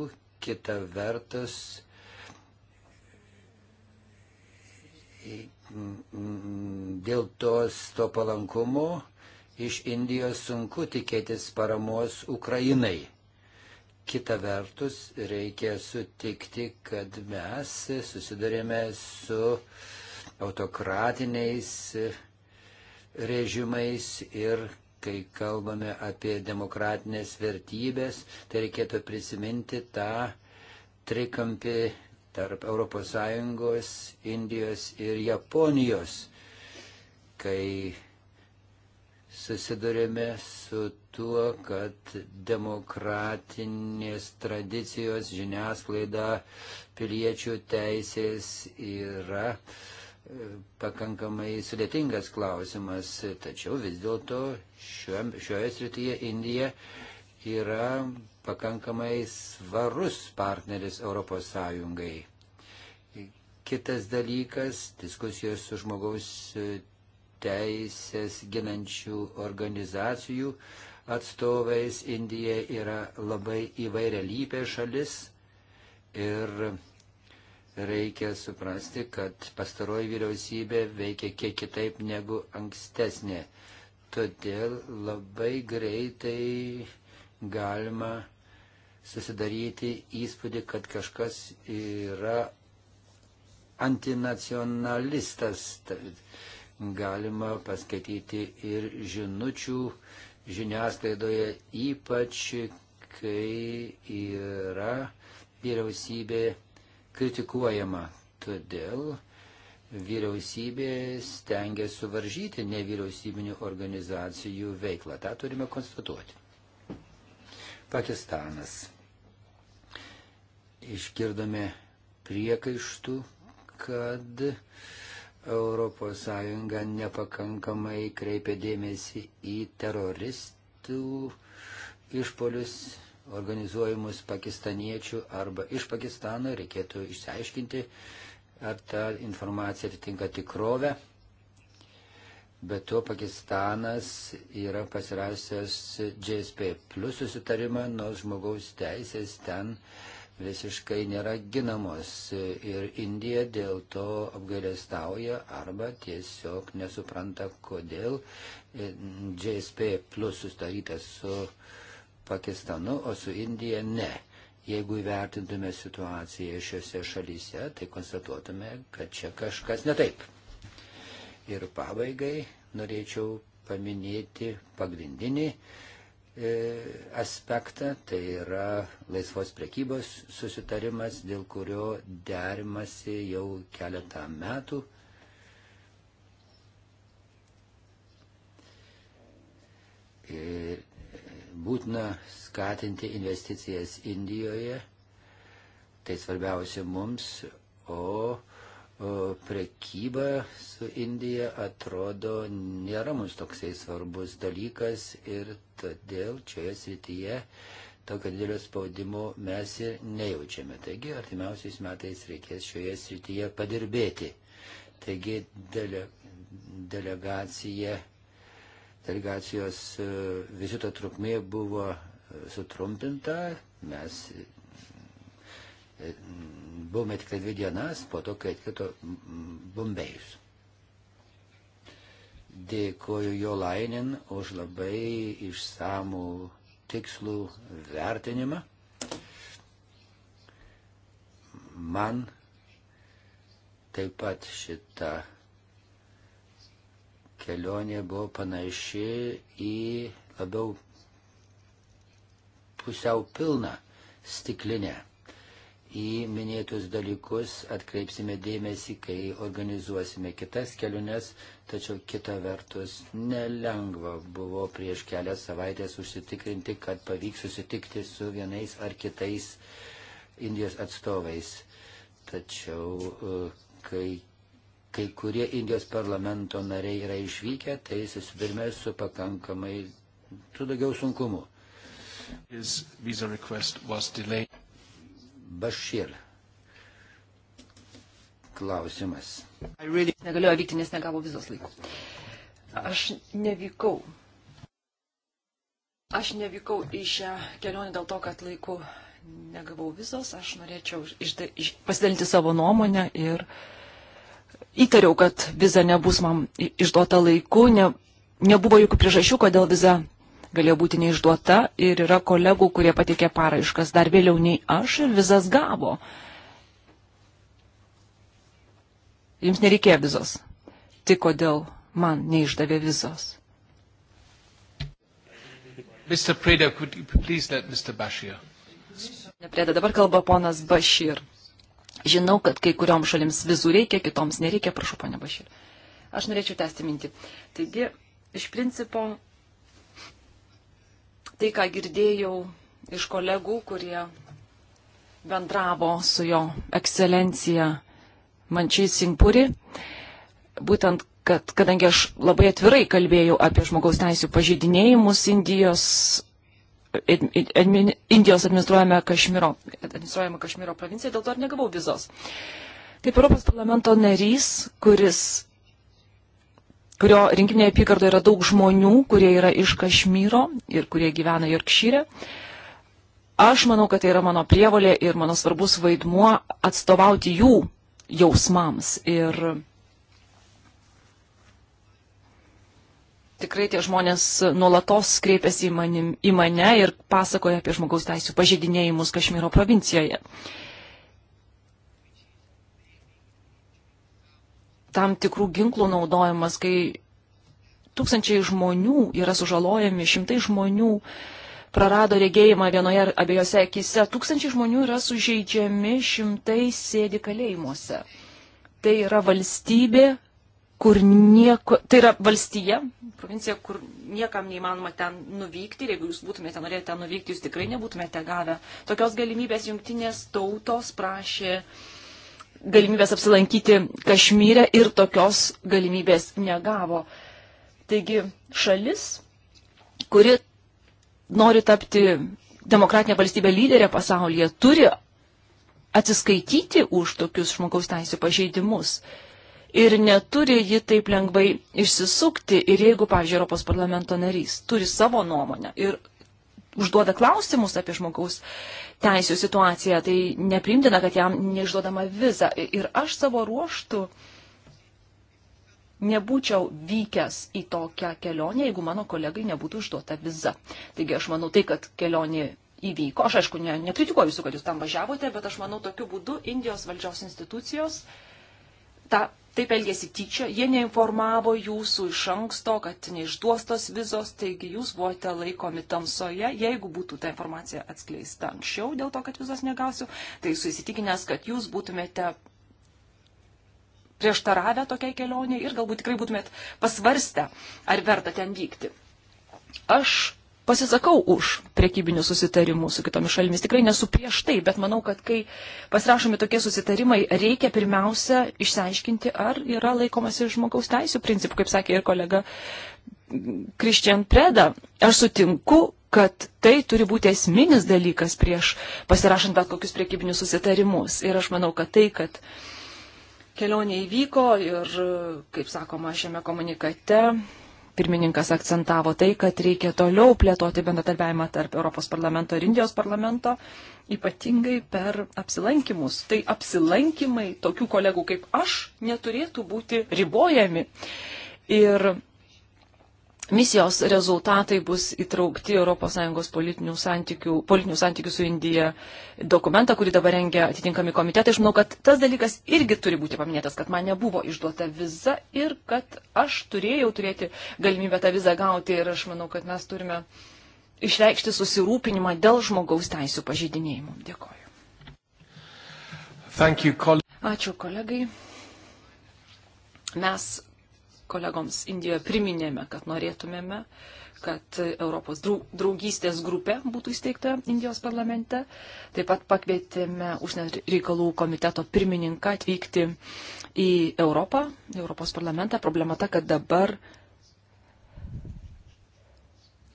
kita vertus e, dėl tos to palankumo iš Indijos sunku tikėtis paramos Ukrainai. Kita vertus, reikia sutikti, kad mes susidurėme su uh, autokratiniais e, režimais ir kai kalbame apie demokratinės vertybės, tai reikėtų prisiminti tą trikampį tarp ES, Indijos ir Japonijos, kai susidurime su tuo, kad demokratinės tradicijos žiniasklaida piliečių teisės yra uh, pakankamai sudėtingas klausimas, tačiau vis dėlto šio, šioje srityje Indija yra pakankamai svarus partneris Europos Sąjungai. Kitas dalykas - diskusijos su žmogaus teisės ginančių organizacijų atstovais. Indija yra labai įvairia lypė šalis ir reikia suprasti, kad pastaroji vyriausybė veikia kiek kitaip negu ankstesnė. Todėl labai greitai galima susidaryti įspūdį, kad kažkas yra antinacionalistas. Galima paskaityti ir žinučių žiniasklaidoje, ypač kai yra vyriausybė kritikuojama. Todėl vyriausybė stengia suvaržyti nevyriausybinių organizacijų veiklą. Ta turime konstatuoti. Pakistanas. Išgirdome priekaištų, kad ES nepakankamai kreipia dėmesį į teroristų išpolius organizuojamus pakistaniečių arba iš Pakistano, reikėtų išsiaiškinti, ar ta informacija atitinka tikrovę. Bet to Pakistanas yra pasirašęs GSP plus susitarimą, nors žmogaus teisės ten visiškai nėra ginamos. Ir Indija dėl to apgailestauja arba tiesiog nesupranta, kodėl GSP plus sustarytas su Pakistanu, o su Indija ne. Jeigu įvertintume situaciją šiuose šalyse, tai konstatuotume, kad čia kažkas netaip. Ir pabaigai norėčiau paminėti pagrindinį e, aspektą, tai yra laisvos prekybos susitarimas, dėl kurio derimasi jau keletą metų. Ir būtina skatinti investicijas Indijoje, tai svarbiausia mums, o, o prekyba su Indija atrodo nėra mums toksai svarbus dalykas ir todėl šioje srityje tokio didelio spaudimo mes ir nejaučiame. Taigi artimiausiais metais reikės šioje srityje padirbėti. Taigi dele, delegacija delegacijos e, vizito trukmė buvo e, sutrumpinta. Mes e, buvome tik tai dvi dienas po to, kai atkito Bombėjus. Dėkoju jo Lainin už labai išsamų tikslų vertinimą. Man taip pat šita kelionė buvo panaši į labiau pusiau pilną stiklinę. Į minėtus dalykus atkreipsime dėmesį, kai organizuosime kitas keliones, tačiau kita vertus nelengva buvo prieš kelias savaitės užsitikrinti, kad pavyks susitikti su vienais ar kitais Indijos atstovais. Tačiau, e, kai kai kurie Indijos parlamento nariai yra išvykę, tai susidurime su pakankamai, su daugiau sunkumu. Bashir. Klausimas. Really... Negalėjo vykti, nes negavo vizos laikų. Aš nevykau. Aš nevykau į šią kelionę dėl to, kad laiku negavau vizos. Aš norėčiau išda, iš, pasidalinti savo nuomonę ir uh, įtariau, kad viza nebus man išduota laiku, ne, nebuvo jokių priežasčių, kodėl viza galėjo būti neišduota ir yra kolegų, kurie patikė paraiškas dar vėliau nei aš ir vizas gavo. Jums nereikėjo vizos. Tik kodėl man neišdavė vizos. Mr. Preda, could you please let Mr. Bashir? Nepreda, dabar kalba ponas Bashir. Žinau, kad kai kuriuom šalims vizų reikia, kitoms nereikia, prašau, ponia Bašir. Aš norėčiau tęsti mintį. Taigi, iš principo, tai, ką girdėjau iš kolegų, kurie bendravo su jo ekscelencija Mančiai Singpuri, būtent, kad kadangi aš labai atvirai kalbėjau apie žmogaus teisų pažydinėjimus Indijos admin, Indijos administruojama Kašmyro, administruojama Kašmyro provincija, dėl to ir negavau vizos. Kaip Europos parlamento narys, kuris, kurio rinkiminėje apygardoje yra daug žmonių, kurie yra iš Kašmyro ir kurie gyvena Jorkšyre, aš manau, kad tai yra mano prievalė ir mano svarbus vaidmuo atstovauti jų jausmams. Ir tikrai tie žmonės nuolatos kreipiasi į, manim, į mane ir pasakoja apie žmogaus teisų pažeidinėjimus Kašmyro provincijoje. Tam tikrų ginklų naudojimas, kai tūkstančiai žmonių yra sužalojami, šimtai žmonių prarado regėjimą vienoje ar abiejose akise, tūkstančiai žmonių yra sužeidžiami, šimtai sėdi kalėjimuose. Tai yra valstybė, kur nieko, tai yra valstija, provincija, kur niekam neįmanoma ten nuvykti ir jeigu jūs būtumėte norėję ten nuvykti, jūs tikrai nebūtumėte gavę. Tokios galimybės jungtinės tautos prašė galimybės apsilankyti Kašmyre ir tokios galimybės negavo. Taigi šalis, kuri nori tapti demokratinė valstybė lyderė pasaulyje, turi atsiskaityti už tokius žmogaus teisų pažeidimus ir neturi ji taip lengvai išsisukti. Ir jeigu, pavyzdžiui, Europos parlamento narys turi savo nuomonę ir užduoda klausimus apie žmogaus teisų situaciją, tai neprimtina, kad jam neišduodama viza. Ir aš savo ruoštų nebūčiau vykęs į tokią kelionę, jeigu mano kolegai nebūtų užduota viza. Taigi aš manau tai, kad kelionė įvyko. Aš aišku, ne, nekritikuoju jūsų, kad jūs tam važiavote, bet aš manau, tokiu būdu Indijos valdžios institucijos uh, ta, taip elgėsi tyčia, jie neinformavo jūsų iš anksto, kad neišduos tos vizos, taigi jūs buvote laikomi tamsoje, jeigu būtų ta informacija atskleista anksčiau dėl to, kad vizos negausiu, tai su įsitikinęs, kad jūs būtumėte prieštaravę tokiai kelioniai ir galbūt tikrai būtumėt pasvarstę, ar verta ten vykti. Aš pasisakau už priekybinius susitarimus su kitomis šalimis. Tikrai nesu prieš tai, bet manau, kad kai pasirašomi tokie susitarimai, reikia pirmiausia išsiaiškinti, ar yra laikomasi žmogaus teisų principų, kaip sakė ir kolega Kristian Preda. Aš sutinku, kad tai turi būti esminis dalykas prieš pasirašant bet kokius priekybinius susitarimus. Ir aš manau, kad tai, kad kelionė įvyko ir, kaip sakoma, šiame komunikate pirmininkas akcentavo tai, kad reikia toliau plėtoti bendradarbiavimą tarp Europos parlamento ir Indijos parlamento, ypatingai per apsilankimus. Tai apsilankimai tokių kolegų kaip aš neturėtų būti ribojami. Ir misijos rezultatai bus įtraukti ES politinių santykių, politinių santykių su Indija dokumentą, kurį dabar rengia atitinkami komitetai. Aš manau, kad tas dalykas irgi turi būti paminėtas, kad man nebuvo išduota viza ir kad aš turėjau turėti galimybę tą vizą gauti ir aš manau, kad mes turime išreikšti susirūpinimą dėl žmogaus teisų pažydinėjimų. Dėkoju. You, Ačiū kolegai. Mes kolegoms Indijoje priminėme, kad norėtumėme, kad Europos draugystės grupė būtų įsteigta Indijos parlamente. Taip pat pakvietėme užsienio reikalų komiteto pirmininką atvykti į Europą, Europos parlamentą. Problema ta, kad dabar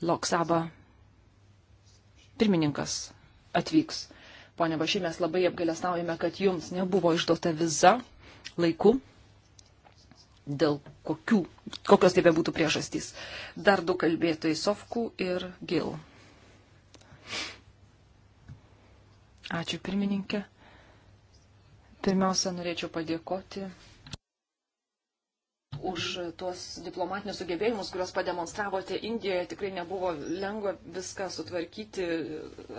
Loksaba pirmininkas atvyks. Pone Bašy, mes labai apgalėstaujame, kad jums nebuvo išduota viza laiku dėl kokių, kokios tai bebūtų priežastys. Dar du kalbėtojai Sofkų ir Gil. Ačiū pirmininkė. Pirmiausia, norėčiau padėkoti už tuos diplomatinius sugebėjimus, kuriuos pademonstravote Indijoje. Tikrai nebuvo lengva viską sutvarkyti,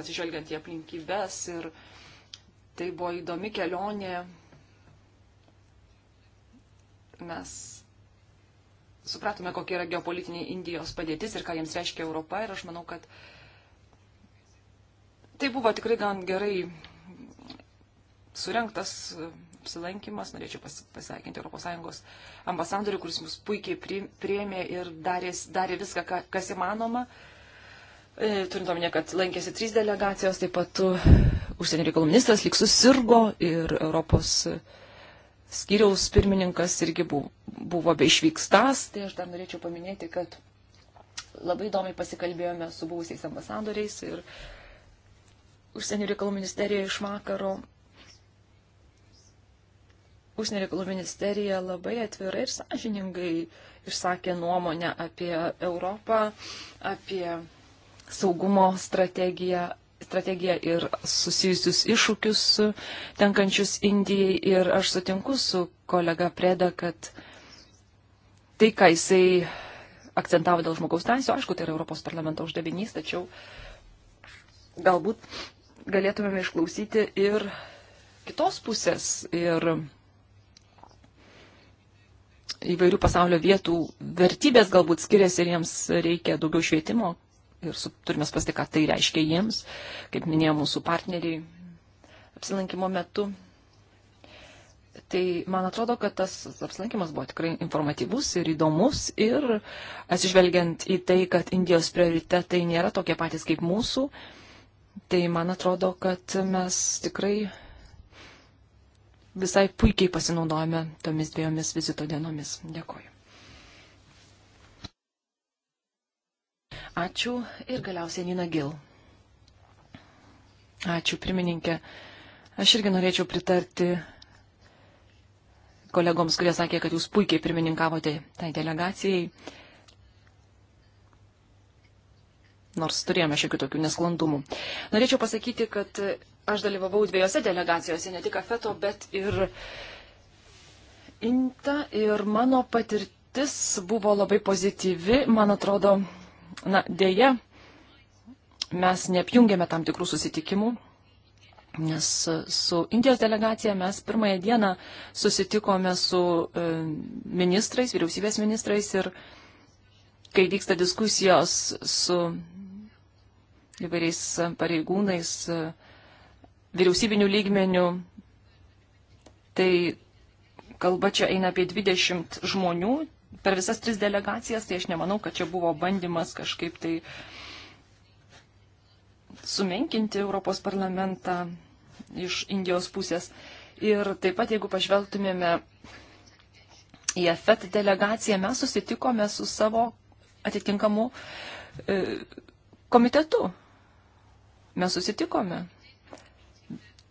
atsižvelgiant į aplinkybės. Ir tai buvo įdomi kelionė, mes supratome, kokia yra geopolitinė Indijos padėtis ir ką jiems reiškia Europa. Ir aš manau, kad tai buvo tikrai gan gerai surinktas apsilankimas. Norėčiau pasveikinti ES ambasadorių, kuris mus puikiai priėmė ir darė, darė viską, kas įmanoma. E, turint omenyje, kad lankėsi trys delegacijos, taip pat užsienio reikalų ministras lyg susirgo ir Europos uh, skyriaus pirmininkas irgi buvo, buvo be išvykstas, tai aš dar norėčiau paminėti, kad labai įdomiai pasikalbėjome su buvusiais ambasadoriais ir užsienio reikalų ministerija iš vakaro. Užsienio reikalų ministerija labai atvirai ir sąžiningai išsakė nuomonę apie Europą, apie saugumo strategiją, strategiją ir susijusius iššūkius tenkančius Indijai. Ir aš sutinku su kolega Preda, kad tai, ką jisai akcentavo dėl žmogaus teisų, aišku, tai yra Europos parlamento uždavinys, tačiau galbūt galėtumėme išklausyti ir kitos pusės ir įvairių pasaulio vietų vertybės galbūt skiriasi ir jiems reikia daugiau švietimo, ir su, turime spasti, ką tai reiškia jiems, kaip minėjo mūsų partneriai apsilankimo metu. Tai man atrodo, kad tas apsilankimas buvo tikrai informatyvus ir įdomus ir atsižvelgiant į tai, kad Indijos prioritetai nėra tokie patys kaip mūsų, tai man atrodo, kad mes tikrai visai puikiai pasinaudojame tomis dviejomis vizito dienomis. Dėkuoju. Ačiū ir galiausiai Nina Gil. Ačiū, pirmininkė. Aš irgi norėčiau pritarti kolegoms, kurie sakė, kad jūs puikiai pirmininkavote tai delegacijai. Nors turėjome šiokių tokių nesklandumų. Norėčiau pasakyti, kad aš dalyvavau dviejose delegacijose, ne tik afeto, bet ir inta. Ir mano patirtis buvo labai pozityvi. Man atrodo, Na, dėja, mes neapjungėme tam tikrų susitikimų, nes su Indijos delegacija mes pirmąją dieną susitikome su e, ministrais, vyriausybės ministrais ir kai vyksta diskusijos su įvairiais pareigūnais, e, vyriausybinių lygmenių, tai kalba čia eina apie 20 žmonių, per visas tris delegacijas, tai aš nemanau, kad čia buvo bandymas kažkaip tai sumenkinti Europos parlamentą iš Indijos pusės. Ir taip pat, jeigu pažvelgtumėme į FET delegaciją, mes susitikome su savo atitinkamu e, komitetu. Mes susitikome.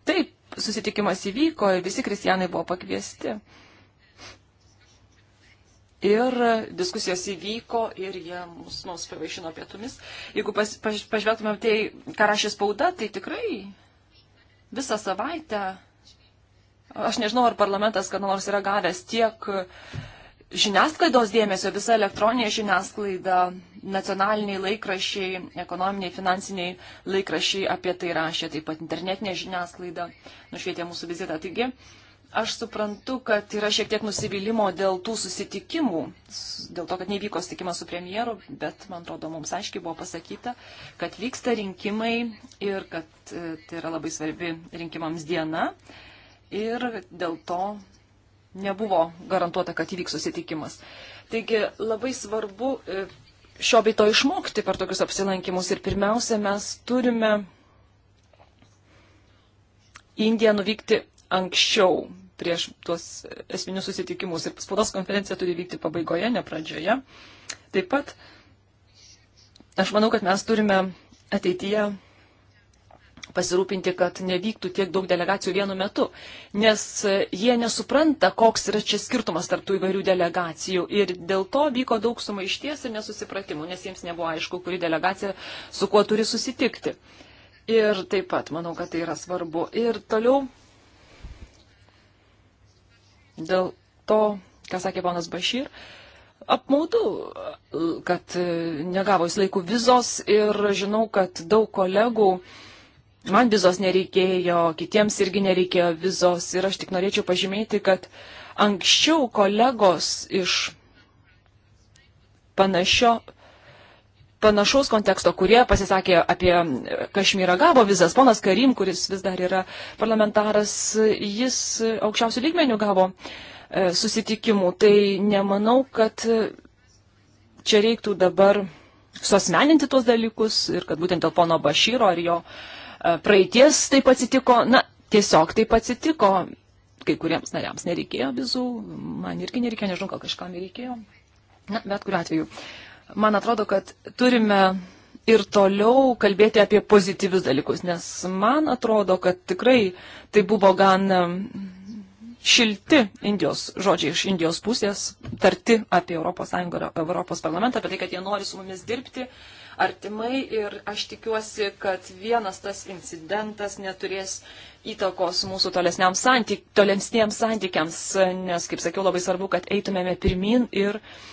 Taip, susitikimas įvyko ir visi kristijanai buvo pakviesti. Ir diskusijos įvyko ir jie mus, mums pavaišino pietumis. Jeigu pas, paž, pažvelgtumėm tai, ką rašė spauda, tai tikrai visą savaitę, aš nežinau, ar parlamentas, kad nors yra gavęs tiek žiniasklaidos dėmesio, visa elektroninė žiniasklaida, nacionaliniai laikrašiai, ekonominiai, finansiniai laikrašiai apie tai rašė, taip pat internetinė žiniasklaida nušvietė mūsų vizitą. Taigi, uh, Aš suprantu, kad yra šiek tiek nusivylimų dėl tų susitikimų, dėl to, kad nevyko susitikimas su premjeru, bet, man atrodo, mums aiškiai buvo pasakyta, kad vyksta rinkimai ir kad e, tai yra labai svarbi rinkimams diena. Ir dėl to nebuvo garantuota, kad įvyks susitikimas. Taigi labai svarbu e, šio bei to išmokti per tokius apsilankimus. Ir pirmiausia, mes turime į Indiją nuvykti anksčiau, prieš tuos esminius susitikimus. Ir spaudos konferencija turi vykti pabaigoje, ne pradžioje. Taip pat aš manau, kad mes turime ateityje pasirūpinti, kad nevyktų tiek daug delegacijų vienu metu, nes jie nesupranta, koks yra čia skirtumas tarptų įvairių delegacijų ir dėl to vyko daug sumaišties ir nesusipratimų, nes jiems nebuvo aišku, kuri delegacija su kuo turi susitikti. Ir taip pat manau, kad tai yra svarbu. Ir toliau Dėl to, ką sakė ponas Bašyr, apmaudu, kad e, negavo jis laikų vizos ir žinau, kad daug kolegų, man vizos nereikėjo, kitiems irgi nereikėjo vizos ir aš tik norėčiau pažymėti, kad anksčiau kolegos iš panašio panašaus konteksto, kurie pasisakė apie Kašmyrą, gavo vizas. Ponas Karim, kuris vis dar yra parlamentaras, jis aukščiausių lygmenių gavo e, susitikimų. Tai nemanau, kad čia reiktų dabar suosmeninti tuos dalykus ir kad būtent dėl pono Bašyro ar jo e, praeities taip atsitiko. Na, tiesiog taip atsitiko. Kai kuriems nariams nereikėjo vizų, man irgi nereikėjo, nežinau, gal kažkam reikėjo. Na, bet kuriu atveju. Uh, man atrodo, kad turime ir toliau kalbėti apie pozityvius dalykus, nes man atrodo, kad tikrai tai buvo gan šilti Indijos žodžiai iš Indijos pusės, tarti apie ES ir Europos parlamentą, apie tai, kad jie nori su mumis dirbti artimai ir aš tikiuosi, kad vienas tas incidentas neturės įtakos mūsų tolesniems santyk, santykiams, nes, kaip sakiau, labai svarbu, kad eitumėme pirmin ir uh,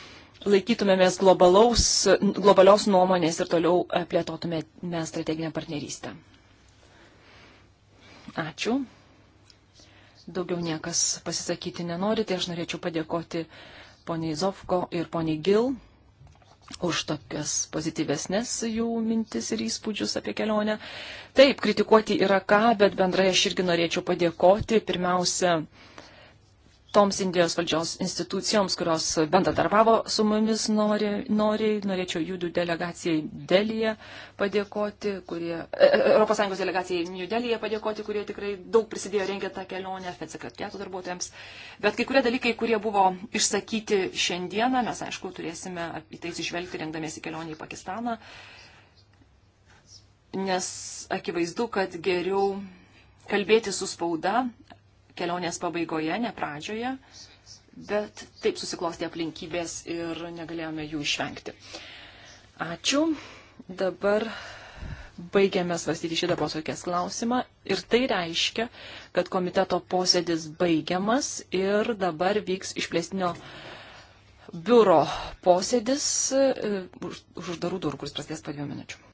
laikytumėmės globalios nuomonės ir toliau e, plėtotumėme strateginę partnerystę. Ačiū. Daugiau niekas pasisakyti nenori, tai aš norėčiau padėkoti poniai Zovko ir poniai Gil už tokias pozityvesnės jų mintis ir įspūdžius apie kelionę. Taip, kritikuoti yra ką, bet bendrai aš irgi norėčiau padėkoti pirmiausia toms Indijos valdžios institucijoms, kurios bendradarbiavo su mumis noriai. Nori, norėčiau judų delegacijai Delyje padėkoti, kurie, ES e, delegacijai New Delyje padėkoti, kurie tikrai daug prisidėjo rengiant tą kelionę, FED sekretoriato darbuotojams. Bet kai kurie dalykai, kurie buvo išsakyti šiandieną, mes aišku turėsime į tai išvelgti rengdamiesi kelionę į Pakistaną, nes akivaizdu, kad geriau kalbėti su spauda kelionės pabaigoje, ne pradžioje, bet taip susiklosti aplinkybės ir negalėjome jų išvengti. Ačiū. Dabar baigiame svarstyti šį darbos tokias klausimą ir tai reiškia, kad komiteto posėdis baigiamas ir dabar vyks išplėstinio biuro posėdis e, už uždarų durų, kuris prasidės po dviejų minučių.